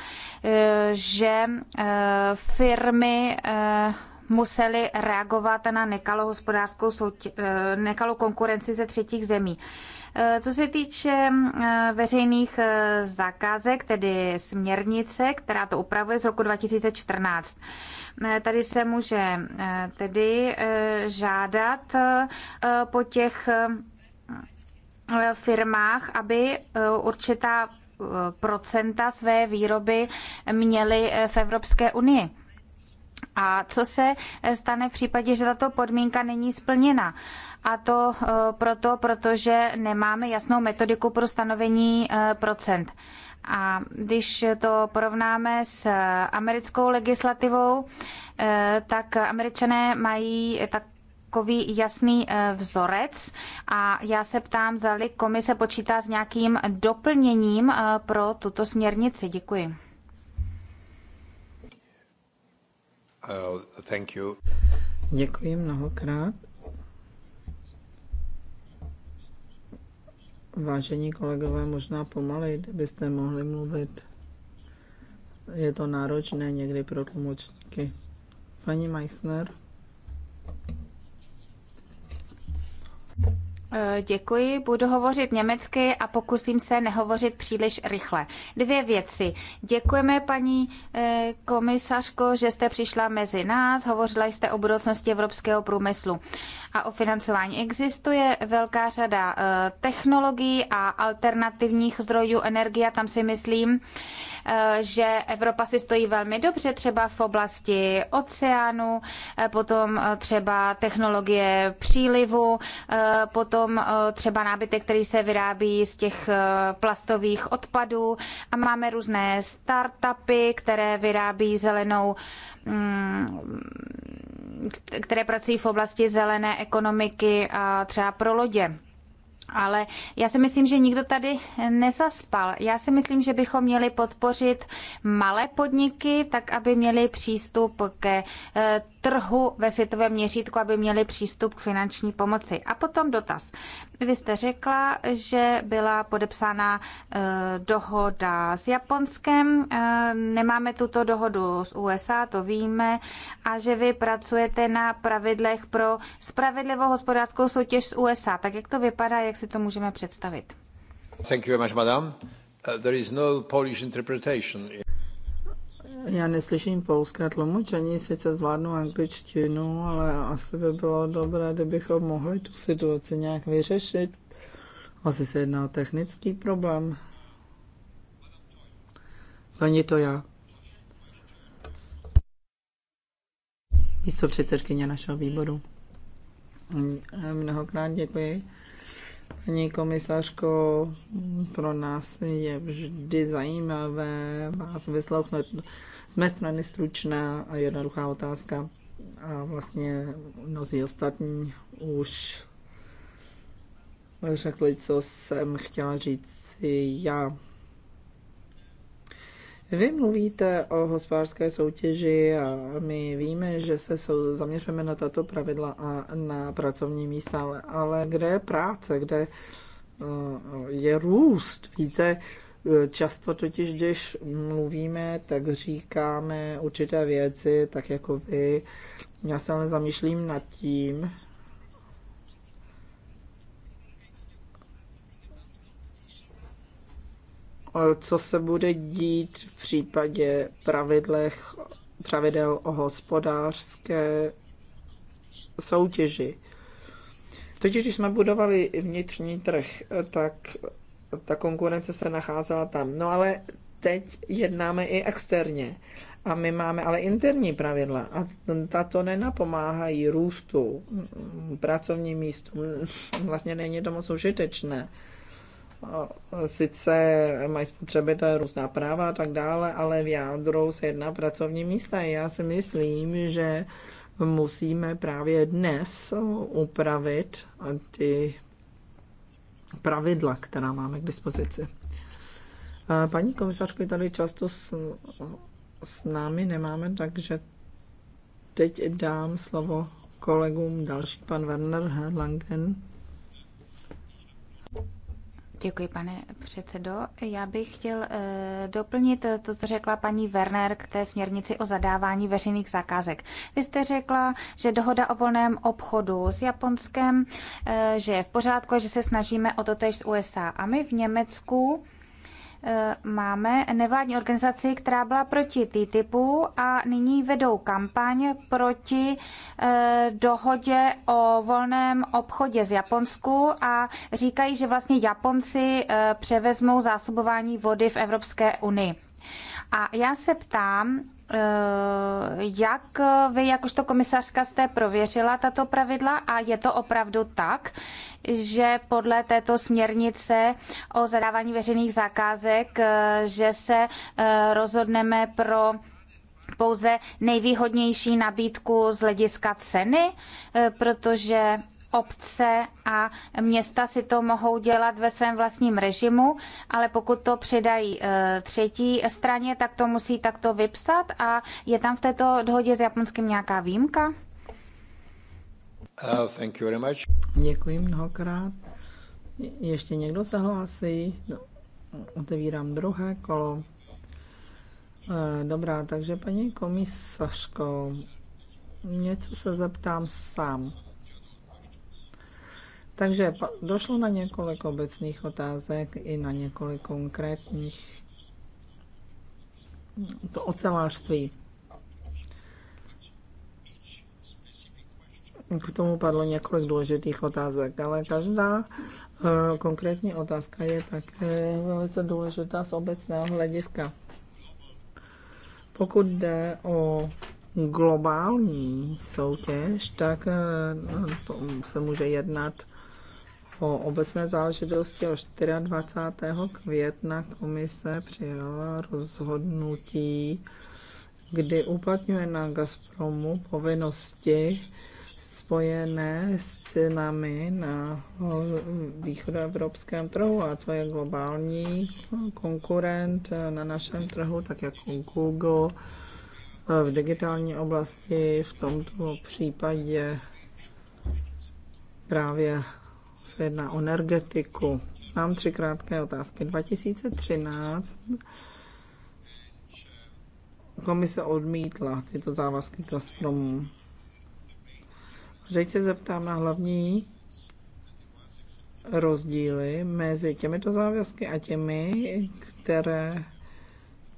že firmy museli reagovat na nekalou hospodářskou soutě, eh, nekalou konkurenci ze třetích zemí. Eh, co se týče eh, veřejných zakázek, tedy směrnice, která to upravuje z roku 2014, tady se může tedy žádat po těch firmách, aby určitá procenta své výroby měly v Evropské unii. A co se eh, stane v případě, že tato podmínka není splněna? A to eh, proto, protože nemáme jasnou metodiku pro stanovení eh, procent. A když to porovnáme s americkou legislativou, tak američané mají tak takový jasný vzorec a já se ptám, zda komise počítá s nějakým doplněním pro tuto směrnici. Děkuji. Uh, thank you. Děkuji mnohokrát. Vážení kolegové, možná pomalej, kdybyste mohli mluvit. Je to náročné někdy pro tlumočníky. Paní Meissner. Eh, děkuji, budu hovořit německy a pokusím se nehovořit příliš rychle. Dvě věci. Děkujeme, paní eh, komisařko, že jste přišla mezi nás, hovořila jste o budoucnosti evropského průmyslu a o financování. Existuje velká řada eh, technologií a alternativních zdrojů energie, tam si myslím, Eh, že Evropa si stojí velmi dobře třeba v oblasti oceánu, eh, potom eh, třeba technologie přílivu, potom třeba nábytek, který se vyrábí z těch plastových odpadů a máme různé startupy, které vyrábí zelenou mm, které pracují v oblasti zelené ekonomiky a třeba pro lodě. Ale já si myslím, že nikdo tady nezaspal. Já si myslím, že bychom měli podpořit malé podniky, tak aby měli přístup ke eh, trhu ve světovém měřítku, aby měli přístup k finanční pomoci. A potom dotaz. Vy jste řekla, že byla podepsána e, dohoda s Japonskem, e, nemáme tuto dohodu s USA, to víme, a že vy pracujete na pravidlech pro spravedlivou hospodářskou soutěž s USA. Tak jak to vypadá, jak si to můžeme představit? Thank you very much, madam. Uh, there is no Polish interpretation. Já neslyším polské tlumočení, sice zvládnu angličtinu, ale asi by bylo dobré, kdybychom mohli tu situaci nějak vyřešit. Asi se jedná o technický problém. Paní to já. Místo předsedkyně našeho výboru. Mnohokrát děkuji. Paní komisařko, pro nás je vždy zajímavé vás vyslouchnout. Z mé strany stručná a jednoduchá otázka. A vlastně mnozí ostatní už řekli, co jsem chtěla říct já. Vy mluvíte o hospodářské soutěži a my víme, že se zaměřujeme na tato pravidla a na pracovní místa, ale, ale kde je práce, kde uh, je růst, víte, uh, Často totiž, když mluvíme, tak říkáme určité věci, tak jako vy. Já se ale zamýšlím nad tím, co se bude dít v případě pravidlech, pravidel o hospodářské soutěži. Totiž, když jsme budovali vnitřní trh, tak ta konkurence se nacházela tam. No ale teď jednáme i externě. A my máme ale interní pravidla a tato nenapomáhají růstu pracovním místům. Vlastně není to moc užitečné. Sice mají je různá práva a tak dále, ale v jádru se jedná pracovní místa. Já si myslím, že musíme právě dnes upravit ty pravidla, která máme k dispozici. Paní komisařko, tady často s, s námi nemáme, takže teď dám slovo kolegům další, pan Werner Langen Děkuji, pane předsedo. Já bych chtěl eh, doplnit eh, to, co řekla paní Werner k té směrnici o zadávání veřejných zakázek. Vy jste řekla, že dohoda o volném obchodu s Japonskem, eh, že je v pořádku, že se snažíme o to tež z USA. A my v Německu Eh, máme nevládní organizaci, která byla proti TTIPu a nyní vedou kampaň proti eh, dohodě o volném obchodě z Japonsku a říkají, že vlastně Japonci eh, převezmou zásobování vody v Evropské unii. A já se ptám, Eh, jak vy jakožto komisařka jste prověřila tato pravidla a je to opravdu tak, že podle této směrnice o zadávání veřejných zakázek, eh, že se eh, rozhodneme pro pouze nejvýhodnější nabídku z hlediska ceny, protože obce a města si to mohou dělat ve svém vlastním režimu, ale pokud to předají eh, třetí straně, tak to musí takto vypsat a je tam v této dohodě s Japonským nějaká výjimka? Uh, thank you very much. Děkuji mnohokrát. Ještě někdo se hlásí? No, otevírám druhé kolo. Eh, dobrá, takže paní komisařko, něco se zeptám sám. Takže došlo na několik obecných otázek i na několik konkrétních. To ocelářství. K tomu padlo několik důležitých otázek, ale každá eh, konkrétní otázka je také velice důležitá z obecného hlediska. Pokud jde o globální soutěž, tak eh, to se může jednat po obecné záležitosti o 24. května komise přijala rozhodnutí, kdy uplatňuje na Gazpromu povinnosti spojené s cenami na východoevropském trhu a to je globální konkurent na našem trhu, tak jako Google v digitální oblasti, v tomto případě právě se na energetiku. Mám tři krátké otázky. 2013 komise odmítla tyto závazky Gazpromu. Teď se zeptám na hlavní rozdíly mezi těmito závazky a těmi, které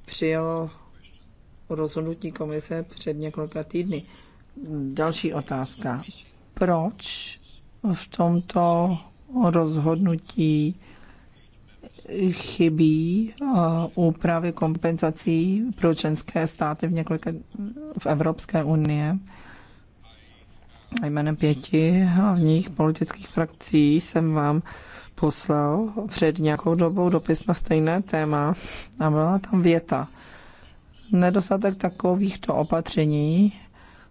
přijalo rozhodnutí komise před několika týdny. Další otázka. Proč v tomto rozhodnutí chybí úpravy kompenzací pro členské státy v několika v Evropské unii. jménem pěti hlavních politických frakcí jsem vám poslal před nějakou dobou dopis na stejné téma a byla tam věta. Nedostatek takovýchto opatření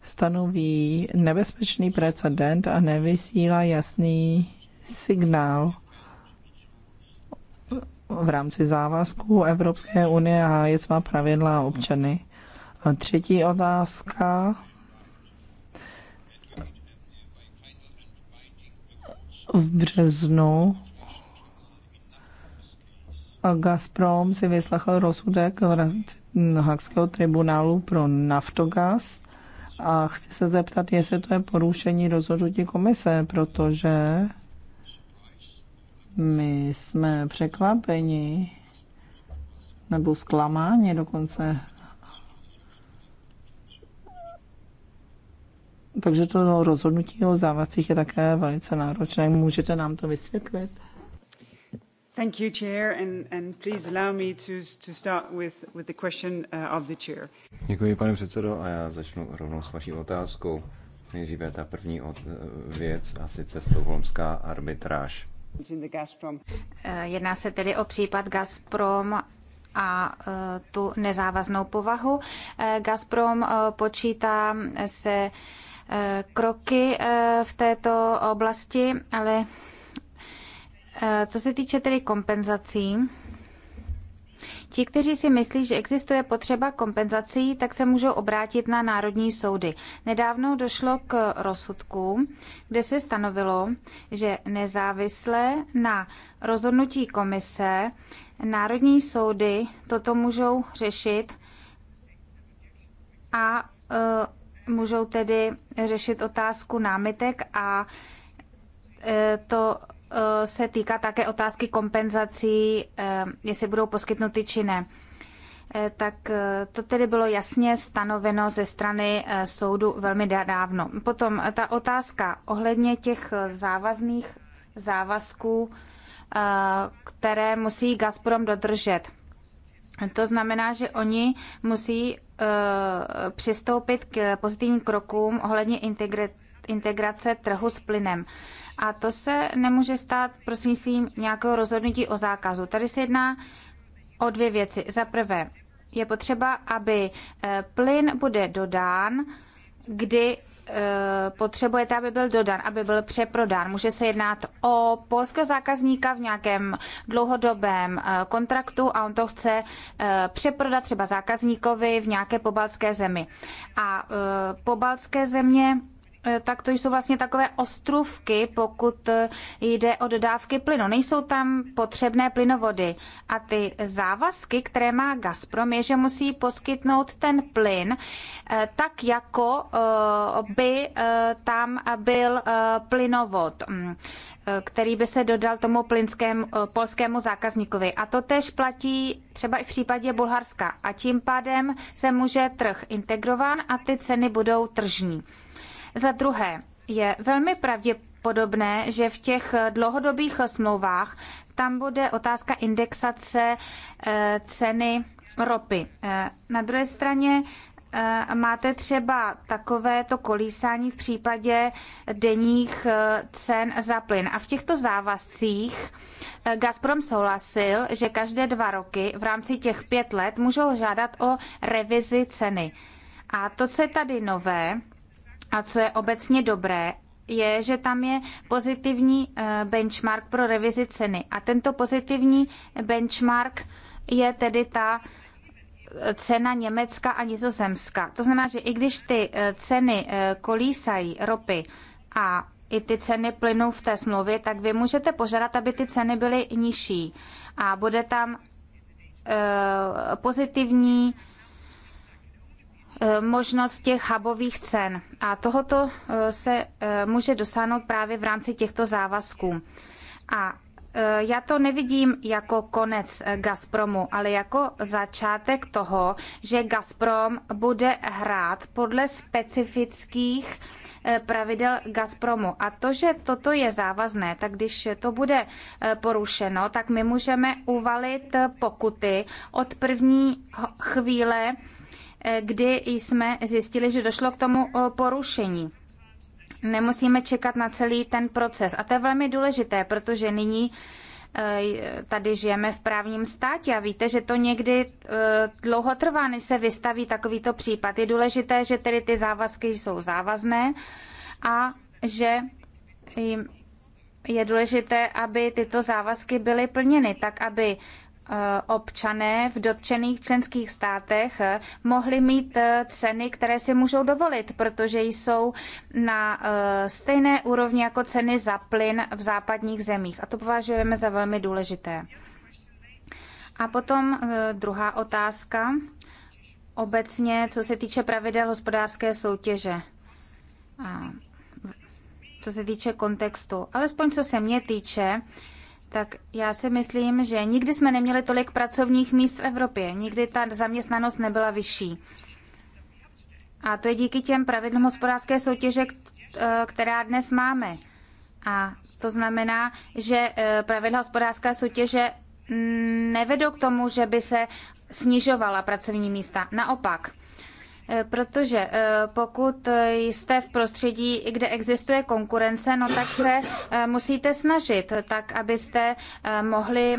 stanoví nebezpečný precedent a nevysílá jasný signál v rámci závazků Evropské unie a je svá pravidla občany. A třetí otázka. V březnu Gazprom si vyslechl rozsudek v rámci Hakského tribunálu pro naftogaz a chci se zeptat, jestli to je porušení rozhodnutí komise, protože my jsme překvapeni nebo zklamáni dokonce. Takže to rozhodnutí o závazcích je také velice náročné. Můžete nám to vysvětlit? Thank you, Chair, and, and please allow me to, to start with, with the question uh, of the Chair. Děkuji, pane předsedo, a já začnu rovnou s vaší otázkou. Nejdříve ta první od, eh, věc, a sice stokholmská arbitráž. Eh, jedná se tedy o případ Gazprom a eh, tu nezávaznou povahu. Eh, Gazprom počítá se kroky v této oblasti, ale co se týče tedy kompenzací, Ti, kteří si myslí, že existuje potřeba kompenzací, tak se můžou obrátit na národní soudy. Nedávno došlo k rozsudku, kde se stanovilo, že nezávisle na rozhodnutí komise národní soudy toto můžou řešit a e, můžou tedy řešit otázku námitek a e, to Eh, se týká také otázky kompenzací, eh, jestli budou poskytnuty či ne. Eh, tak to tedy bylo jasně stanoveno ze strany soudu velmi dávno. Potom ta otázka ohledně těch závazných závazků, které musí Gazprom dodržet. To znamená, že oni musí přistoupit k pozitivním krokům ohledně integrace trhu s plynem. A to se nemůže stát prostřednictvím nějakého rozhodnutí o zákazu. Tady se jedná o dvě věci. Za prvé, je potřeba, aby e, plyn bude dodán, kdy e, potřebujete, aby byl dodan, aby byl přeprodán. Může se jednat o polského zákazníka v nějakém dlouhodobém e, kontraktu a on to chce přeprodat třeba zákazníkovi v nějaké pobaltské zemi. A pobaltské země Eh, tak to jsou vlastně takové ostrůvky, pokud eh, jde o dodávky plynu. Nejsou tam potřebné plynovody. A ty závazky, které má Gazprom, je, že musí poskytnout ten plyn eh, tak, jako by tam byl plynovod, mm, který by se dodal tomu plynskému, polskému zákazníkovi. A to tež platí třeba i v případě Bulharska. A tím pádem se může trh integrován a ty ceny budou tržní. Za druhé, je velmi pravděpodobné, že v těch dlouhodobých smlouvách tam bude otázka indexace eh, ceny ropy. Eh, na druhé straně eh, máte třeba takové to kolísání v případě denních cen za plyn. A v těchto závazcích Gazprom souhlasil, že každé dva roky v rámci těch pět let můžou žádat o revizi ceny. A to, co je tady nové, a co je obecně dobré, je, že tam je pozitivní eh, benchmark pro revizi ceny. A tento pozitivní benchmark je tedy ta eh, cena Německa a Nizozemska. To znamená, že i když ty eh, ceny kolísají ropy a i ty ceny plynu v té smlouvě, tak vy můžete požádat, aby ty ceny byly nižší. A bude tam pozitivní Eh, možnost těch hubových cen. A tohoto eh, se eh, může dosáhnout právě v rámci těchto závazků. A já to nevidím jako konec Gazpromu, ale jako začátek toho, že Gazprom bude hrát podle specifických pravidel Gazpromu. A to, že toto je závazné, tak když to bude porušeno, tak my můžeme uvalit pokuty od první chvíle Eh, kdy jsme zjistili, že došlo k tomu eh, porušení. Nemusíme čekat na celý ten proces. A to je velmi důležité, protože nyní eh, tady žijeme v právním státě a víte, že to někdy dlouho trvá, než se vystaví takovýto případ. Je důležité, že tedy ty závazky jsou závazné a že je důležité, aby tyto závazky byly plněny, tak aby Eh, občané v dotčených členských státech eh, mohli mít eh, ceny, které si můžou dovolit, protože jsou na stejné úrovni jako ceny za plyn v západních zemích. A to považujeme za velmi důležité. A potom druhá otázka. Obecně, co se týče pravidel hospodářské soutěže. A co se týče kontextu. Alespoň co se mě týče, tak já si myslím, že nikdy jsme neměli tolik pracovních míst v Evropě, nikdy ta zaměstnanost nebyla vyšší. A to je díky těm pravidlům hospodářské soutěže, e, která dnes máme. A to znamená, že e, pravidla hospodářské soutěže mm, nevedou k tomu, že by se snižovala pracovní místa. Naopak, Eh, protože eh, pokud jste v prostředí, kde existuje konkurence, no tak se eh, musíte snažit tak, abyste mohli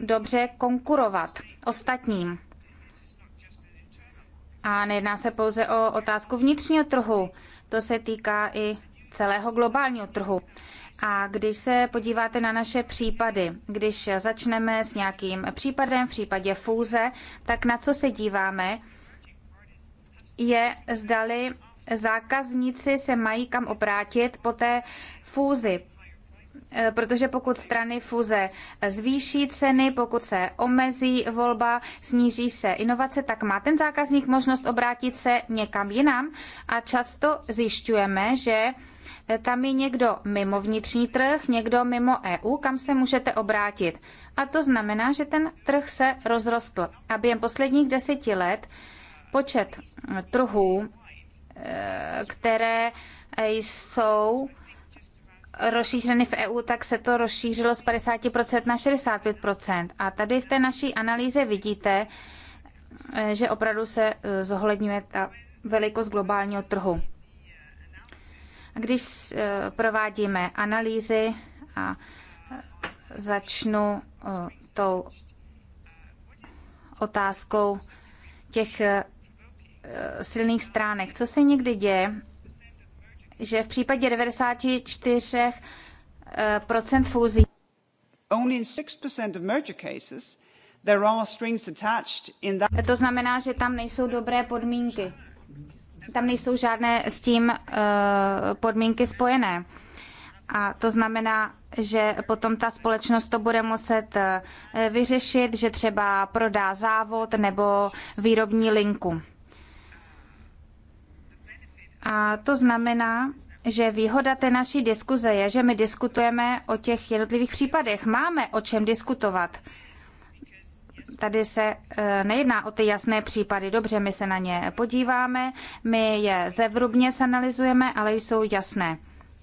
dobře konkurovat ostatním. A nejedná se pouze o otázku vnitřního trhu, to se týká i celého globálního trhu. A když se podíváte na naše případy, když začneme s nějakým případem, v případě fůze, tak na co se díváme? je, zdali zákazníci se mají kam obrátit po té fúzi, e, protože pokud strany fuze zvýší ceny, pokud se omezí volba, sníží se inovace, tak má ten zákazník možnost obrátit se někam jinam a často zjišťujeme, že e, tam je někdo mimo vnitřní trh, někdo mimo EU, kam se můžete obrátit. A to znamená, že ten trh se rozrostl. A během posledních deseti let Počet trhů, eh, eh, které eh, jsou rozšířeny v EU, tak se to rozšířilo z 50% na 65%. A tady v té naší analýze vidíte, že opravdu se zohledňuje ta velikost globálního trhu. Když provádíme analýzy a začnu tou otázkou těch Eh, silných stránek. Co se někdy děje, že v případě 94 eh, procent fúzí Only in 6% of merger cases there are strings attached in that... To znamená, že tam nejsou dobré podmínky. Tam nejsou žádné s tím uh, podmínky spojené. A to znamená, že potom ta společnost to bude muset vyřešit, že třeba prodá závod nebo výrobní linku. A to znamená, že výhoda té naší diskuze je, že my diskutujeme o těch jednotlivých případech. Máme o čem diskutovat. Tady se e, nejedná o ty jasné případy. Dobře, my se na ně podíváme, my je zevrubně analyzujeme, ale jsou jasné.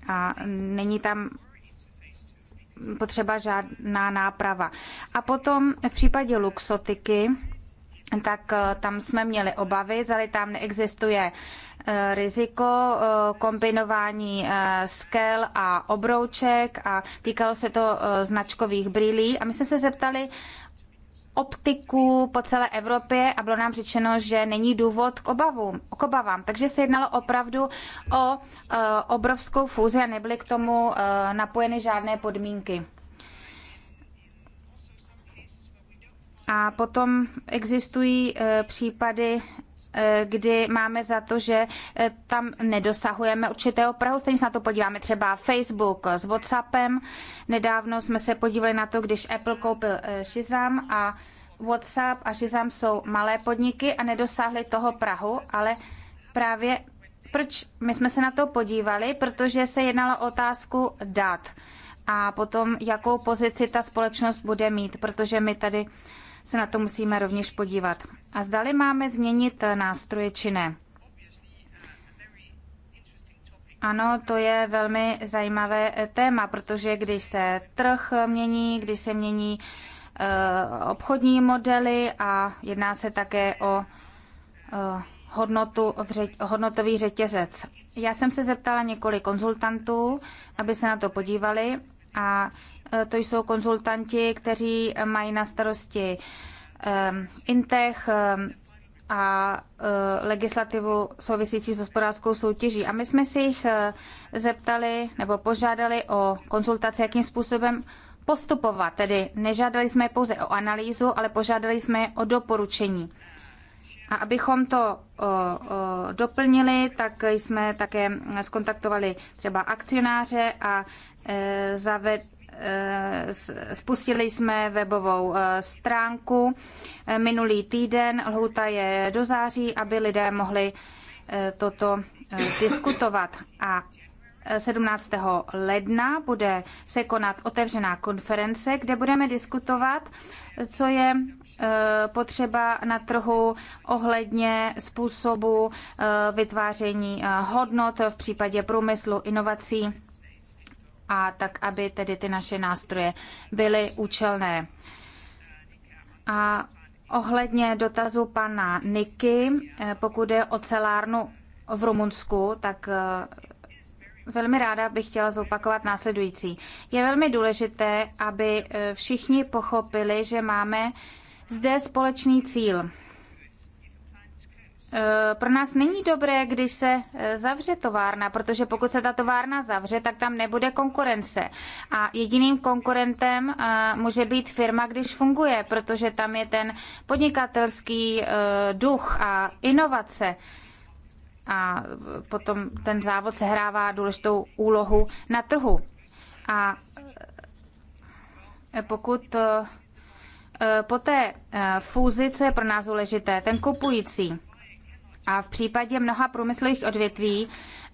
A není tam potřeba žádná náprava. A potom v případě luxotiky, tak eh, tam jsme měli obavy, zali tam neexistuje eh, riziko eh, kombinování skel a obrouček a týkalo se to značkových brýlí. A my jsme se zeptali optiku po celé Evropě a bylo nám řečeno, že není důvod k, obavům, k obavám. Takže se jednalo opravdu o obrovskou fúzi a nebyly k tomu napojeny žádné podmínky. A potom existují e, případy, e, kdy máme za to, že e, tam nedosahujeme určitého prahu. Stejně se na to podíváme třeba Facebook s Whatsappem. Nedávno jsme se podívali na to, když Apple koupil Shizam a WhatsApp a Shizam jsou malé podniky a nedosáhly toho Prahu, ale právě proč my jsme se na to podívali? Protože se jednalo o otázku dat a potom, jakou pozici ta společnost bude mít, protože my tady se na to musíme rovněž podívat. A zdali máme změnit eh, nástroje či ne. Ano, to je velmi zajímavé eh, téma, protože když se trh eh, mění, když se mění obchodní modely a jedná se také o hodnotu hodnotový řetězec. Já jsem se zeptala několik konzultantů, aby se na to podívali a Eh, to jsou konzultanti, kteří mají na starosti ehm, Intech ehm, a eh, legislativu související s hospodářskou soutěží. A my jsme si jich eh, zeptali nebo požádali o konzultaci, jakým způsobem postupovat. Tedy nežádali jsme pouze o analýzu, ale požádali jsme o doporučení. A abychom to o, o, doplnili, tak jsme také skontaktovali třeba akcionáře a e, zaved, Eh, spustili jsme webovou eh, stránku eh, minulý týden. Lhůta je do září, aby lidé mohli toto diskutovat. A 17. ledna bude se konat otevřená konference, kde budeme diskutovat, co je potřeba na trhu ohledně způsobu vytváření hodnot v případě průmyslu, inovací a tak, aby tedy ty naše nástroje byly účelné. A ohledně dotazu pana Niky, eh, pokud je o celárnu v Rumunsku, tak eh, velmi ráda bych chtěla zopakovat následující. Je velmi důležité, aby eh, všichni pochopili, že máme zde společný cíl Eh, pro nás není dobré, když se eh, zavře továrna, protože pokud se ta továrna zavře, tak tam nebude konkurence. A jediným konkurentem eh, může být firma, když funguje, protože tam je ten podnikatelský duch a inovace. A potom ten závod sehrává důležitou úlohu na trhu. A pokud po té fúzi, co je pro nás důležité, ten kupující, a v případě mnoha průmyslových odvětví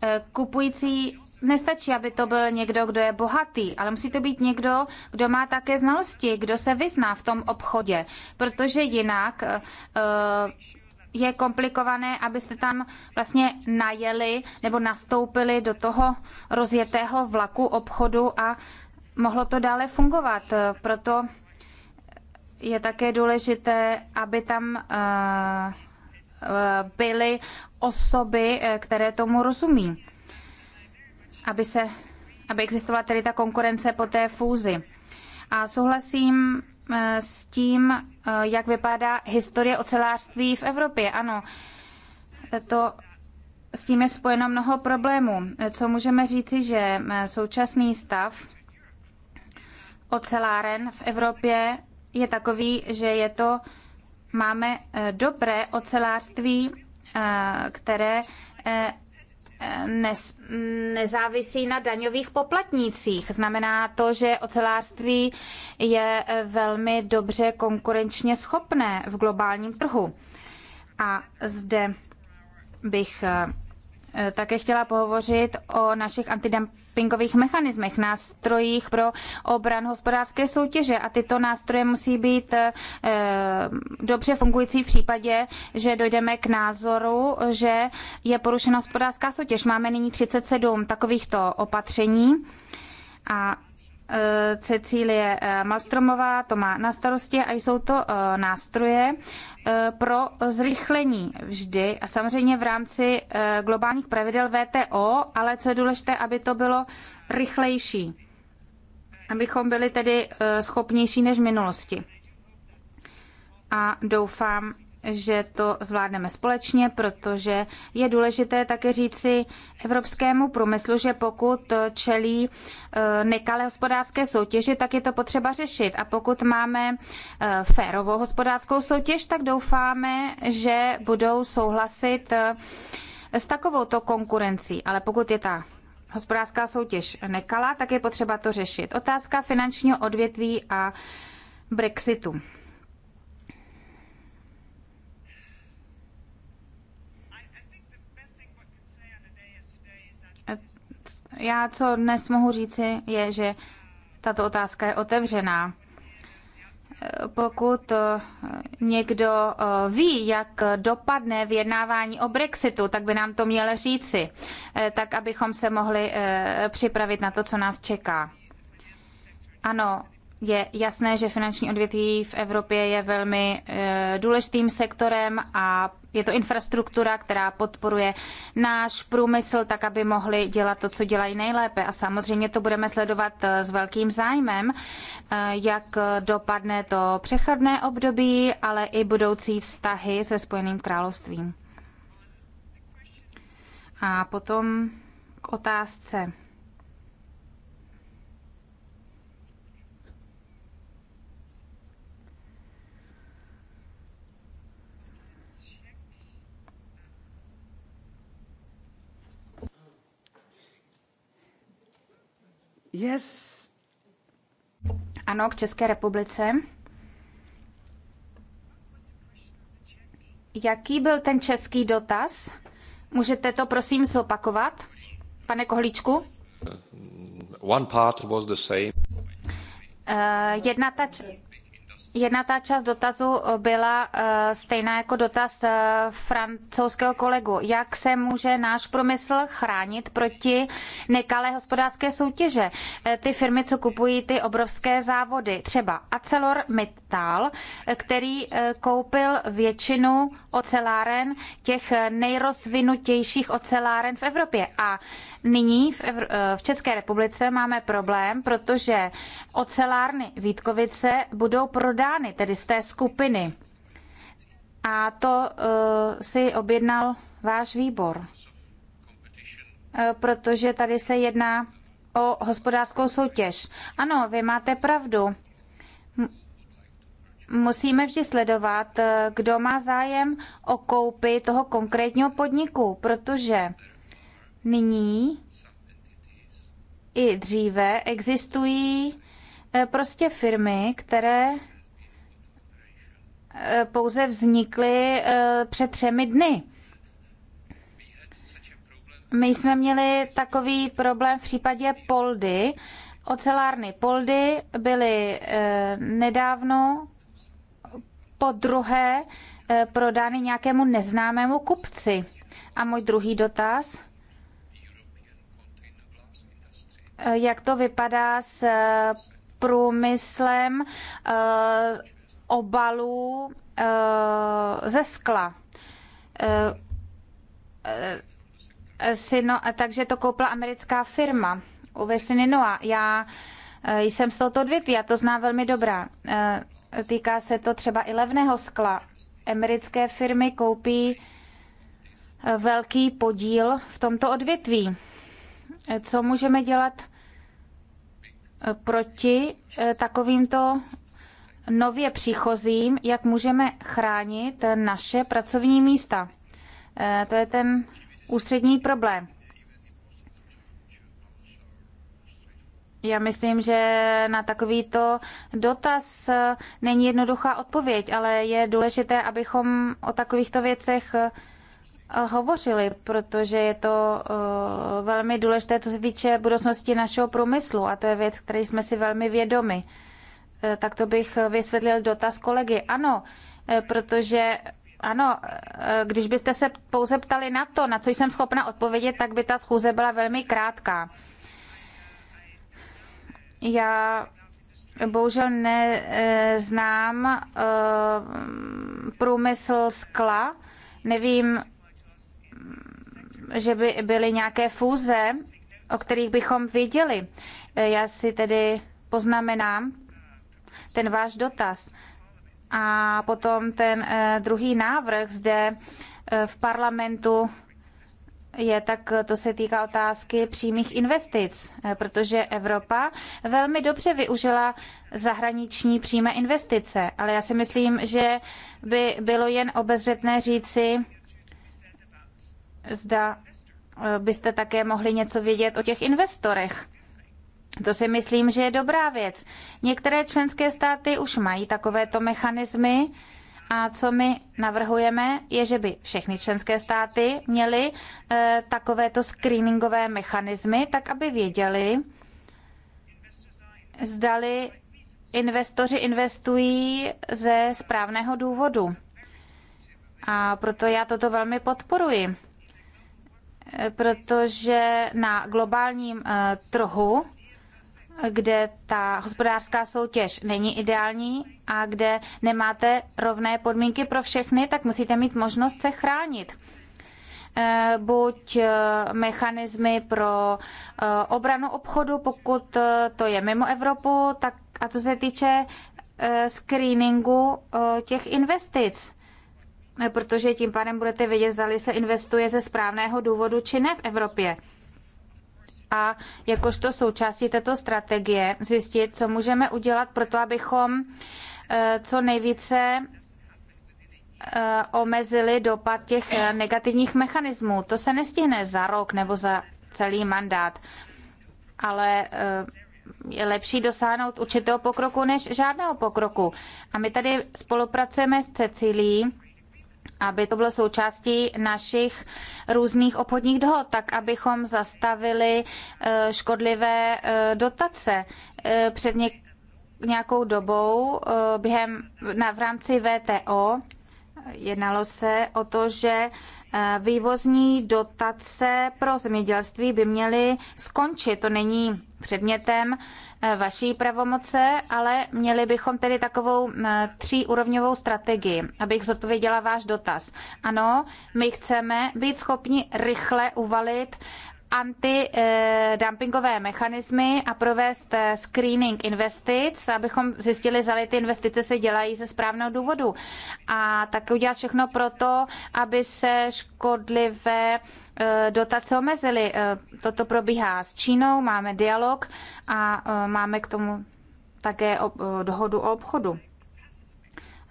eh, kupující nestačí, aby to byl někdo, kdo je bohatý, ale musí to být někdo, kdo má také znalosti, kdo se vyzná v tom obchodě, protože jinak eh, eh, je komplikované, abyste tam vlastně najeli nebo nastoupili do toho rozjetého vlaku obchodu a mohlo to dále fungovat. Proto je také důležité, aby tam byly osoby, eh, které tomu rozumí, aby, se, aby existovala tedy ta konkurence po té fúzi. A souhlasím eh, s tím, eh, jak vypadá historie ocelářství v Evropě. Ano, to s tím je spojeno mnoho problémů. Co můžeme říci, že současný stav oceláren v Evropě je takový, že je to máme eh, dobré ocelářství, eh, které eh, nez, nezávisí na daňových poplatnících. Znamená to, že ocelářství je velmi dobře konkurenčně schopné v globálním trhu. A zde bych také chtěla pohovořit o našich antidumpingových antidumpingových mechanismech, nástrojích pro obran hospodářské soutěže a tyto nástroje musí být eh, dobře fungující v případě, že dojdeme k názoru, že je porušena hospodářská soutěž. Máme nyní 37 takovýchto opatření a Eh, Cecílie eh, Malstromová to má na starosti a jsou to eh, nástroje pro zrychlení vždy a samozřejmě v rámci globálních pravidel VTO, ale co je důležité, aby to bylo rychlejší, abychom byli tedy schopnější než v minulosti. A doufám, že to zvládneme společně, protože je důležité také říci evropskému průmyslu, že pokud čelí e, nekalé hospodářské soutěži, tak je to potřeba řešit. A pokud máme e, férovou hospodářskou soutěž, tak doufáme, že budou souhlasit e, s takovouto konkurencí. Ale pokud je ta hospodářská soutěž nekalá, tak je potřeba to řešit. Otázka finančního odvětví a Brexitu. Já, co dnes mohu říci, je, že tato otázka je otevřená. Pokud eh, někdo eh, ví, jak dopadne vyjednávání o Brexitu, tak by nám to měl říci, eh, tak abychom se mohli připravit na to, co nás čeká. Ano, je jasné, že finanční odvětví v Evropě je velmi důležitým sektorem a je to infrastruktura, která podporuje náš průmysl, tak aby mohli dělat to, co dělají nejlépe. A samozřejmě to budeme sledovat eh, s velkým zájmem, eh, jak dopadne to přechodné období, ale i budoucí vztahy se Spojeným královstvím. A potom k otázce Yes. Ano, k České republice. Jaký byl ten český dotaz? Můžete to prosím zopakovat, pane Kohlíčku? One part was the same. Uh, jedna ta Jedna ta část dotazu byla eh, stejná jako dotaz eh, francouzského kolegu. Jak se může náš průmysl chránit proti nekalé hospodářské soutěže? Eh, ty firmy, co kupují ty obrovské závody, třeba Acelor Mittal, který koupil většinu oceláren těch nejrozvinutějších oceláren v Evropě. A nyní v, v České republice máme problém, protože ocelárny Vítkovice budou prodávat orgány, tedy z té skupiny. A to uh, si objednal váš výbor, uh, protože tady se jedná o hospodářskou soutěž. Ano, vy máte pravdu. Musíme vždy sledovat, eh, kdo má zájem o koupy toho konkrétního podniku, protože nyní i dříve existují prostě firmy, které Eh, pouze vznikly eh, před třemi dny. My jsme měli takový problém v případě Poldy. Ocelárny Poldy byly eh, nedávno po druhé prodány nějakému neznámému kupci. A můj druhý dotaz, jak to vypadá s průmyslem obalů eh, ze skla. Eh, eh, Sino, takže to koupila americká firma Vesiny Noa. Já jsem z tohoto odvětví, já to znám velmi dobrá. Týká se to třeba i levného skla. Americké firmy koupí velký podíl v tomto odvětví. Co můžeme dělat proti takovýmto nově příchozím, jak můžeme chránit naše pracovní místa. Eh, to je ten ústřední problém. Já myslím, že na takovýto dotaz není jednoduchá odpověď, ale je důležité, abychom o takovýchto věcech eh, hovořili, protože je to eh, velmi důležité, co se týče budoucnosti našeho průmyslu a to je věc, které jsme si velmi vědomi. Eh, tak to bych eh, vysvětlil dotaz kolegy. Ano, eh, protože ano, když byste se pouze ptali na to, na co jsem schopna odpovědět, tak by ta schůze byla velmi krátká. Já bohužel neznám průmysl skla, nevím, že by byly nějaké fúze, o kterých bychom viděli. Já si tedy poznamenám ten váš dotaz. A potom ten eh, druhý návrh zde eh, v parlamentu je, tak to se týká otázky přímých investic, eh, protože Evropa velmi dobře využila zahraniční přímé investice, ale já si myslím, že by bylo jen obezřetné říci, zda byste také mohli něco vědět o těch investorech to si myslím, že je dobrá věc. Některé členské státy už mají takovéto mechanismy a co my navrhujeme, je, že by všechny členské státy měly e, takovéto screeningové mechanismy, tak aby věděli, zdali investoři investují ze správného důvodu. A proto já toto velmi podporuji, eh, protože na globálním eh, trhu kde ta hospodářská soutěž není ideální a kde nemáte rovné podmínky pro všechny, tak musíte mít možnost se chránit eh, buď eh, mechanismy pro eh, obranu obchodu, pokud to je mimo Evropu, tak a co se týče screeningu těch investic, protože tím pádem budete vědět, zda se investuje ze správného důvodu či ne v Evropě a jakožto součástí této strategie zjistit, co můžeme udělat pro to, abychom eh, co nejvíce eh, omezili dopad těch eh, negativních mechanismů. To se nestihne za rok nebo za celý mandát, ale je lepší dosáhnout určitého pokroku než žádného pokroku. A my tady spolupracujeme s Cecilí aby to bylo součástí našich různých obchodních dohod, tak abychom zastavili eh, škodlivé eh, dotace. Eh, před nějakou dobou během, na, v rámci VTO jednalo se o to, že vývozní dotace pro zemědělství by měly skončit. To není předmětem eh, vaší pravomoce, ale měli bychom tedy takovou eh, tříúrovňovou strategii, abych zodpověděla váš dotaz. Ano, my chceme být schopni rychle uvalit antidumpingové mechanismy a provést eh, screening investic, abychom zjistili, zda ty investice se dělají ze správného důvodu. A také udělat všechno proto, aby se škodlivé eh, dotace omezily. Eh, toto probíhá s Čínou, máme dialog a máme k tomu také dohodu o obchodu.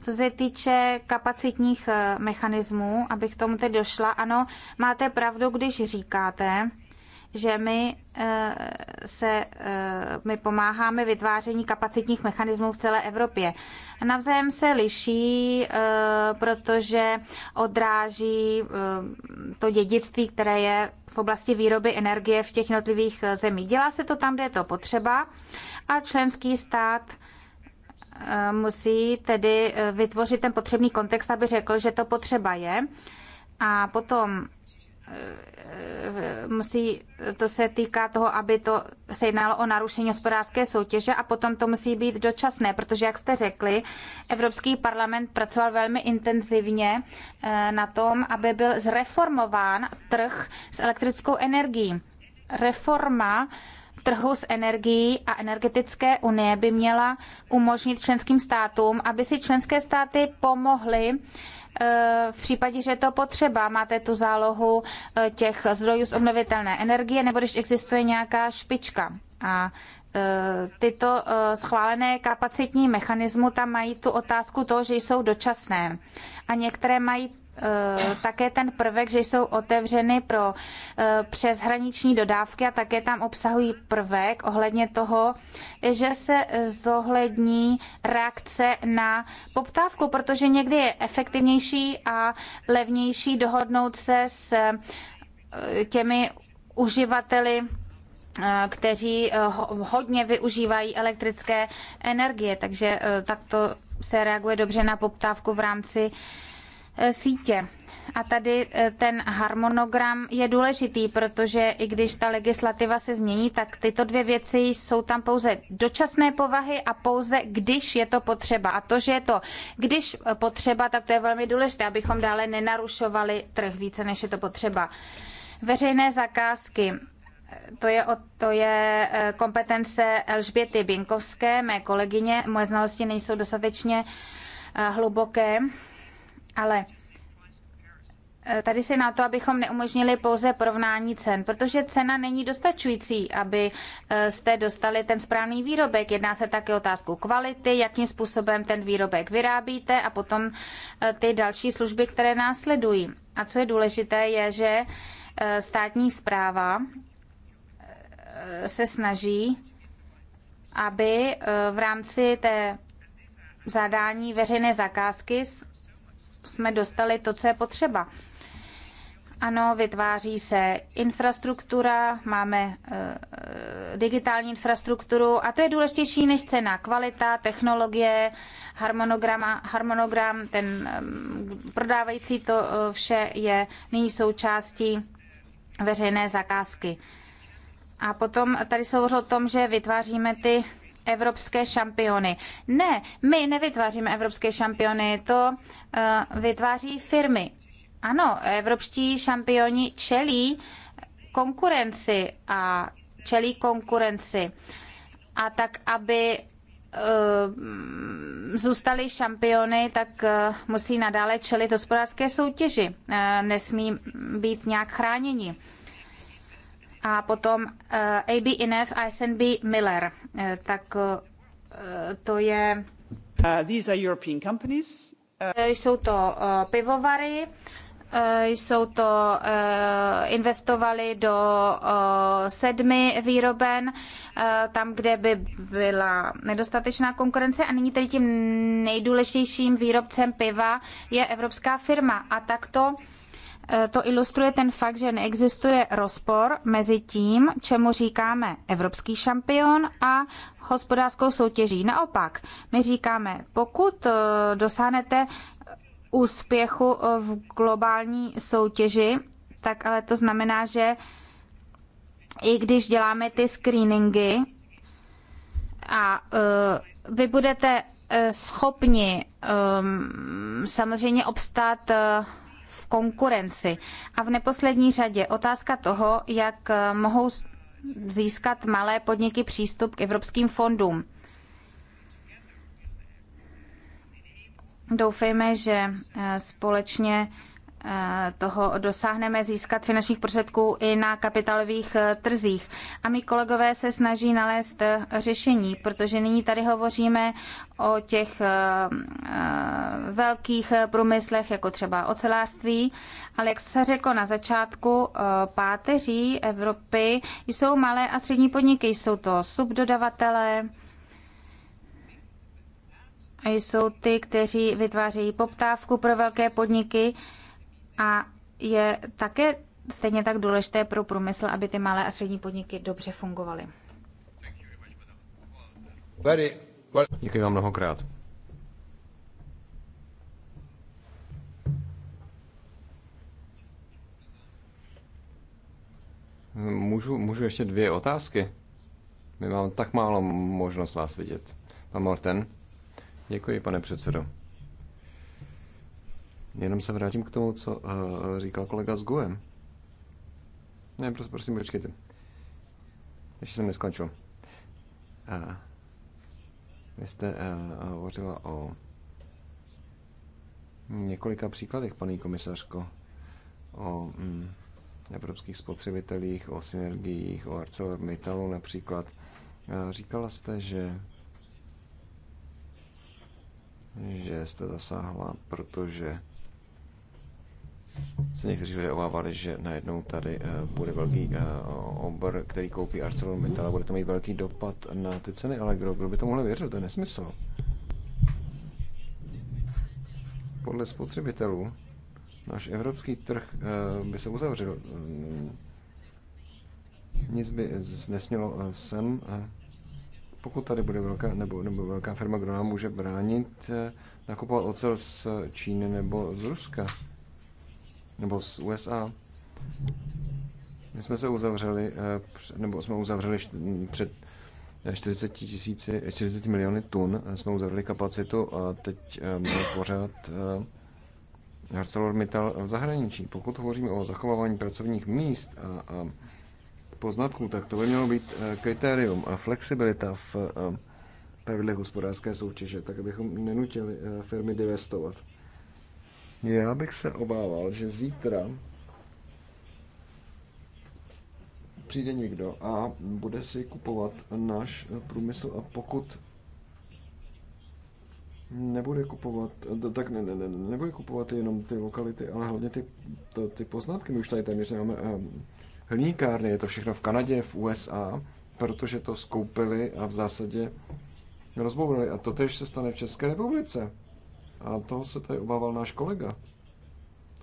Co se týče kapacitních mechanismů, abych tomu teď došla, ano, máte pravdu, když říkáte, že my eh, se eh, my pomáháme vytváření kapacitních mechanismů v celé Evropě. Navzájem se liší, eh, protože odráží to dědictví, které je v oblasti výroby energie v těch jednotlivých zemích. Dělá se to tam, kde je to potřeba a členský stát musí tedy vytvořit ten potřebný kontext, aby řekl, že to potřeba je. A potom musí, to se týká toho, aby to se jednalo o narušení hospodářské soutěže a potom to musí být dočasné, protože, jak jste řekli, Evropský parlament pracoval velmi intenzivně eh, na tom, aby byl zreformován trh s elektrickou energií. Reforma trhu s energií a energetické unie by měla umožnit členským státům, aby si členské státy pomohly Eh, v případě, že je to potřeba, máte tu zálohu eh, těch zdrojů z obnovitelné energie, nebo když existuje nějaká špička. A eh, tyto schválené kapacitní mechanismy tam mají tu otázku toho, že jsou dočasné. A některé mají Eh, také ten prvek, že jsou otevřeny pro eh, přeshraniční dodávky a také tam obsahují prvek ohledně toho, že se zohlední reakce na poptávku, protože někdy je efektivnější a levnější dohodnout se s eh, těmi uživateli kteří hodně využívají elektrické energie, takže takto se reaguje dobře na poptávku v rámci Eh, sítě. A tady eh, ten harmonogram je důležitý, protože i když ta legislativa se změní, tak tyto dvě věci jsou tam pouze dočasné povahy a pouze když je to potřeba. A to, že je to když potřeba, tak to je velmi důležité, abychom dále nenarušovali trh více, než je to potřeba. Veřejné zakázky. To je, to je eh, kompetence Elžběty Binkovské, mé kolegyně. Moje znalosti nejsou dostatečně hluboké ale eh, Tady si na to, abychom neumožnili pouze porovnání cen, protože cena není dostačující, aby eh, jste dostali ten správný výrobek. Jedná se také otázku kvality, jakým způsobem ten výrobek vyrábíte a potom eh, ty další služby, které následují. A co je důležité, je, že státní zpráva se snaží, aby v rámci té zadání veřejné zakázky jsme dostali to, co je potřeba. Ano, vytváří se infrastruktura, máme e, e digitální infrastrukturu a to je důležitější než cena. Kvalita, technologie, harmonogram, ten e, prodávající to e, vše je nyní součástí veřejné zakázky. A potom tady se o tom, že vytváříme ty evropské šampiony. Ne, my nevytváříme evropské šampiony, to uh, vytváří firmy. Ano, evropští šampioni čelí konkurenci a čelí konkurenci. A tak, aby eh, zůstali šampiony, tak eh, musí nadále čelit hospodářské soutěži. Nesmí být nějak chráněni a potom AB eh, INF a SNB Miller. Eh, tak eh, to je... Uh, these are European companies. Uh, jsou to pivovary, jsou to, investovali do sedmi výroben, tam, kde by byla nedostatečná konkurence a nyní tedy tím nejdůležitějším výrobcem piva je evropská firma a takto Eh, to ilustruje ten fakt, že neexistuje rozpor mezi tím, čemu říkáme evropský šampion a hospodářskou soutěží. Naopak, my říkáme, pokud eh, dosáhnete úspěchu eh, v globální soutěži, tak ale to znamená, že i když děláme ty screeningy a vy budete schopni ehm, samozřejmě obstát v konkurenci. A v neposlední řadě otázka toho, jak eh, mohou získat malé podniky přístup k evropským fondům. Doufejme, že eh, společně Eh, toho dosáhneme získat finančních prostředků i na kapitálových eh, trzích. A my kolegové se snaží nalézt eh, řešení, protože nyní tady hovoříme o těch velkých průmyslech, jako třeba ocelářství, ale jak se řekl na začátku, páteří Evropy jsou malé a střední podniky, jsou to subdodavatelé, a jsou ty, kteří vytvářejí poptávku pro velké podniky, a je také stejně tak důležité pro průmysl, aby ty malé a střední podniky dobře fungovaly. Děkuji vám mnohokrát. Můžu, můžu ještě dvě otázky? My mám tak málo možnost vás vidět. Pan Morten. Děkuji, pane předsedo. Jenom se vrátím k tomu, co eh, říkal kolega s Guem. Ne, prosím, prosím, počkejte. Ještě jsem neskončil. Uh, vy jste uh, hovořila o několika příkladech, paní komisařko, o mm, evropských spotřebitelích, o synergiích, o ArcelorMittalu například. Uh, říkala jste, že že jste zasáhla, protože se někteří lidé obávali, že najednou tady eh, bude velký eh, obr, který koupí ArcelorMittal a bude to mít velký dopad na ty ceny, ale kdo, kdo by tomuhle věřil, to je nesmysl. Podle spotřebitelů náš evropský trh eh, by se uzavřel. Mm, nic by nesmělo sem, pokud tady bude velká, nebo, nebo velká firma, kdo nám může bránit nakupovat ocel z Číny nebo z Ruska nebo z USA. My jsme se uzavřeli, eh, nebo jsme uzavřeli před 40, eh, tisíci, 40 eh, miliony tun, jsme uzavřeli kapacitu a teď máme pořád ArcelorMittal v zahraničí. Pokud hovoříme o zachovávání pracovních míst a, a poznatků, tak to by mělo být kritérium a flexibilita v pravidlech hospodářské soutěže, tak abychom nenutili firmy divestovat. Já bych se obával, že zítra přijde někdo a bude si kupovat náš průmysl a pokud nebude kupovat, tak ne, ne, ne, nebude kupovat jenom ty lokality, ale hlavně ty, to, ty poznatky. My už tady téměř máme um, ehm, je to všechno v Kanadě, v USA, protože to skoupili a v zásadě rozbourali. A to tež se stane v České republice. A toho se tady obával náš kolega.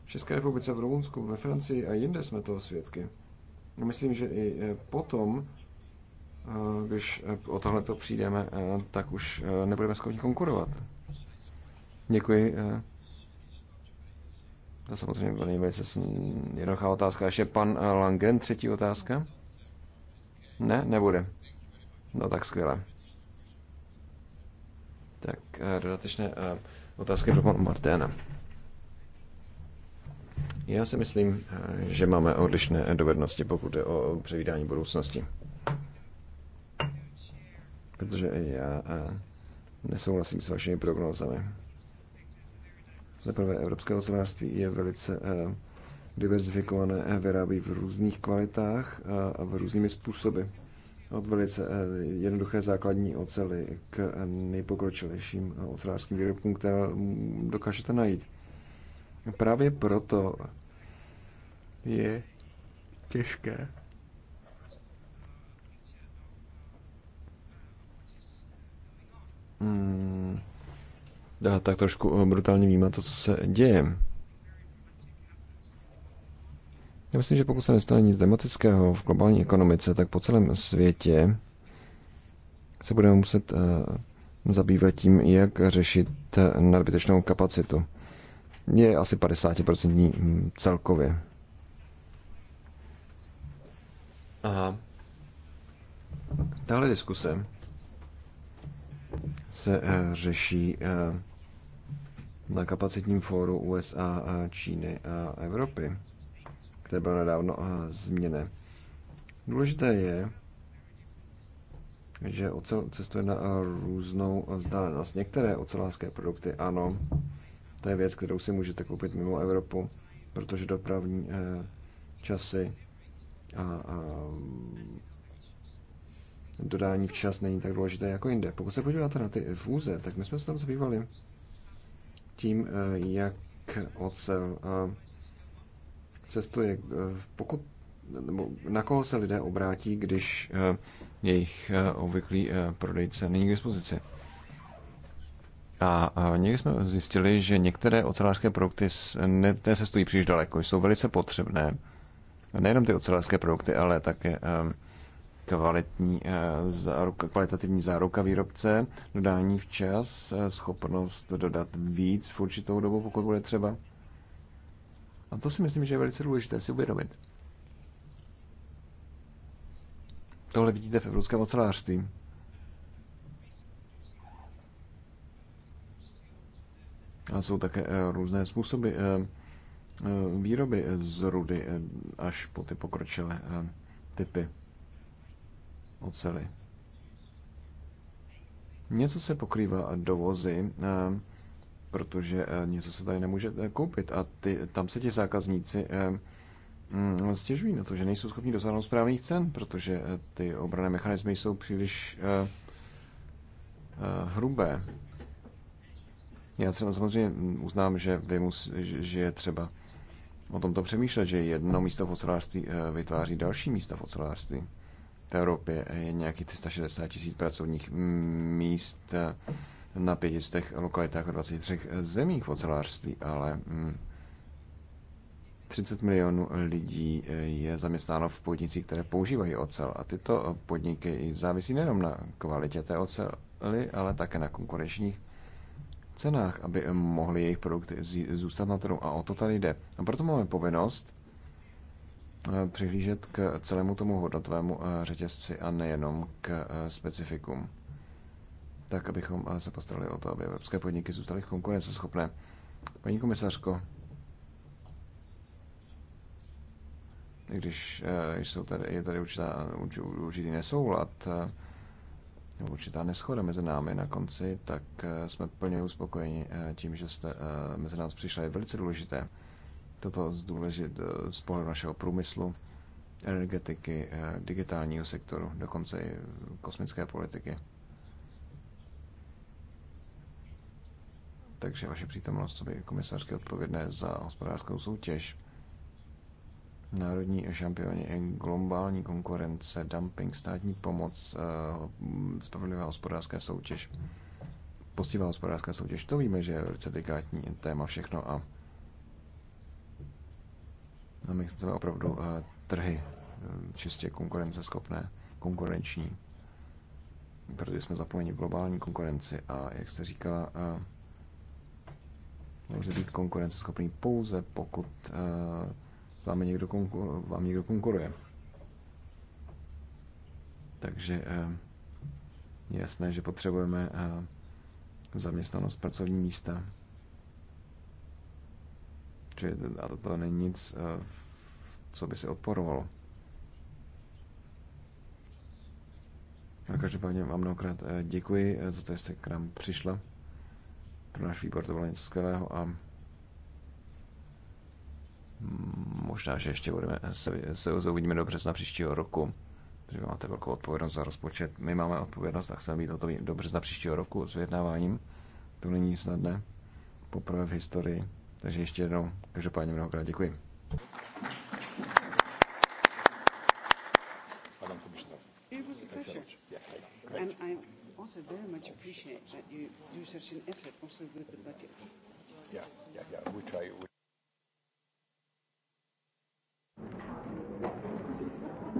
V České republice, v Rumunsku, ve Francii a jinde jsme toho svědky. Myslím, že i eh, potom, eh, když eh, o tohle to přijdeme, tak už nebudeme schopni konkurovat. Děkuji. To samozřejmě byla velice jednoduchá otázka. Ještě pan Langen, třetí otázka? Ne, nebude. No tak skvěle. Tak dodatečné Otázky pro pana Marténa. Já si myslím, eh, že máme odlišné dovednosti, pokud je o převídání budoucnosti. Protože já eh, nesouhlasím s vašimi prognózami. Zaprvé evropské hospodářství je velice eh, diverzifikované, vyrábí v různých kvalitách a v různými způsoby od no, velice eh, jednoduché základní ocely k nejpokročilejším eh, ocelářským výrobkům, které mm, dokážete najít. Právě proto je těžké hmm, tak trošku eh, brutálně vnímat to, co se děje. Já myslím, že pokud se nestane nic dramatického v globální ekonomice, tak po celém světě se budeme muset eh, zabývat tím, jak řešit eh, nadbytečnou kapacitu. Je asi 50% mm, celkově. Aha. Tahle diskuse se eh, řeší na kapacitním fóru USA, Číny a Evropy které bylo nedávno eh, změny. Důležité je, že ocel cestuje na eh, různou eh, vzdálenost. Některé ocelářské produkty, ano, to je věc, kterou si můžete koupit mimo Evropu, protože dopravní časy a, a dodání včas není tak důležité jako jinde. Pokud se podíváte na ty fůze, tak my jsme se tam zabývali tím, jak ocel je eh, Pokud, nebo na koho se lidé obrátí, když eh, jejich eh, obvyklý prodejce není k dispozici? A někdy jsme zjistili, že některé ocelářské produkty ne, ne se stojí příliš daleko, jsou velice potřebné. Nejenom ty ocelářské produkty, ale také kvalitní, záruka, kvalitativní záruka výrobce, dodání včas, schopnost dodat víc v určitou dobu, pokud bude třeba. A to si myslím, že je velice důležité si uvědomit. Tohle vidíte v evropském ocelářství. A jsou také eh, různé způsoby eh, eh, výroby z rudy až po ty pokročilé typy ocely. Něco se pokrývá dovozy protože eh, něco se tady nemůže eh, koupit a ty, tam se ti zákazníci eh, mm, stěžují na to, že nejsou schopni dosáhnout správných cen, protože ty obrané mechanismy jsou příliš hrubé. Já třeba samozřejmě uznám, že, vy mus, že je třeba o tomto přemýšlet, že jedno místo v ocelářství vytváří další místa v ocelářství. V Evropě je nějakých 360 tisíc pracovních míst na 500 z lokalitách v 23 zemích v ocelářství, ale 30 mm, milionů lidí eh, je zaměstnáno v podnicích, které používají ocel a tyto podniky závisí nejenom na kvalitě té oceli, ale také na konkurenčních cenách, aby mohly jejich produkty zůstat na trhu. A o to tady jde. A proto máme povinnost eh, přihlížet k celému tomu hodnotovému eh, řetězci a nejenom k specifikům tak abychom eh, se postarali o to, aby evropské podniky zůstaly konkurenceschopné. Paní komisařko, když eh, jsou tady, je tady určitá, určitý nesoulad, eh, určitá neschoda mezi námi na konci, tak jsme plně uspokojeni tím, že jste mezi nás přišla. Je velice důležité toto zdůležit z pohledu našeho průmyslu, energetiky, digitálního sektoru, dokonce i kosmické politiky. takže vaše přítomnost by komisařky odpovědné za hospodářskou soutěž. Národní šampioni globální konkurence, dumping, státní pomoc, eh, spravedlivá hospodářská soutěž, postivá hospodářská soutěž. To víme, že je velice delikátní téma všechno a a my chceme opravdu eh, trhy eh, čistě konkurenceschopné, konkurenční, protože jsme zapomeni v globální konkurenci a jak jste říkala, Lze být konkurenceschopný pouze, pokud eh, s vámi někdo, vám někdo konkuruje. Takže eh, je jasné, že potřebujeme eh, zaměstnanost pracovní místa. Čili to, to není nic, co by se odporovalo. A každopádně vám mnohokrát děkuji za to, že jste k nám přišla. Pro náš výbor to bylo něco skvělého a možná, že ještě budeme, se, se, se uvidíme do března příštího roku, protože máte velkou odpovědnost za rozpočet. My máme odpovědnost a chceme být o to do března příštího roku s vyjednáváním. To není snadné. Poprvé v historii. Takže ještě jednou, každopádně mnohokrát děkuji. appreciate that you do such an effort also with the budgets. Yeah, yeah, yeah. We try. We